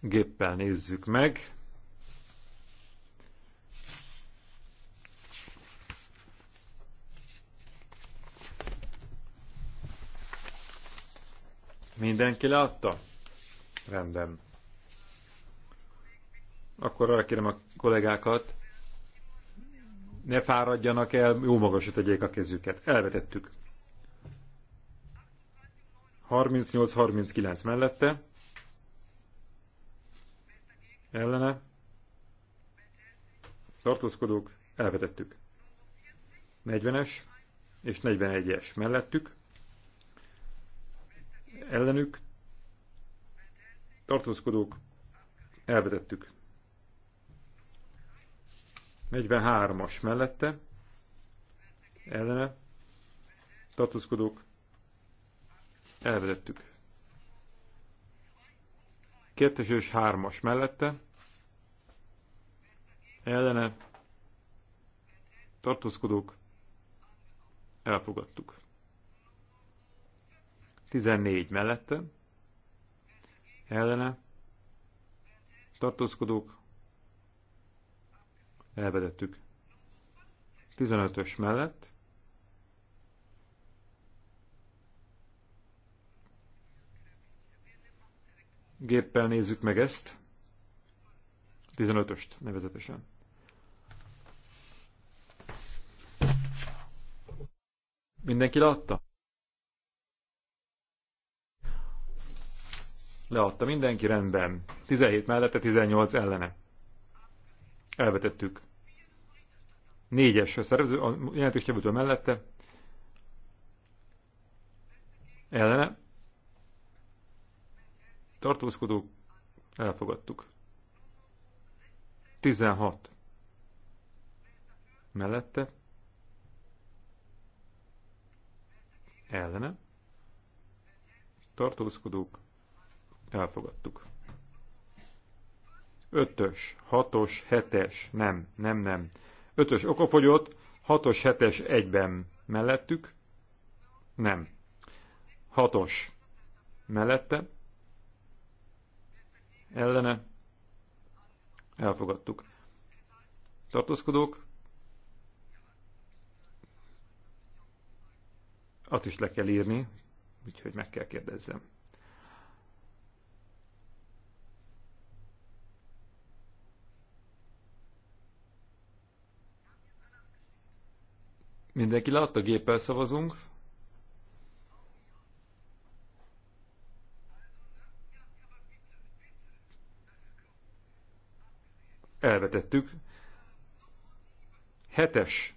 géppel nézzük meg, Mindenki látta? Rendben. Akkor arra kérem a kollégákat, ne fáradjanak el, jó magasra tegyék a kezüket. Elvetettük. 38-39 mellette. Ellene. Tartózkodók. Elvetettük. 40-es és 41-es mellettük. Ellenük tartózkodók, elvetettük. 43-as mellette, ellene, tartózkodók, elvetettük. 2-es és 3-as mellette, ellene, tartózkodók, elfogadtuk. 14 mellette, ellene tartózkodók elvedettük. 15-ös mellett géppel nézzük meg ezt. 15-öst nevezetesen. Mindenki látta? Leadta mindenki, rendben. 17 mellette, 18 ellene. Elvetettük. Négyes a szervező, a jelentős tevőtől mellette. Ellene. Tartózkodó. Elfogadtuk. 16. Mellette. Ellene. Tartózkodók elfogadtuk. Ötös, hatos, hetes, nem, nem, nem. Ötös okofogyott, hatos, hetes egyben mellettük, nem. Hatos mellette, ellene, elfogadtuk. Tartózkodók, azt is le kell írni, úgyhogy meg kell kérdezzem. Mindenki látta, géppel szavazunk. Elvetettük. Hetes.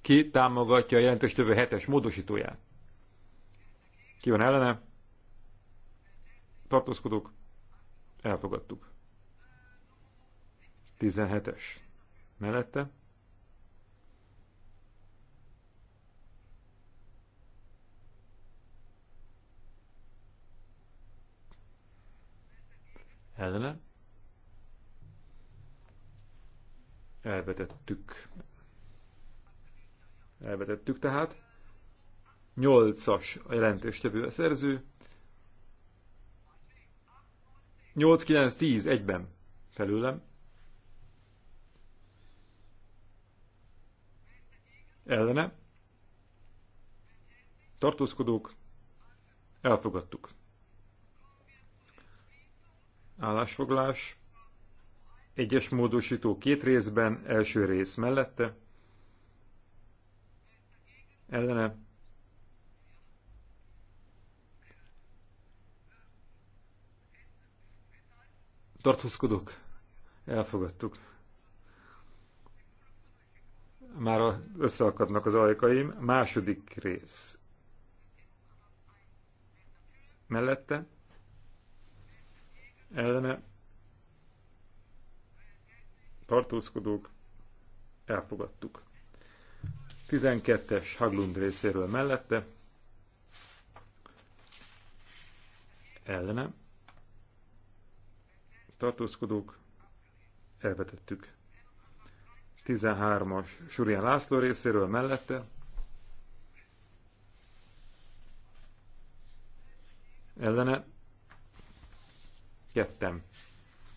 Ki támogatja a tövő hetes módosítóját? Ki van ellene? Tartózkodók. Elfogadtuk. 17-es. Mellette? ellene. Elvetettük. Elvetettük tehát. 8-as a jelentéstevő a szerző. 8-9-10 egyben felőlem. Ellene. Tartózkodók. Elfogadtuk állásfoglás, egyes módosító két részben, első rész mellette, ellene, tartózkodok, elfogadtuk. Már összeakadnak az ajkaim. Második rész. Mellette? ellene tartózkodók elfogadtuk. 12-es Haglund részéről mellette ellene tartózkodók elvetettük. 13-as Surian László részéről mellette ellene Kettem.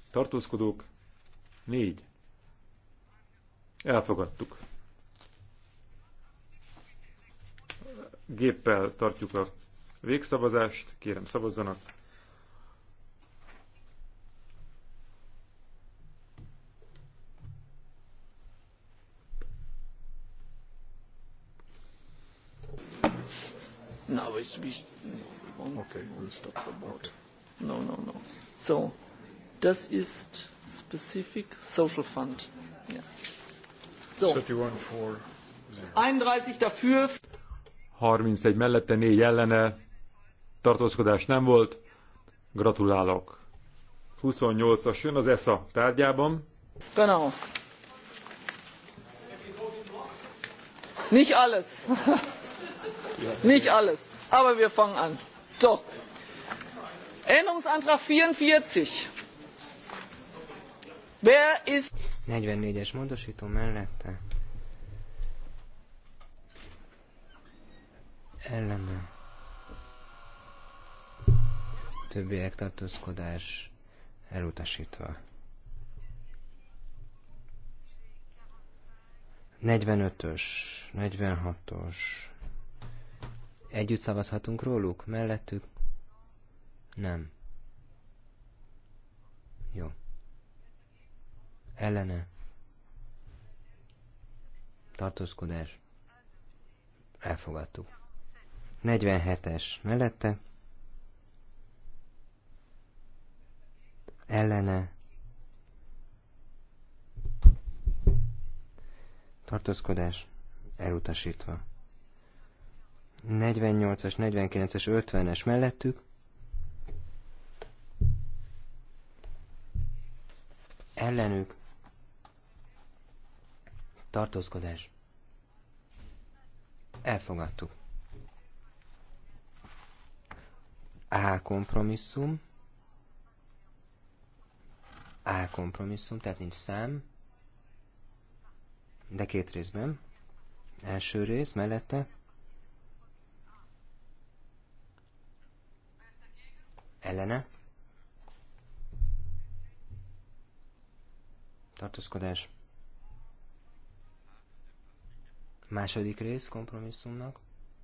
Tartózkodók. Négy. Elfogadtuk. Géppel tartjuk a végszavazást. Kérem szavazzanak. Now it's... Okay, we'll stop the boat. Okay no, no, no. So, das ist Specific Social Fund. Yeah. So. 31 for 31 dafür. 31 mellette, 4 ellene. Tartózkodás nem volt. Gratulálok. 28-as jön az ESA tárgyában. Genau. Nicht alles. Nicht alles. Aber wir fangen an. So. Änderungsantrag 44. Wer ist... 44-es módosító mellette. Ellene. Többiek tartózkodás elutasítva. 45-ös, 46-os. Együtt szavazhatunk róluk, mellettük, nem. Jó. Ellene. Tartózkodás. Elfogadtuk. 47-es mellette. Ellene. Tartózkodás elutasítva. 48-as, 49-es, 50-es mellettük, ellenük tartózkodás. Elfogadtuk. A kompromisszum. A kompromisszum, tehát nincs szám, de két részben. Első rész mellette. Ellene. tartózkodás. Második rész kompromisszumnak,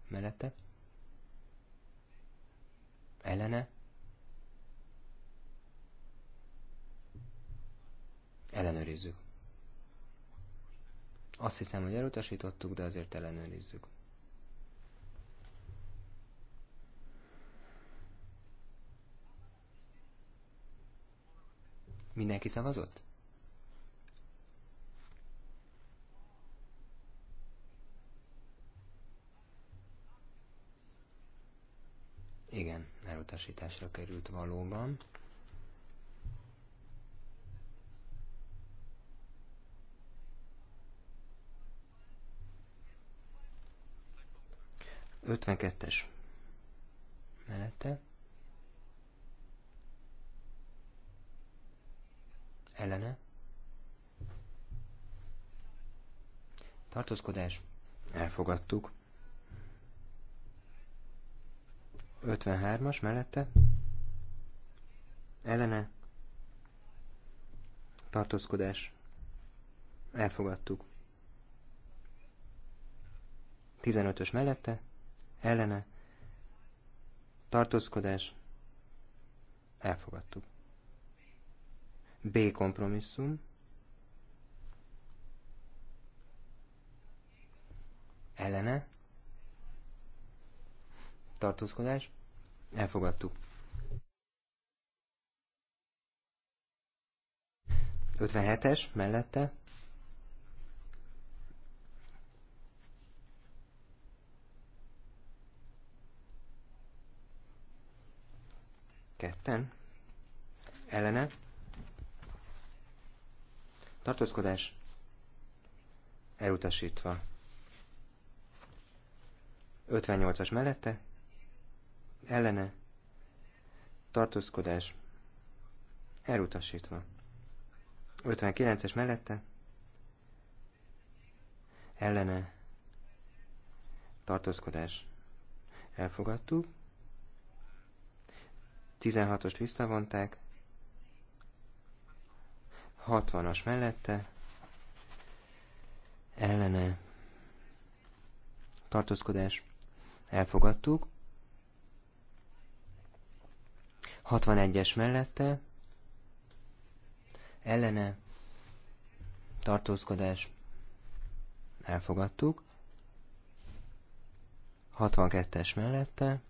mellette, ellene, ellenőrizzük. Azt hiszem, hogy elutasítottuk, de azért ellenőrizzük. Mindenki szavazott? Igen, elutasításra került valóban. Ötvenkettes mellette. Ellene. Tartózkodás. Elfogadtuk. 53-as mellette. Ellene. Tartózkodás. Elfogadtuk. 15-ös mellette. Ellene. Tartózkodás. Elfogadtuk. B kompromisszum. Ellene tartózkodás, elfogadtuk. 57-es mellette. Ketten. Ellene. Tartózkodás. Elutasítva. 58-as mellette ellene tartózkodás elutasítva. 59-es mellette ellene tartózkodás elfogadtuk. 16-ost visszavonták, 60-as mellette, ellene tartózkodás elfogadtuk, 61-es mellette, ellene, tartózkodás, elfogadtuk. 62-es mellette,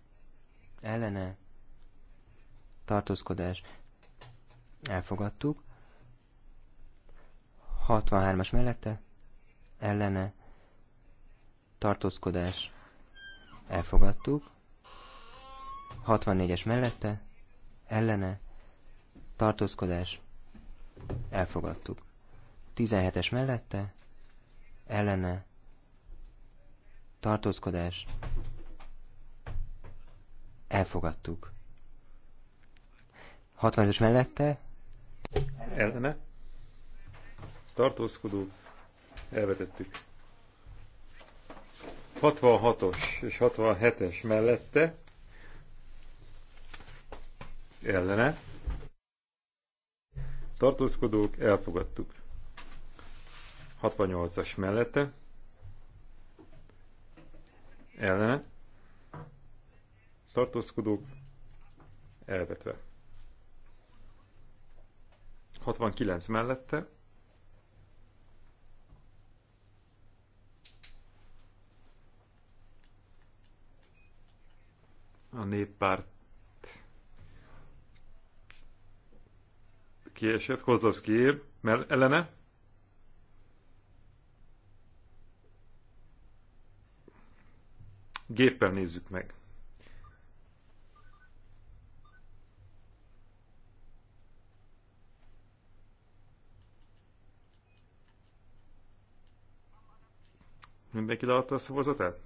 ellene, tartózkodás, elfogadtuk. 63-as mellette, ellene, tartózkodás, elfogadtuk. 64-es mellette, ellene, tartózkodás, elfogadtuk. 17-es mellette, ellene, tartózkodás, elfogadtuk. 60-es mellette, ellene, tartózkodó, elvetettük. 66-os és 67-es mellette, ellene. Tartózkodók, elfogadtuk. 68-as mellette, ellene. Tartózkodók, elvetve. 69 mellette, a néppárt kiesett, Kozlovszki ér, mert ellene. Géppel nézzük meg. Mindenki leadta a szavazatát?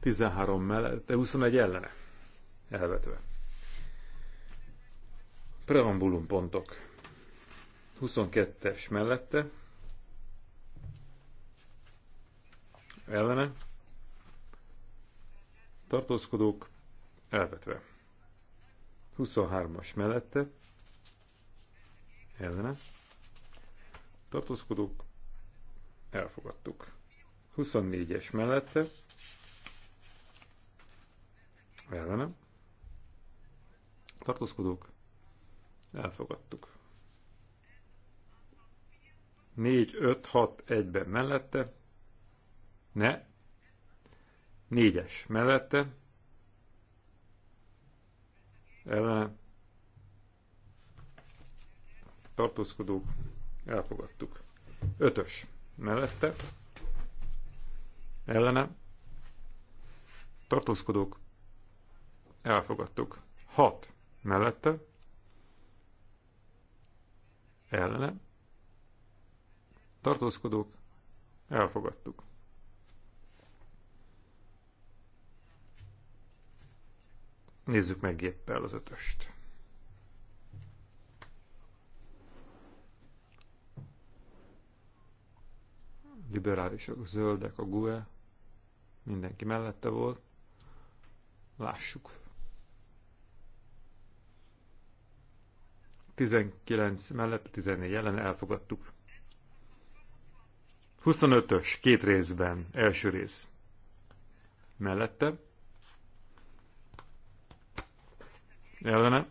13 mellett, de 21 ellene. Elvetve. Preambulum pontok. 22-es mellette. Ellene. Tartózkodók elvetve. 23-as mellette. Ellene. Tartózkodók elfogadtuk. 24-es mellette. Ellene. Tartózkodók Elfogadtuk. 4, 5, 6, 1-ben mellette. Ne. 4-es mellette. Ellene. Tartózkodók. Elfogadtuk. 5-ös mellette. Ellene. Tartózkodók. Elfogadtuk. 6 mellette ellene tartózkodók elfogadtuk. Nézzük meg géppel az ötöst. Liberálisok, zöldek, a GUE, mindenki mellette volt. Lássuk. 19 mellett 14 ellen elfogadtuk. 25-ös, két részben, első rész. Mellette. Ellene.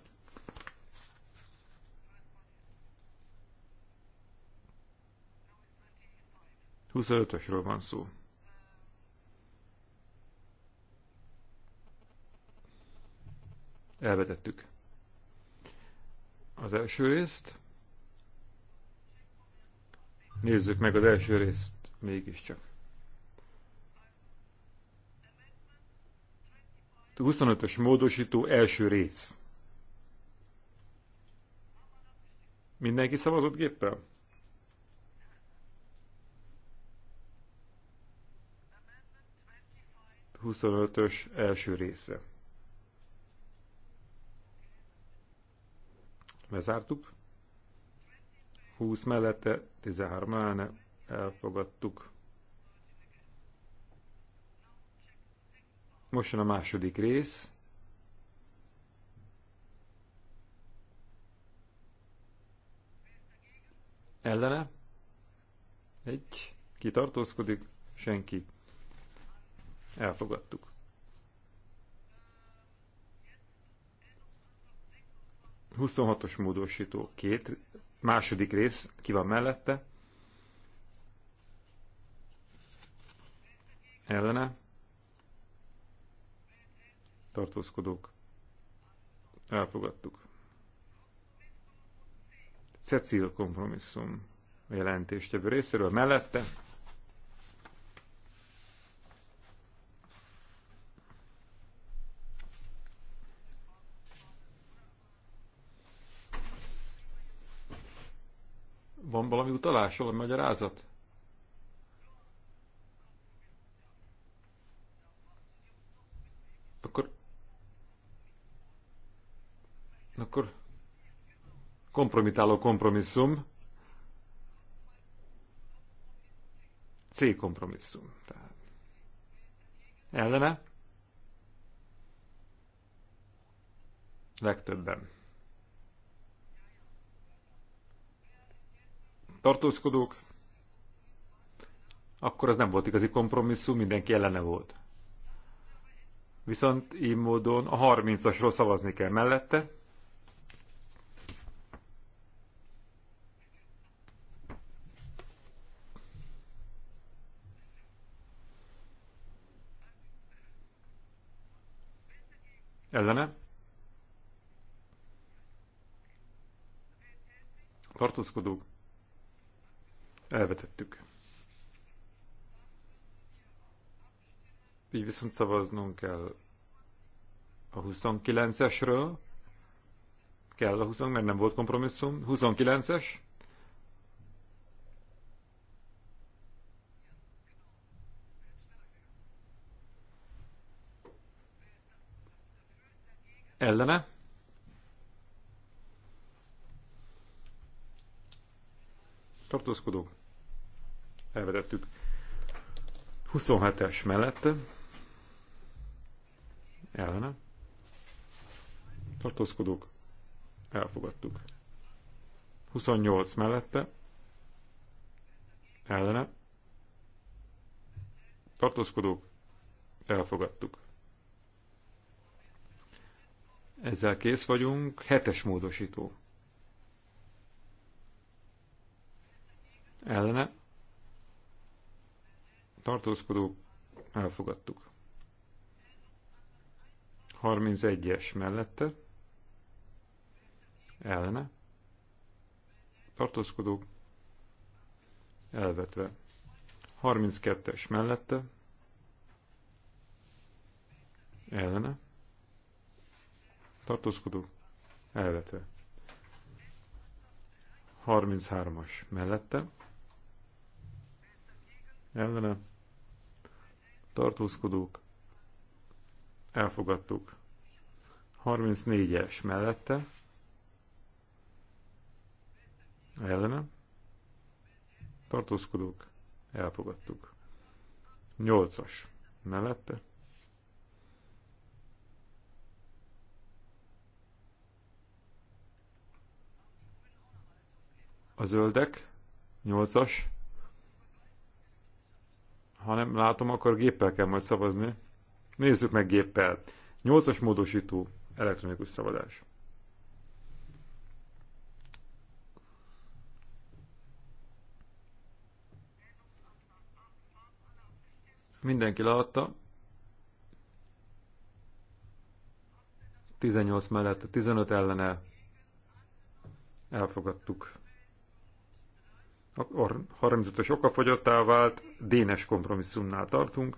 Huszonötösről van szó. Elvetettük az első részt. Nézzük meg az első részt mégiscsak. 25-ös módosító első rész. Mindenki szavazott géppel? Huszonötös első része. Lezártuk. 20 mellette, 13 mellene, elfogadtuk. Most jön a második rész. Ellene. Egy. Ki tartózkodik? Senki. Elfogadtuk. 26-os módosító két, második rész, ki van mellette? Ellene? Tartózkodók. Elfogadtuk. Cecil kompromisszum jelentést jövő részéről mellette. utalással a magyarázat? Akkor akkor kompromitáló kompromisszum, C kompromisszum. Tehát. Ellene? Legtöbben. tartózkodók, akkor az nem volt igazi kompromisszum, mindenki ellene volt. Viszont így módon a 30-asról szavazni kell mellette. Ellene. Tartózkodók. Elvetettük. Így viszont szavaznunk kell a 29-esről. Kell a 20, mert nem volt kompromisszum. 29-es. Ellene. Tartózkodók elvetettük. 27-es mellette ellene tartózkodók elfogadtuk. 28 mellette ellene tartózkodók elfogadtuk. Ezzel kész vagyunk, hetes módosító. Ellene tartózkodók, elfogadtuk. 31-es mellette, ellene, tartózkodók, elvetve. 32-es mellette, ellene, tartózkodók, elvetve. 33-as mellette, ellene, tartózkodók, elfogadtuk. 34-es mellette, ellenem, tartózkodók, elfogadtuk. 8-as mellette, a zöldek, 8-as, ha nem látom, akkor géppel kell majd szavazni. Nézzük meg géppel. 8-as módosító, elektronikus szavazás. Mindenki leadta. 18 mellett, 15 ellene elfogadtuk. A 35-ös okafogyottá vált, dénes kompromisszumnál tartunk.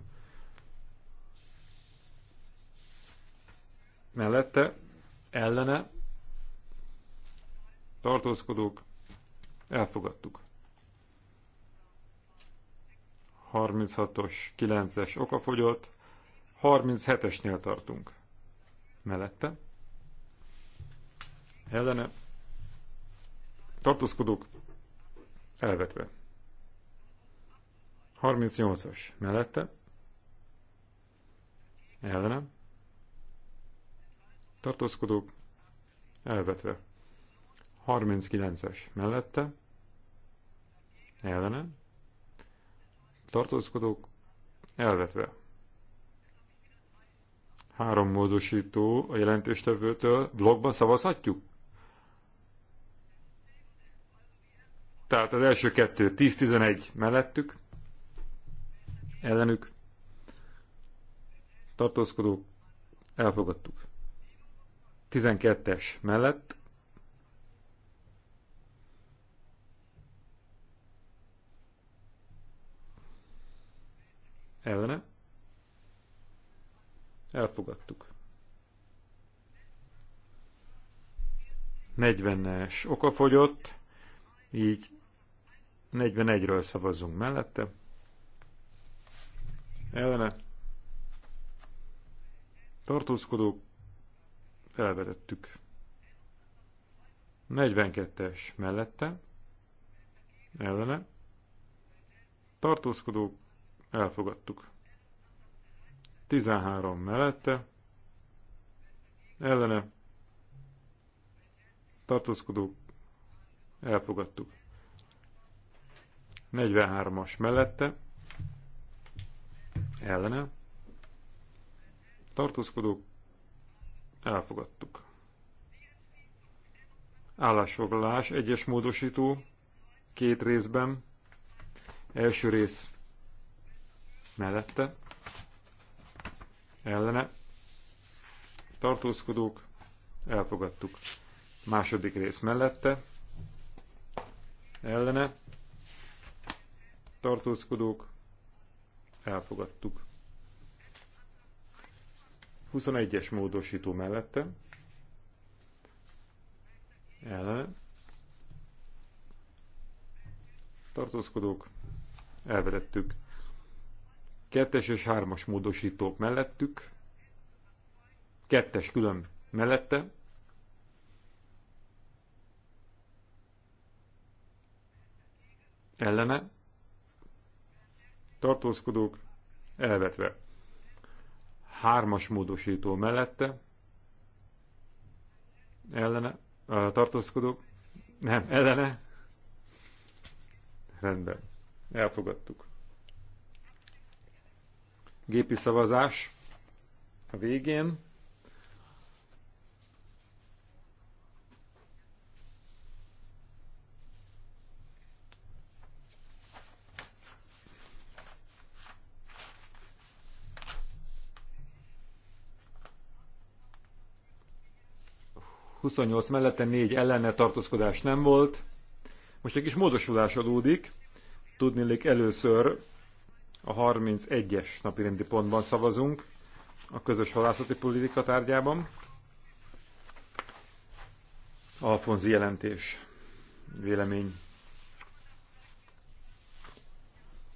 Mellette, ellene, tartózkodók, elfogadtuk. 36-os, 9-es okafogyott, 37-esnél tartunk. Mellette, ellene, tartózkodók, Elvetve. 38-as. Mellette. Ellenem. Tartózkodók. Elvetve. 39-es. Mellette. Ellenem. Tartózkodók. Elvetve. Három módosító a jelentéstevőtől. Blogban szavazhatjuk? Tehát az első kettő 10-11 mellettük, ellenük tartózkodók elfogadtuk. 12-es mellett ellene elfogadtuk. 40-es okafogyott, így 41-ről szavazunk mellette. Ellene. Tartózkodó. Elvetettük. 42-es mellette. Ellene. Tartózkodó. Elfogadtuk. 13 mellette. Ellene. Tartózkodó. Elfogadtuk. 43-as mellette, ellene, tartózkodók, elfogadtuk. Állásfoglalás, egyes módosító, két részben, első rész mellette, ellene, tartózkodók, elfogadtuk. Második rész mellette, ellene, tartózkodók, elfogadtuk. 21-es módosító mellette, ellen, tartózkodók, elvedettük. Kettes és hármas módosítók mellettük, kettes külön mellette, ellene, tartózkodók elvetve. Hármas módosító mellette ellene tartózkodók nem, ellene rendben, elfogadtuk. Gépi szavazás a végén. 28 mellette 4 ellene tartózkodás nem volt. Most egy kis módosulás adódik. Tudnélik először a 31-es napirendi pontban szavazunk a közös halászati politika tárgyában. Alfonzi jelentés, vélemény.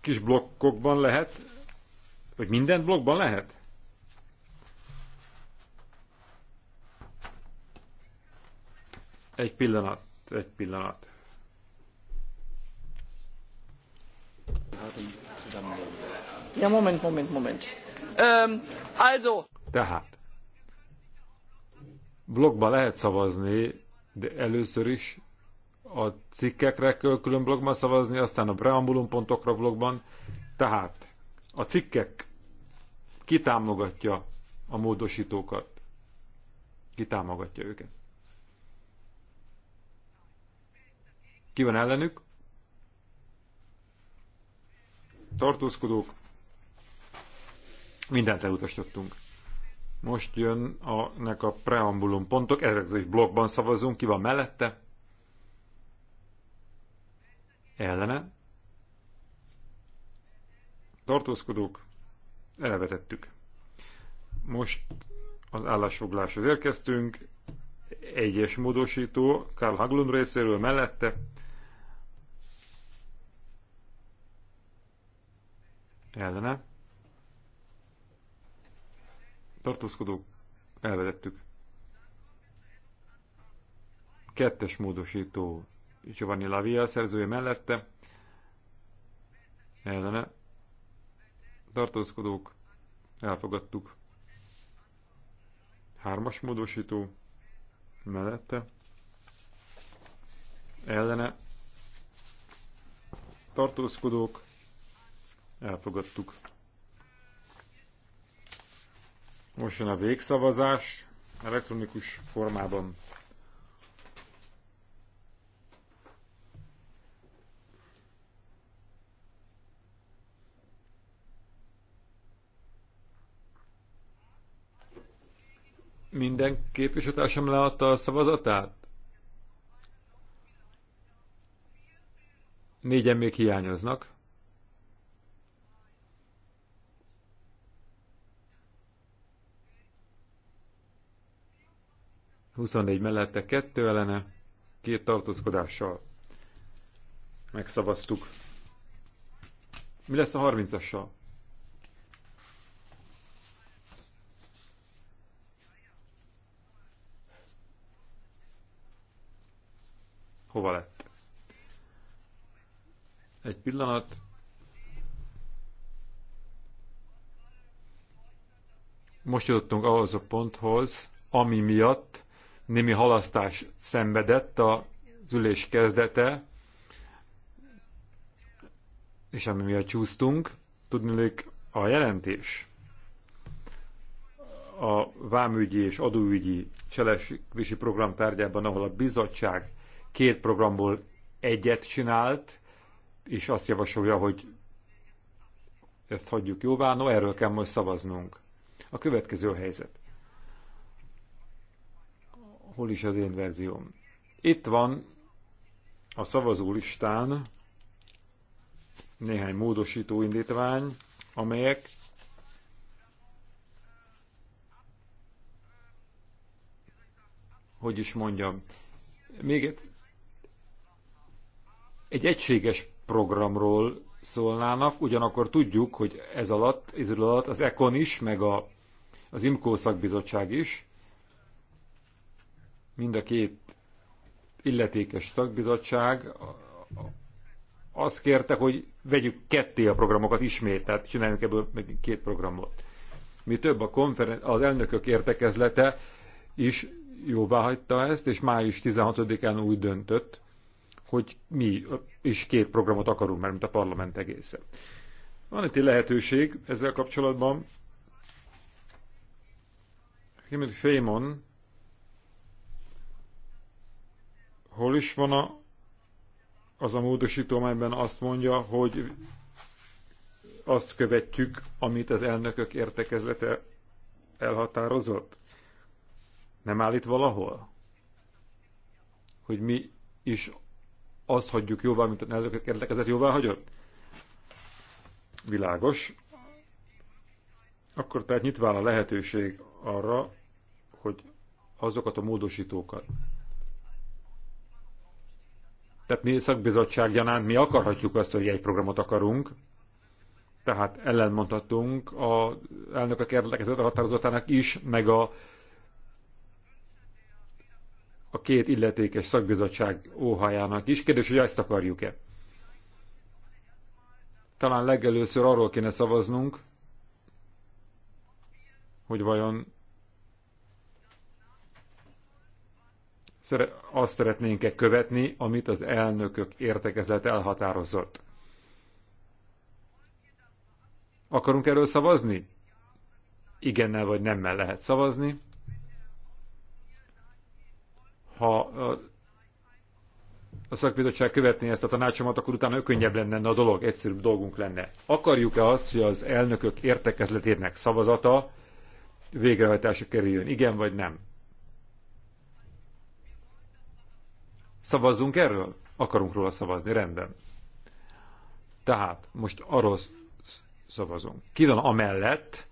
Kis blokkokban lehet, vagy minden blokkban lehet? Egy pillanat, egy pillanat. Ja, moment, moment, moment. Um, also. Tehát. Blogban lehet szavazni, de először is a cikkekre külön blogban szavazni, aztán a preambulum pontokra blogban. Tehát a cikkek kitámogatja a módosítókat. Kitámogatja őket. Ki van ellenük? Tartózkodók. Mindent elutasítottunk. Most jön a, nek a preambulum pontok, Ezekre is blokkban szavazunk, ki van mellette? Ellene? Tartózkodók, elvetettük. Most az állásfoglaláshoz érkeztünk, egyes módosító Karl Haglund részéről mellette, ellene. Tartózkodók elvedettük. Kettes módosító Giovanni Lavia szerzője mellette ellene. Tartózkodók elfogadtuk. Hármas módosító mellette ellene tartózkodók Elfogadtuk. Most jön a végszavazás elektronikus formában. Minden képviselőtársam leadta a szavazatát? Négyen még hiányoznak. 24 mellette, kettő ellene, két tartózkodással. Megszavaztuk. Mi lesz a 30-assal? Hova lett? Egy pillanat. Most jutottunk ahhoz a ponthoz, ami miatt némi halasztás szenvedett az ülés kezdete, és ami miatt csúsztunk, tudnilik a jelentés a vámügyi és adóügyi cselekvési program tárgyában, ahol a bizottság két programból egyet csinált, és azt javasolja, hogy ezt hagyjuk jóvá, no erről kell most szavaznunk. A következő a helyzet hol is az én verzióm. Itt van a szavazólistán néhány módosító indítvány, amelyek hogy is mondjam, még egy, egy egységes programról szólnának, ugyanakkor tudjuk, hogy ez alatt, ez alatt az ECON is, meg a, az IMCO szakbizottság is mind a két illetékes szakbizottság azt kérte, hogy vegyük ketté a programokat ismét, tehát csináljunk ebből meg két programot. Mi több a konferen- az elnökök értekezlete is jóvá hagyta ezt, és május 16-án úgy döntött, hogy mi is két programot akarunk, mert mint a parlament egészen. Van itt egy lehetőség ezzel kapcsolatban. Himmel Fémon Hol is van a, az a módosító, amelyben azt mondja, hogy azt követjük, amit az elnökök értekezlete elhatározott? Nem állít valahol? Hogy mi is azt hagyjuk jóvá, mint az elnökök értekezlet jóvá hagyott? Világos. Akkor tehát nyitva áll a lehetőség arra, hogy azokat a módosítókat, tehát mi szakbizottság gyanánt mi akarhatjuk azt, hogy egy programot akarunk, tehát ellenmondhatunk a elnökök érdekezett határozatának is, meg a, a két illetékes szakbizottság óhajának is. Kérdés, hogy ezt akarjuk-e? Talán legelőször arról kéne szavaznunk, hogy vajon azt szeretnénk-e követni, amit az elnökök értekezlet elhatározott. Akarunk erről szavazni? Igennel vagy nemmel lehet szavazni. Ha a szakbizottság követné ezt a tanácsomat, akkor utána könnyebb lenne a dolog, egyszerűbb dolgunk lenne. Akarjuk-e azt, hogy az elnökök értekezletének szavazata végrehajtásra kerüljön? Igen vagy nem? Szavazzunk erről? Akarunk róla szavazni, rendben. Tehát most arról szavazunk. Ki van amellett,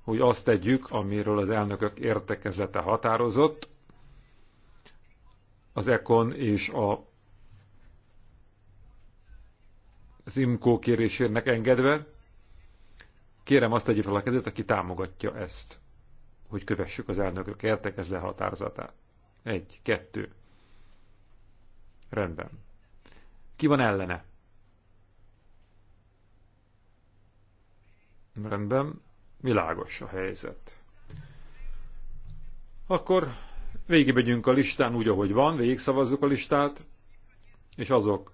hogy azt tegyük, amiről az elnökök értekezlete határozott, az ekon és a az IMCO kérésének engedve. Kérem azt tegyük fel a kezét, aki támogatja ezt, hogy kövessük az elnökök értekezle határozatát. Egy, kettő, Rendben. Ki van ellene? Rendben. Világos a helyzet. Akkor végigmegyünk a listán úgy, ahogy van, végigszavazzuk a listát, és azok,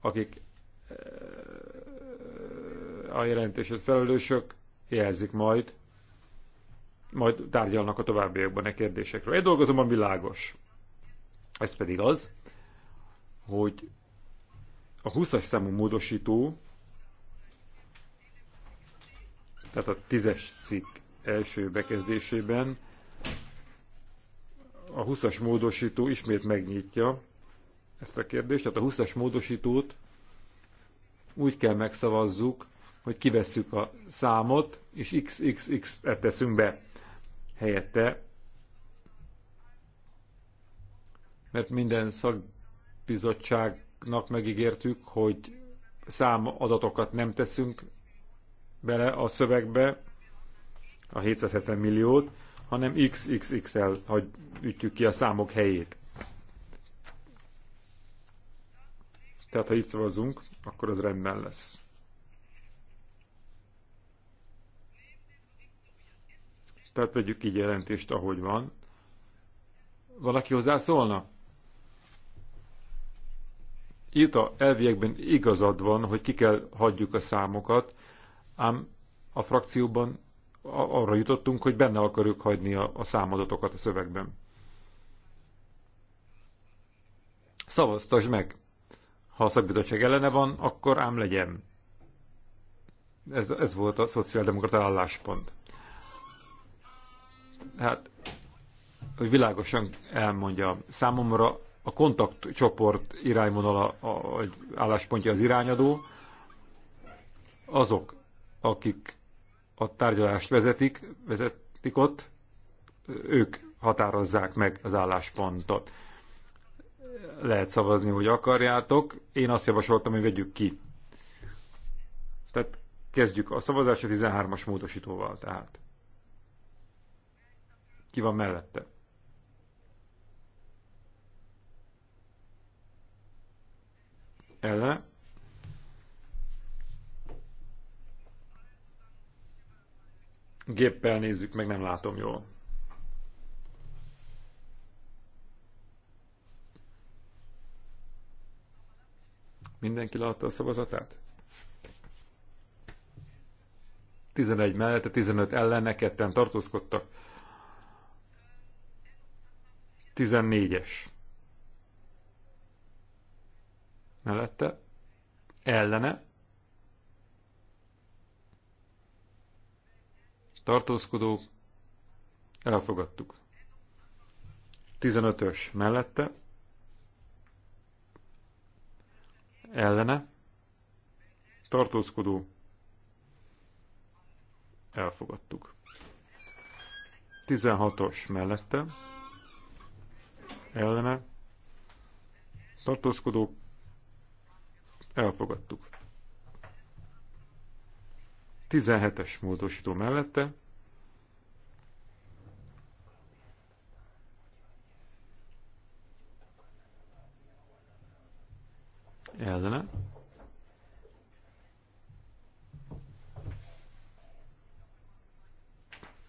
akik eh, a jelentésed felelősök, jelzik majd, majd tárgyalnak a továbbiakban a kérdésekről. Egy dolgozom azonban világos. Ez pedig az, hogy a 20-as számú módosító, tehát a 10-es cikk első bekezdésében a 20-as módosító ismét megnyitja ezt a kérdést, tehát a 20-as módosítót úgy kell megszavazzuk, hogy kivesszük a számot, és XXX-et teszünk be helyette, mert minden szak bizottságnak megígértük, hogy szám adatokat nem teszünk bele a szövegbe, a 770 milliót, hanem XXX-el hogy ütjük ki a számok helyét. Tehát ha így szavazunk, akkor az rendben lesz. Tehát vegyük így jelentést, ahogy van. Valaki hozzászólna? itt a elviekben igazad van, hogy ki kell hagyjuk a számokat, ám a frakcióban arra jutottunk, hogy benne akarjuk hagyni a, a számadatokat a szövegben. Szavaztasd meg! Ha a szakbizottság ellene van, akkor ám legyen. Ez, ez volt a szociáldemokrata álláspont. Hát, hogy világosan elmondja, számomra a kontaktcsoport irányvonala, a, a álláspontja az irányadó, azok, akik a tárgyalást vezetik, vezetik ott, ők határozzák meg az álláspontot. Lehet szavazni, hogy akarjátok. Én azt javasoltam, hogy vegyük ki. Tehát kezdjük a szavazást. a 13-as módosítóval. Tehát. Ki van mellette? ele. Géppel nézzük, meg nem látom jól. Mindenki látta a szavazatát? 11 mellett, 15 ellen, ketten tartózkodtak. 14-es. mellette, ellene, tartózkodó, elfogadtuk. 15-ös mellette, ellene, tartózkodó, elfogadtuk. 16-os mellette, ellene, tartózkodók, Elfogadtuk. 17-es módosító mellette ellene.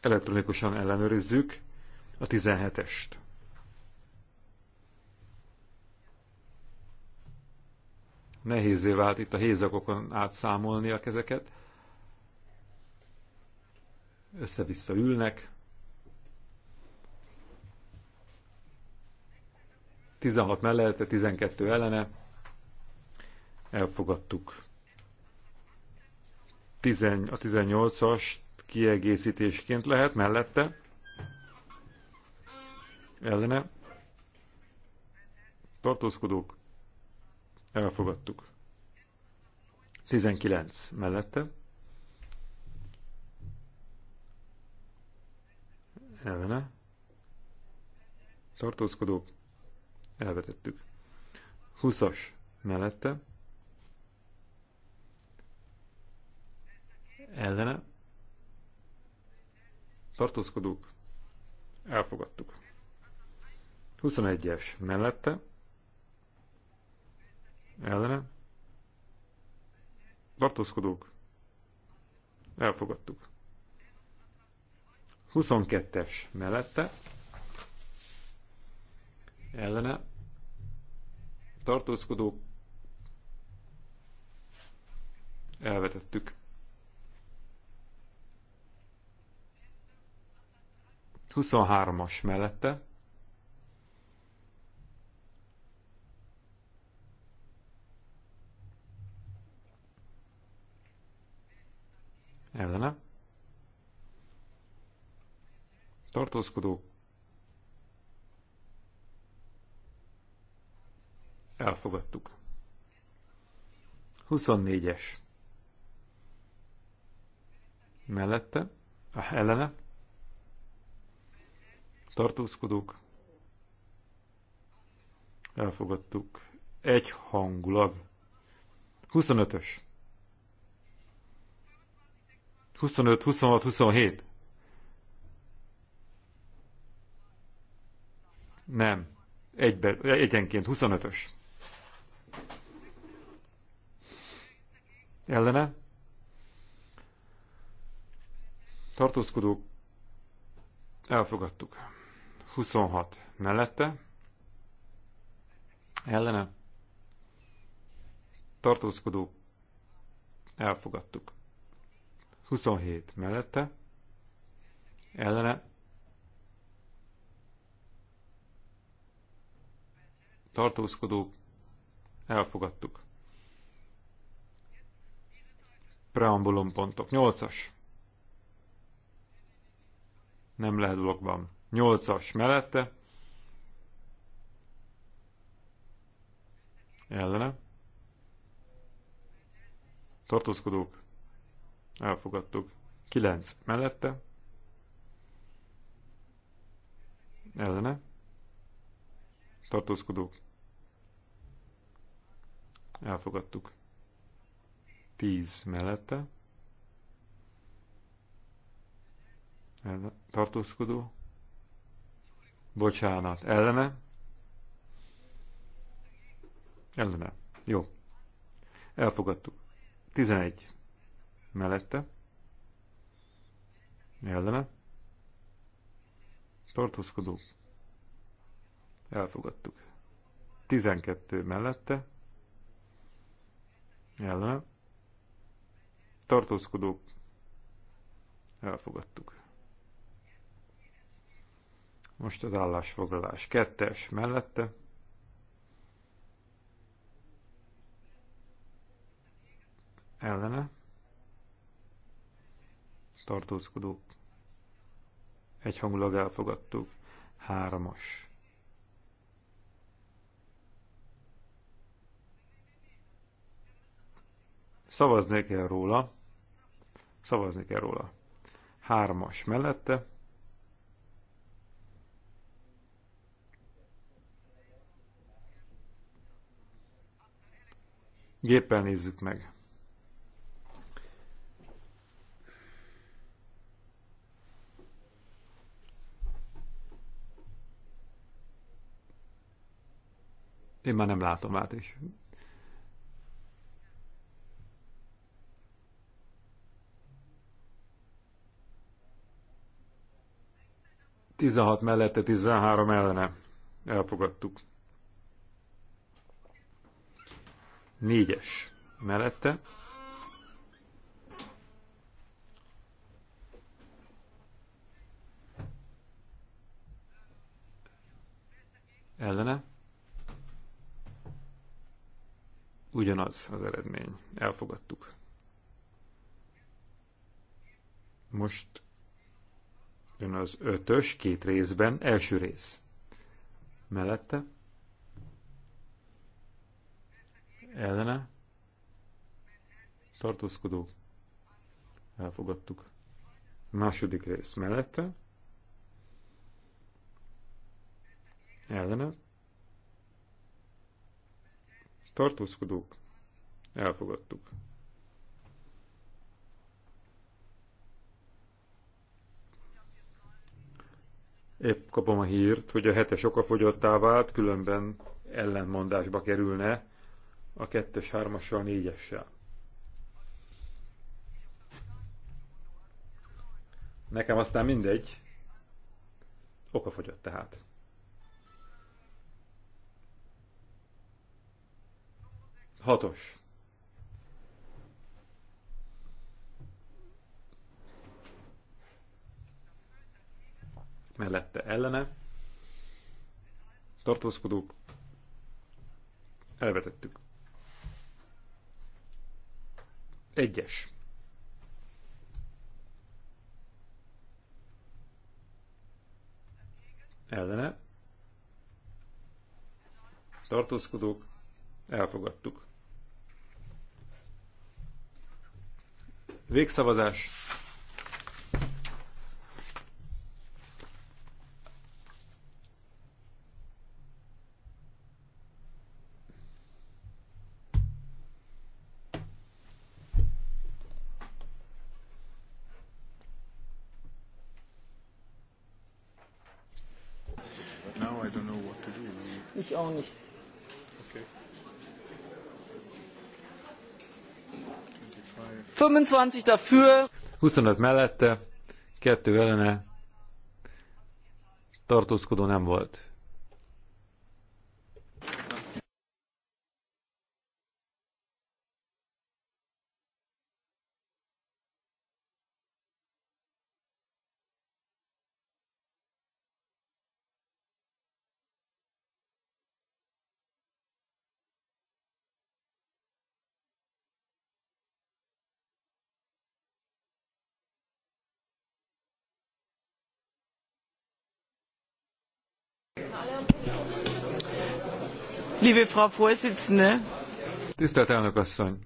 Elektronikusan ellenőrizzük a 17-est. nehézé vált itt a hézakokon a kezeket. Össze-vissza ülnek. 16 mellette, 12 ellene. Elfogadtuk. Tizen, a 18-as kiegészítésként lehet mellette. Ellene. Tartózkodók Elfogadtuk. 19 mellette. Ellene. Tartózkodó. Elvetettük. 20-as mellette. Ellene. Tartózkodók. Elfogadtuk. 21-es mellette ellene tartózkodók elfogadtuk. 22-es mellette ellene tartózkodók elvetettük. 23-as mellette ellene. Tartózkodó. elfogadtuk. 24-es. Mellette, a ellene, tartózkodók, elfogadtuk. Egy hangulag. 25-ös. 25, 26, 27. Nem. Egybe, egyenként 25-ös. Ellene? Tartózkodó. Elfogadtuk. 26. Mellette? Ellene? Tartózkodó. Elfogadtuk. 27 mellette, ellene tartózkodók elfogadtuk. Preambulum pontok. 8-as. Nem lehet blokkban. 8-as mellette. Ellene. Tartózkodók elfogadtuk. 9 mellette, ellene, tartózkodók, elfogadtuk. 10 mellette, tartózkodó, bocsánat, ellene, ellene, jó, elfogadtuk. 11 mellette, ellene, Tartózkodó. elfogadtuk. 12 mellette, ellene, Tartózkodó. elfogadtuk. Most az állásfoglalás kettes mellette, ellene, tartózkodók egyhangulag elfogadtuk. Hármas. Szavazni kell róla. Szavazni kell róla. Hármas mellette. Géppel nézzük meg. Én már nem látom át is. Tizenhat mellette, tizenhárom ellene. Elfogadtuk. Négyes mellette. Ellene. ugyanaz az eredmény. Elfogadtuk. Most jön az ötös, két részben, első rész. Mellette. Ellene. Tartózkodó. Elfogadtuk. Második rész mellette. Ellene tartózkodók, elfogadtuk. Épp kapom a hírt, hogy a hetes okafogyottá vált, különben ellenmondásba kerülne a kettes, hármassal, négyessel. Nekem aztán mindegy. Okafogyott tehát. Hatos. Mellette ellene. Tartózkodók. Elvetettük. Egyes. Ellene. Tartózkodók. Elfogadtuk. Végszavazás. 25 dafür. 25 mellette, 2 ellene, tartózkodó nem volt. Liebe Frau Vorsitzende. Tisztelt elnök asszony.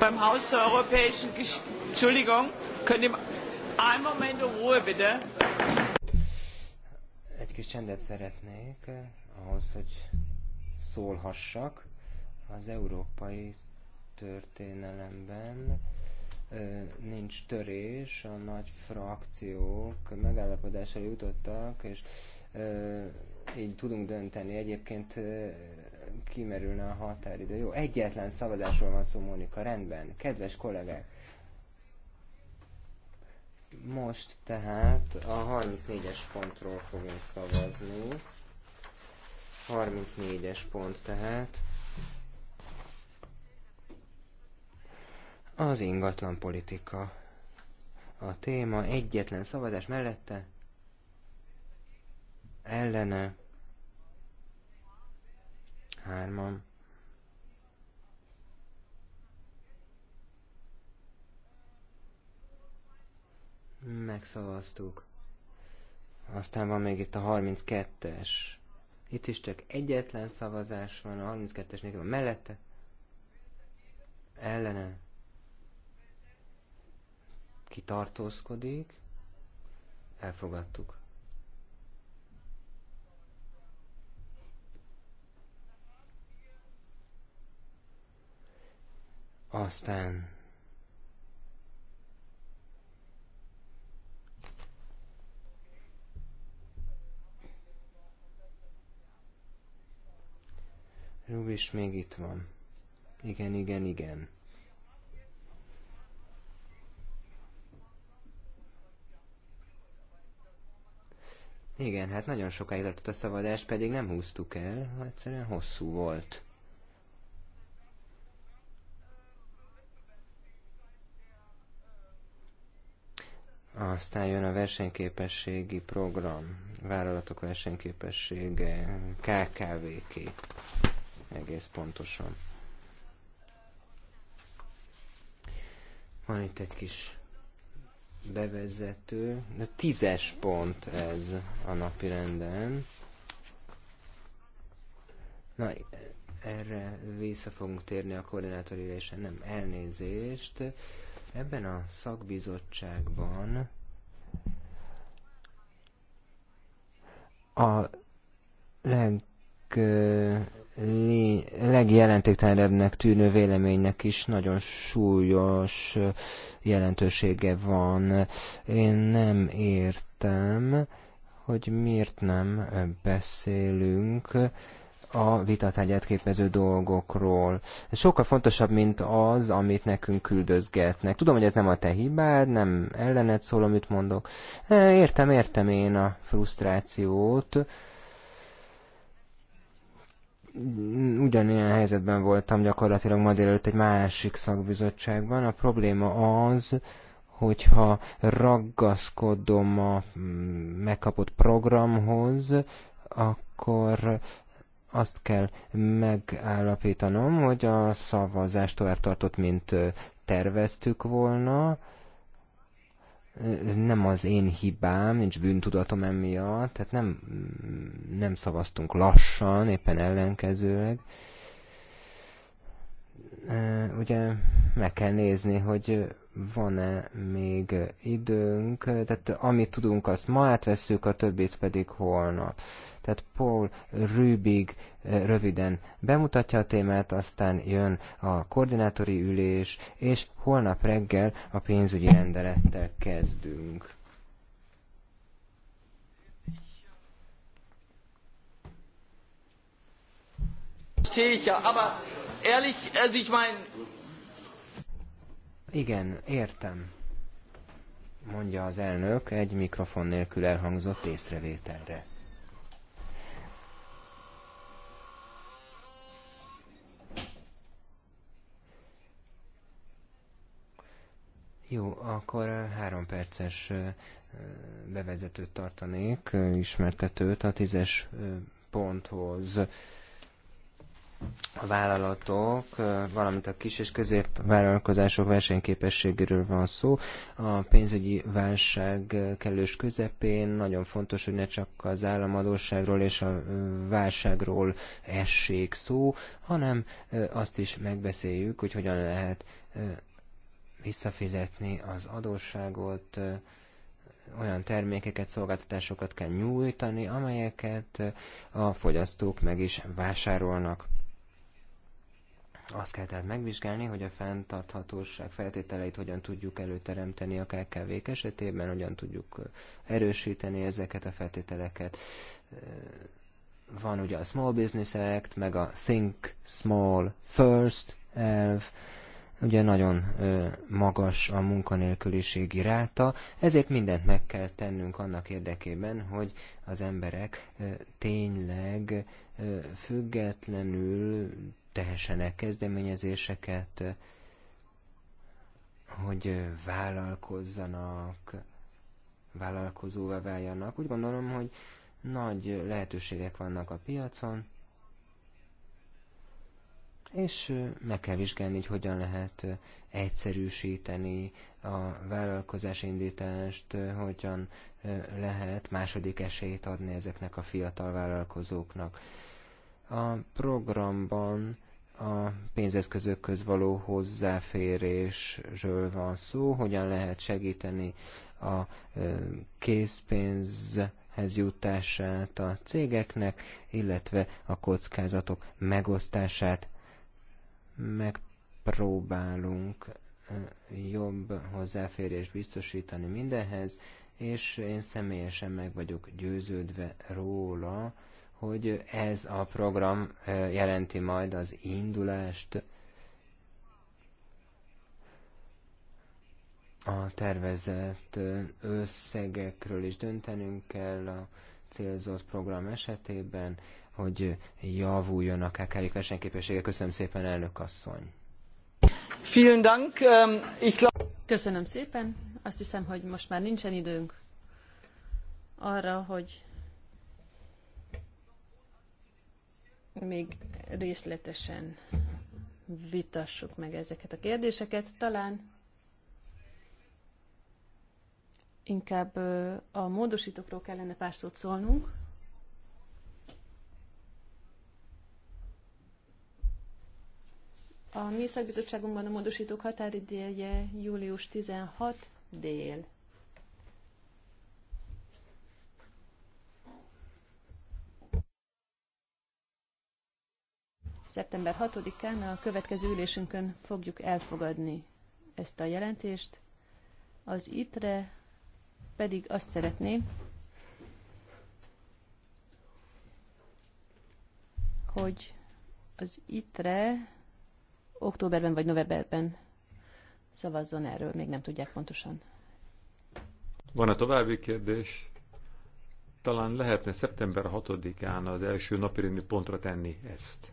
Beim Haus der Europäischen Entschuldigung, könnt ihr einen Moment Ruhe bitte? Egy kis csendet szeretnék eh, ahhoz, hogy szólhassak az európai történelemben nincs törés, a nagy frakciók megállapodásra jutottak, és így tudunk dönteni. Egyébként kimerülne a határidő. Jó, egyetlen szavazásról van szó, Mónika, rendben. Kedves kollégák! Most tehát a 34-es pontról fogunk szavazni. 34-es pont tehát. Az ingatlan politika a téma, egyetlen szavazás mellette, ellene, hárman, megszavaztuk. Aztán van még itt a 32-es. Itt is csak egyetlen szavazás van, a 32-es nélkül mellette, ellene, kitartózkodik, elfogadtuk. Aztán Rubis még itt van. Igen, igen, igen. Igen, hát nagyon sokáig tartott a szabadás, pedig nem húztuk el, egyszerűen hosszú volt. Aztán jön a versenyképességi program, vállalatok versenyképessége, KKV-ké, egész pontosan. Van itt egy kis bevezető, de tízes pont ez a napi renden. Na, erre vissza fogunk térni a koordinátori ülésen, nem elnézést. Ebben a szakbizottságban a leg legjelentéktelenebbnek tűnő véleménynek is nagyon súlyos jelentősége van. Én nem értem, hogy miért nem beszélünk a vitatárgyát képező dolgokról. Ez sokkal fontosabb, mint az, amit nekünk küldözgetnek. Tudom, hogy ez nem a te hibád, nem ellened szól, amit mondok. Értem, értem én a frusztrációt, ugyanilyen helyzetben voltam gyakorlatilag ma délelőtt egy másik szakbizottságban. A probléma az, hogyha raggaszkodom a mm, megkapott programhoz, akkor azt kell megállapítanom, hogy a szavazás tovább tartott, mint terveztük volna, ez nem az én hibám, nincs bűntudatom emiatt, tehát nem, nem szavaztunk lassan, éppen ellenkezőleg. Ugye meg kell nézni, hogy van-e még időnk, tehát amit tudunk, azt ma átveszünk, a többit pedig holnap. Tehát Paul Rübig eh, röviden bemutatja a témát, aztán jön a koordinátori ülés, és holnap reggel a pénzügyi rendelettel kezdünk. Igen, értem, mondja az elnök egy mikrofon nélkül elhangzott észrevételre. Jó, akkor három perces bevezetőt tartanék, ismertetőt a tízes ponthoz. A vállalatok, valamint a kis és középvállalkozások versenyképességéről van szó. A pénzügyi válság kellős közepén nagyon fontos, hogy ne csak az államadóságról és a válságról essék szó, hanem azt is megbeszéljük, hogy hogyan lehet visszafizetni az adósságot, olyan termékeket, szolgáltatásokat kell nyújtani, amelyeket a fogyasztók meg is vásárolnak. Azt kell tehát megvizsgálni, hogy a fenntarthatóság feltételeit hogyan tudjuk előteremteni a kkv esetében, hogyan tudjuk erősíteni ezeket a feltételeket. Van ugye a Small Business Act, meg a Think Small First elv, Ugye nagyon magas a munkanélküliségi ráta, ezért mindent meg kell tennünk annak érdekében, hogy az emberek tényleg függetlenül tehessenek kezdeményezéseket, hogy vállalkozzanak, vállalkozóvá váljanak. Úgy gondolom, hogy nagy lehetőségek vannak a piacon, és meg kell vizsgálni, hogy hogyan lehet egyszerűsíteni a vállalkozás indítást, hogyan lehet második esélyt adni ezeknek a fiatal vállalkozóknak. A programban a pénzeszközökhöz való hozzáférésről van szó, hogyan lehet segíteni a készpénzhez jutását a cégeknek, illetve a kockázatok megosztását megpróbálunk jobb hozzáférést biztosítani mindenhez, és én személyesen meg vagyok győződve róla, hogy ez a program jelenti majd az indulást a tervezett összegekről is döntenünk kell a célzott program esetében hogy javuljon a KKV versenyképessége. Köszönöm szépen, elnök asszony. Ähm, Köszönöm szépen. Azt hiszem, hogy most már nincsen időnk arra, hogy még részletesen vitassuk meg ezeket a kérdéseket. Talán inkább a módosítókról kellene pár szót szólnunk. A mi szakbizottságunkban a módosítók határidéje július 16 dél. Szeptember 6-án a következő ülésünkön fogjuk elfogadni ezt a jelentést. Az ITRE pedig azt szeretné, hogy az ITRE októberben vagy novemberben szavazzon erről, még nem tudják pontosan. van a további kérdés? Talán lehetne szeptember 6-án az első napirendi pontra tenni ezt.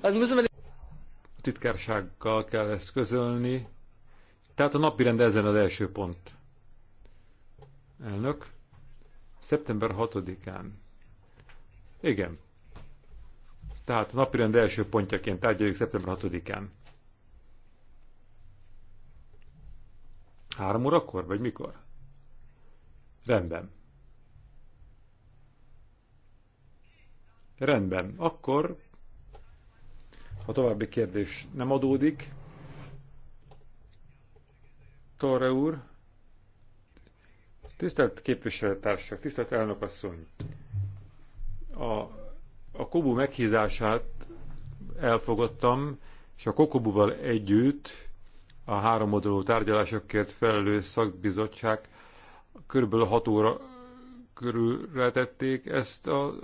Az muszáj. A titkársággal kell ezt közölni. Tehát a napirend ezen az első pont. Elnök. Szeptember 6-án. Igen, tehát a napirend első pontjaként tárgyaljuk szeptember 6-án. Három órakor, vagy mikor? Rendben. Rendben. Akkor, ha további kérdés nem adódik, Torre úr, tisztelt képviselőtársak, tisztelt asszony, a a Kobu meghízását elfogadtam, és a Kokobuval együtt a három oldalú tárgyalásokért felelő szakbizottság körülbelül 6 óra körül tették ezt az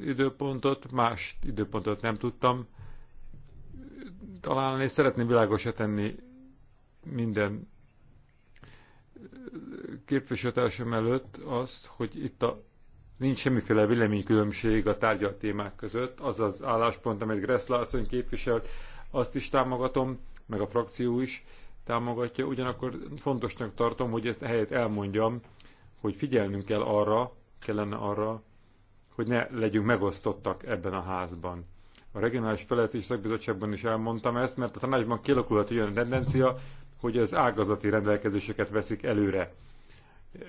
időpontot, más időpontot nem tudtam találni. Szeretném világosra tenni minden képviselőtársam előtt azt, hogy itt a Nincs semmiféle véleménykülönbség a tárgyalt témák között. Az az álláspont, amit Gressler asszony képviselt, azt is támogatom, meg a frakció is támogatja. Ugyanakkor fontosnak tartom, hogy ezt helyet elmondjam, hogy figyelnünk kell arra, kellene arra, hogy ne legyünk megosztottak ebben a házban. A regionális felelős szakbizottságban is elmondtam ezt, mert a tanácsban kialakulhat olyan tendencia, hogy az ágazati rendelkezéseket veszik előre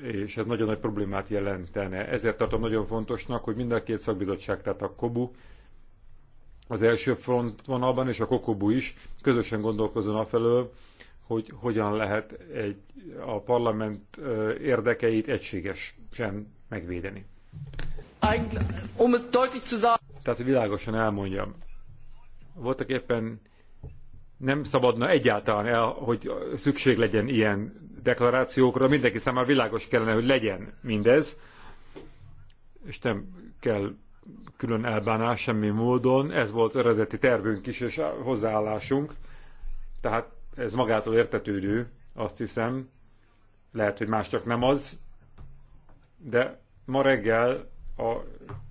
és ez nagyon nagy problémát jelentene. Ezért tartom nagyon fontosnak, hogy mind a két szakbizottság, tehát a KOBU, az első frontvonalban és a Kokobu is közösen gondolkozon afelől, hogy hogyan lehet egy, a parlament érdekeit egységesen megvédeni. Um tehát, hogy világosan elmondjam. Voltak éppen nem szabadna egyáltalán el, hogy szükség legyen ilyen deklarációkra, mindenki számára világos kellene, hogy legyen mindez, és nem kell külön elbánás semmi módon, ez volt eredeti tervünk is és hozzáállásunk, tehát ez magától értetődő, azt hiszem, lehet, hogy más csak nem az, de ma reggel a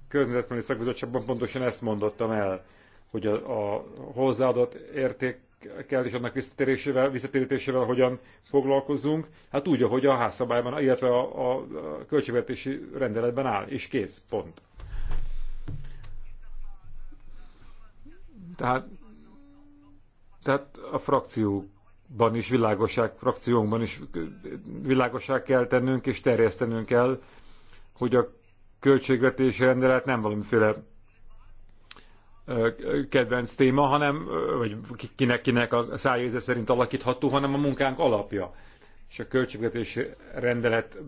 környezetmeni szakbizottságban pontosan ezt mondottam el, hogy a, a hozzáadott érték kell és annak visszatérésével, visszatérítésével hogyan foglalkozunk, hát úgy, ahogy a házszabályban, illetve a, a költségvetési rendeletben áll, és kész, pont. Tehát, tehát a frakcióban is világosság, frakciónkban is világosság kell tennünk és terjesztenünk kell, hogy a költségvetési rendelet nem valamiféle kedvenc téma, hanem, vagy kinek-kinek a szájéze szerint alakítható, hanem a munkánk alapja. És a költségvetési rendelet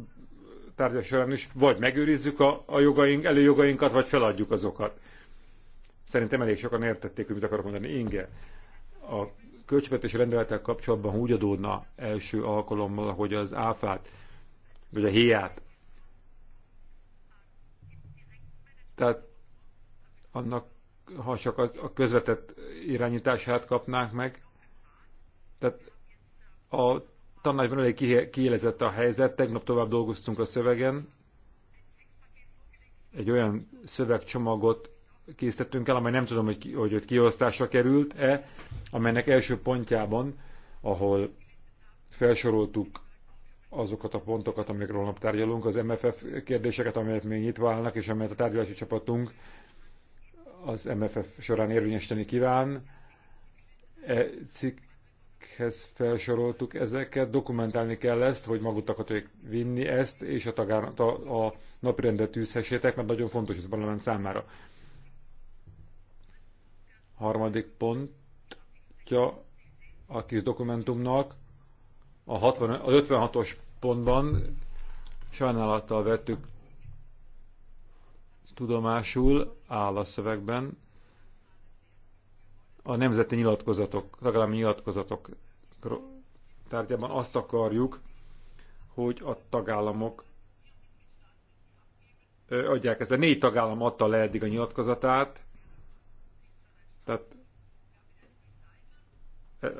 tárgya során is vagy megőrizzük a, a jogaink, előjogainkat, vagy feladjuk azokat. Szerintem elég sokan értették, hogy mit akarok mondani. Inge, a költségvetési rendelettel kapcsolatban úgy adódna első alkalommal, hogy az áfát, vagy a héját, tehát annak ha csak a közvetett irányítását kapnánk meg. Tehát a tanácsban elég kiélezett a helyzet, tegnap tovább dolgoztunk a szövegen, egy olyan szövegcsomagot készítettünk el, amely nem tudom, hogy, ki, hogy ott kiosztásra került-e, amelynek első pontjában, ahol felsoroltuk azokat a pontokat, amikről holnap tárgyalunk, az MFF kérdéseket, amelyet még nyitva állnak, és amelyet a tárgyalási csapatunk az MFF során érvényesíteni kíván. E cikkhez felsoroltuk ezeket, dokumentálni kell ezt, hogy magutakat tudják vinni ezt, és a tagárat a, a naprendet tűzhessétek, mert nagyon fontos ez a parlament számára. Harmadik pontja a kis dokumentumnak a 56-os pontban sajnálattal vettük tudomásul áll a szövegben a nemzeti nyilatkozatok, tagállami nyilatkozatok tárgyában azt akarjuk, hogy a tagállamok adják ezt. A négy tagállam adta le eddig a nyilatkozatát, tehát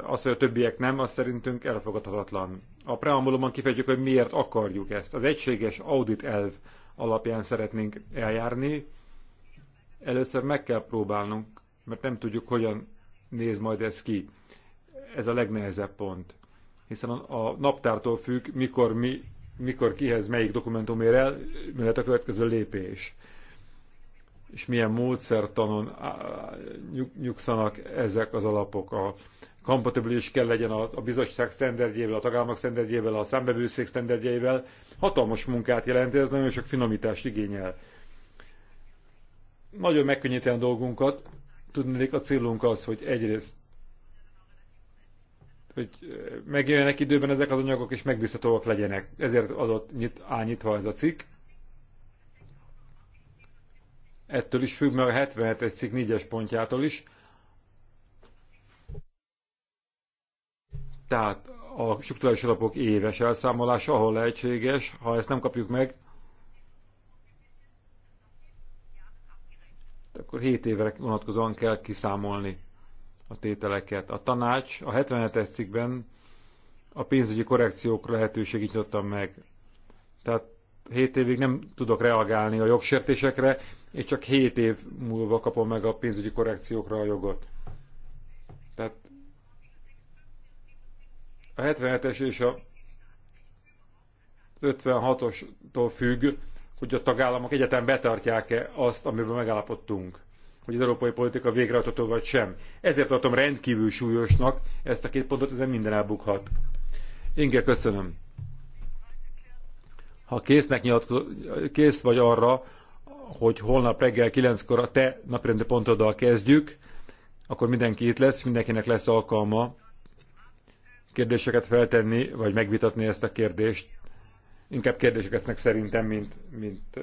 az, hogy a többiek nem, az szerintünk elfogadhatatlan. A preambulumban kifejtjük, hogy miért akarjuk ezt. Az egységes audit elv alapján szeretnénk eljárni. Először meg kell próbálnunk, mert nem tudjuk, hogyan néz majd ez ki. Ez a legnehezebb pont. Hiszen a, naptártól függ, mikor mi, mikor kihez melyik dokumentum ér el, mi lehet a következő lépés. És milyen módszertanon nyugszanak ezek az alapok a kompatibilis kell legyen a, a bizottság sztenderdjével, a tagállamok sztenderdjével, a számbevőszék sztenderdjével. Hatalmas munkát jelent, ez nagyon sok finomítást igényel. Nagyon megkönnyíti a dolgunkat. Tudnék, a célunk az, hogy egyrészt hogy megjöjjenek időben ezek az anyagok, és megbízhatóak legyenek. Ezért adott nyit, ányitva ez a cikk. Ettől is függ, meg a 77-es cikk 4-es pontjától is Tehát a struktúrális alapok éves elszámolása, ahol lehetséges, ha ezt nem kapjuk meg, akkor 7 évre vonatkozóan kell kiszámolni a tételeket. A tanács a 77 cikkben a pénzügyi korrekciókra lehetőségét nyitottam meg. Tehát 7 évig nem tudok reagálni a jogsértésekre, és csak 7 év múlva kapom meg a pénzügyi korrekciókra a jogot. a 77-es és a 56-ostól függ, hogy a tagállamok egyetem betartják-e azt, amiben megállapodtunk, hogy az európai politika végrehajtható vagy sem. Ezért tartom rendkívül súlyosnak ezt a két pontot, ezen minden elbukhat. Inge, köszönöm. Ha késznek nyilatko- kész vagy arra, hogy holnap reggel 9-kor a te napirendi pontoddal kezdjük, akkor mindenki itt lesz, mindenkinek lesz alkalma kérdéseket feltenni, vagy megvitatni ezt a kérdést. Inkább kérdések lesznek szerintem, mint, mint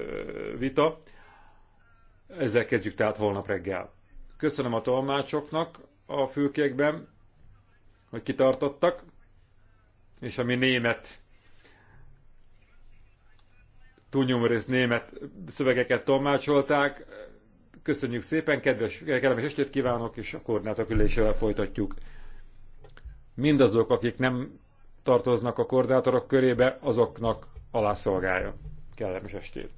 vita. Ezzel kezdjük tehát holnap reggel. Köszönöm a tolmácsoknak a fülkékben, hogy kitartottak, és ami német, túlnyomó rész német szövegeket tolmácsolták. Köszönjük szépen, kedves, kellemes estét kívánok, és a koordinátok ülésével folytatjuk mindazok, akik nem tartoznak a koordinátorok körébe, azoknak alászolgálja. Kellemes estét!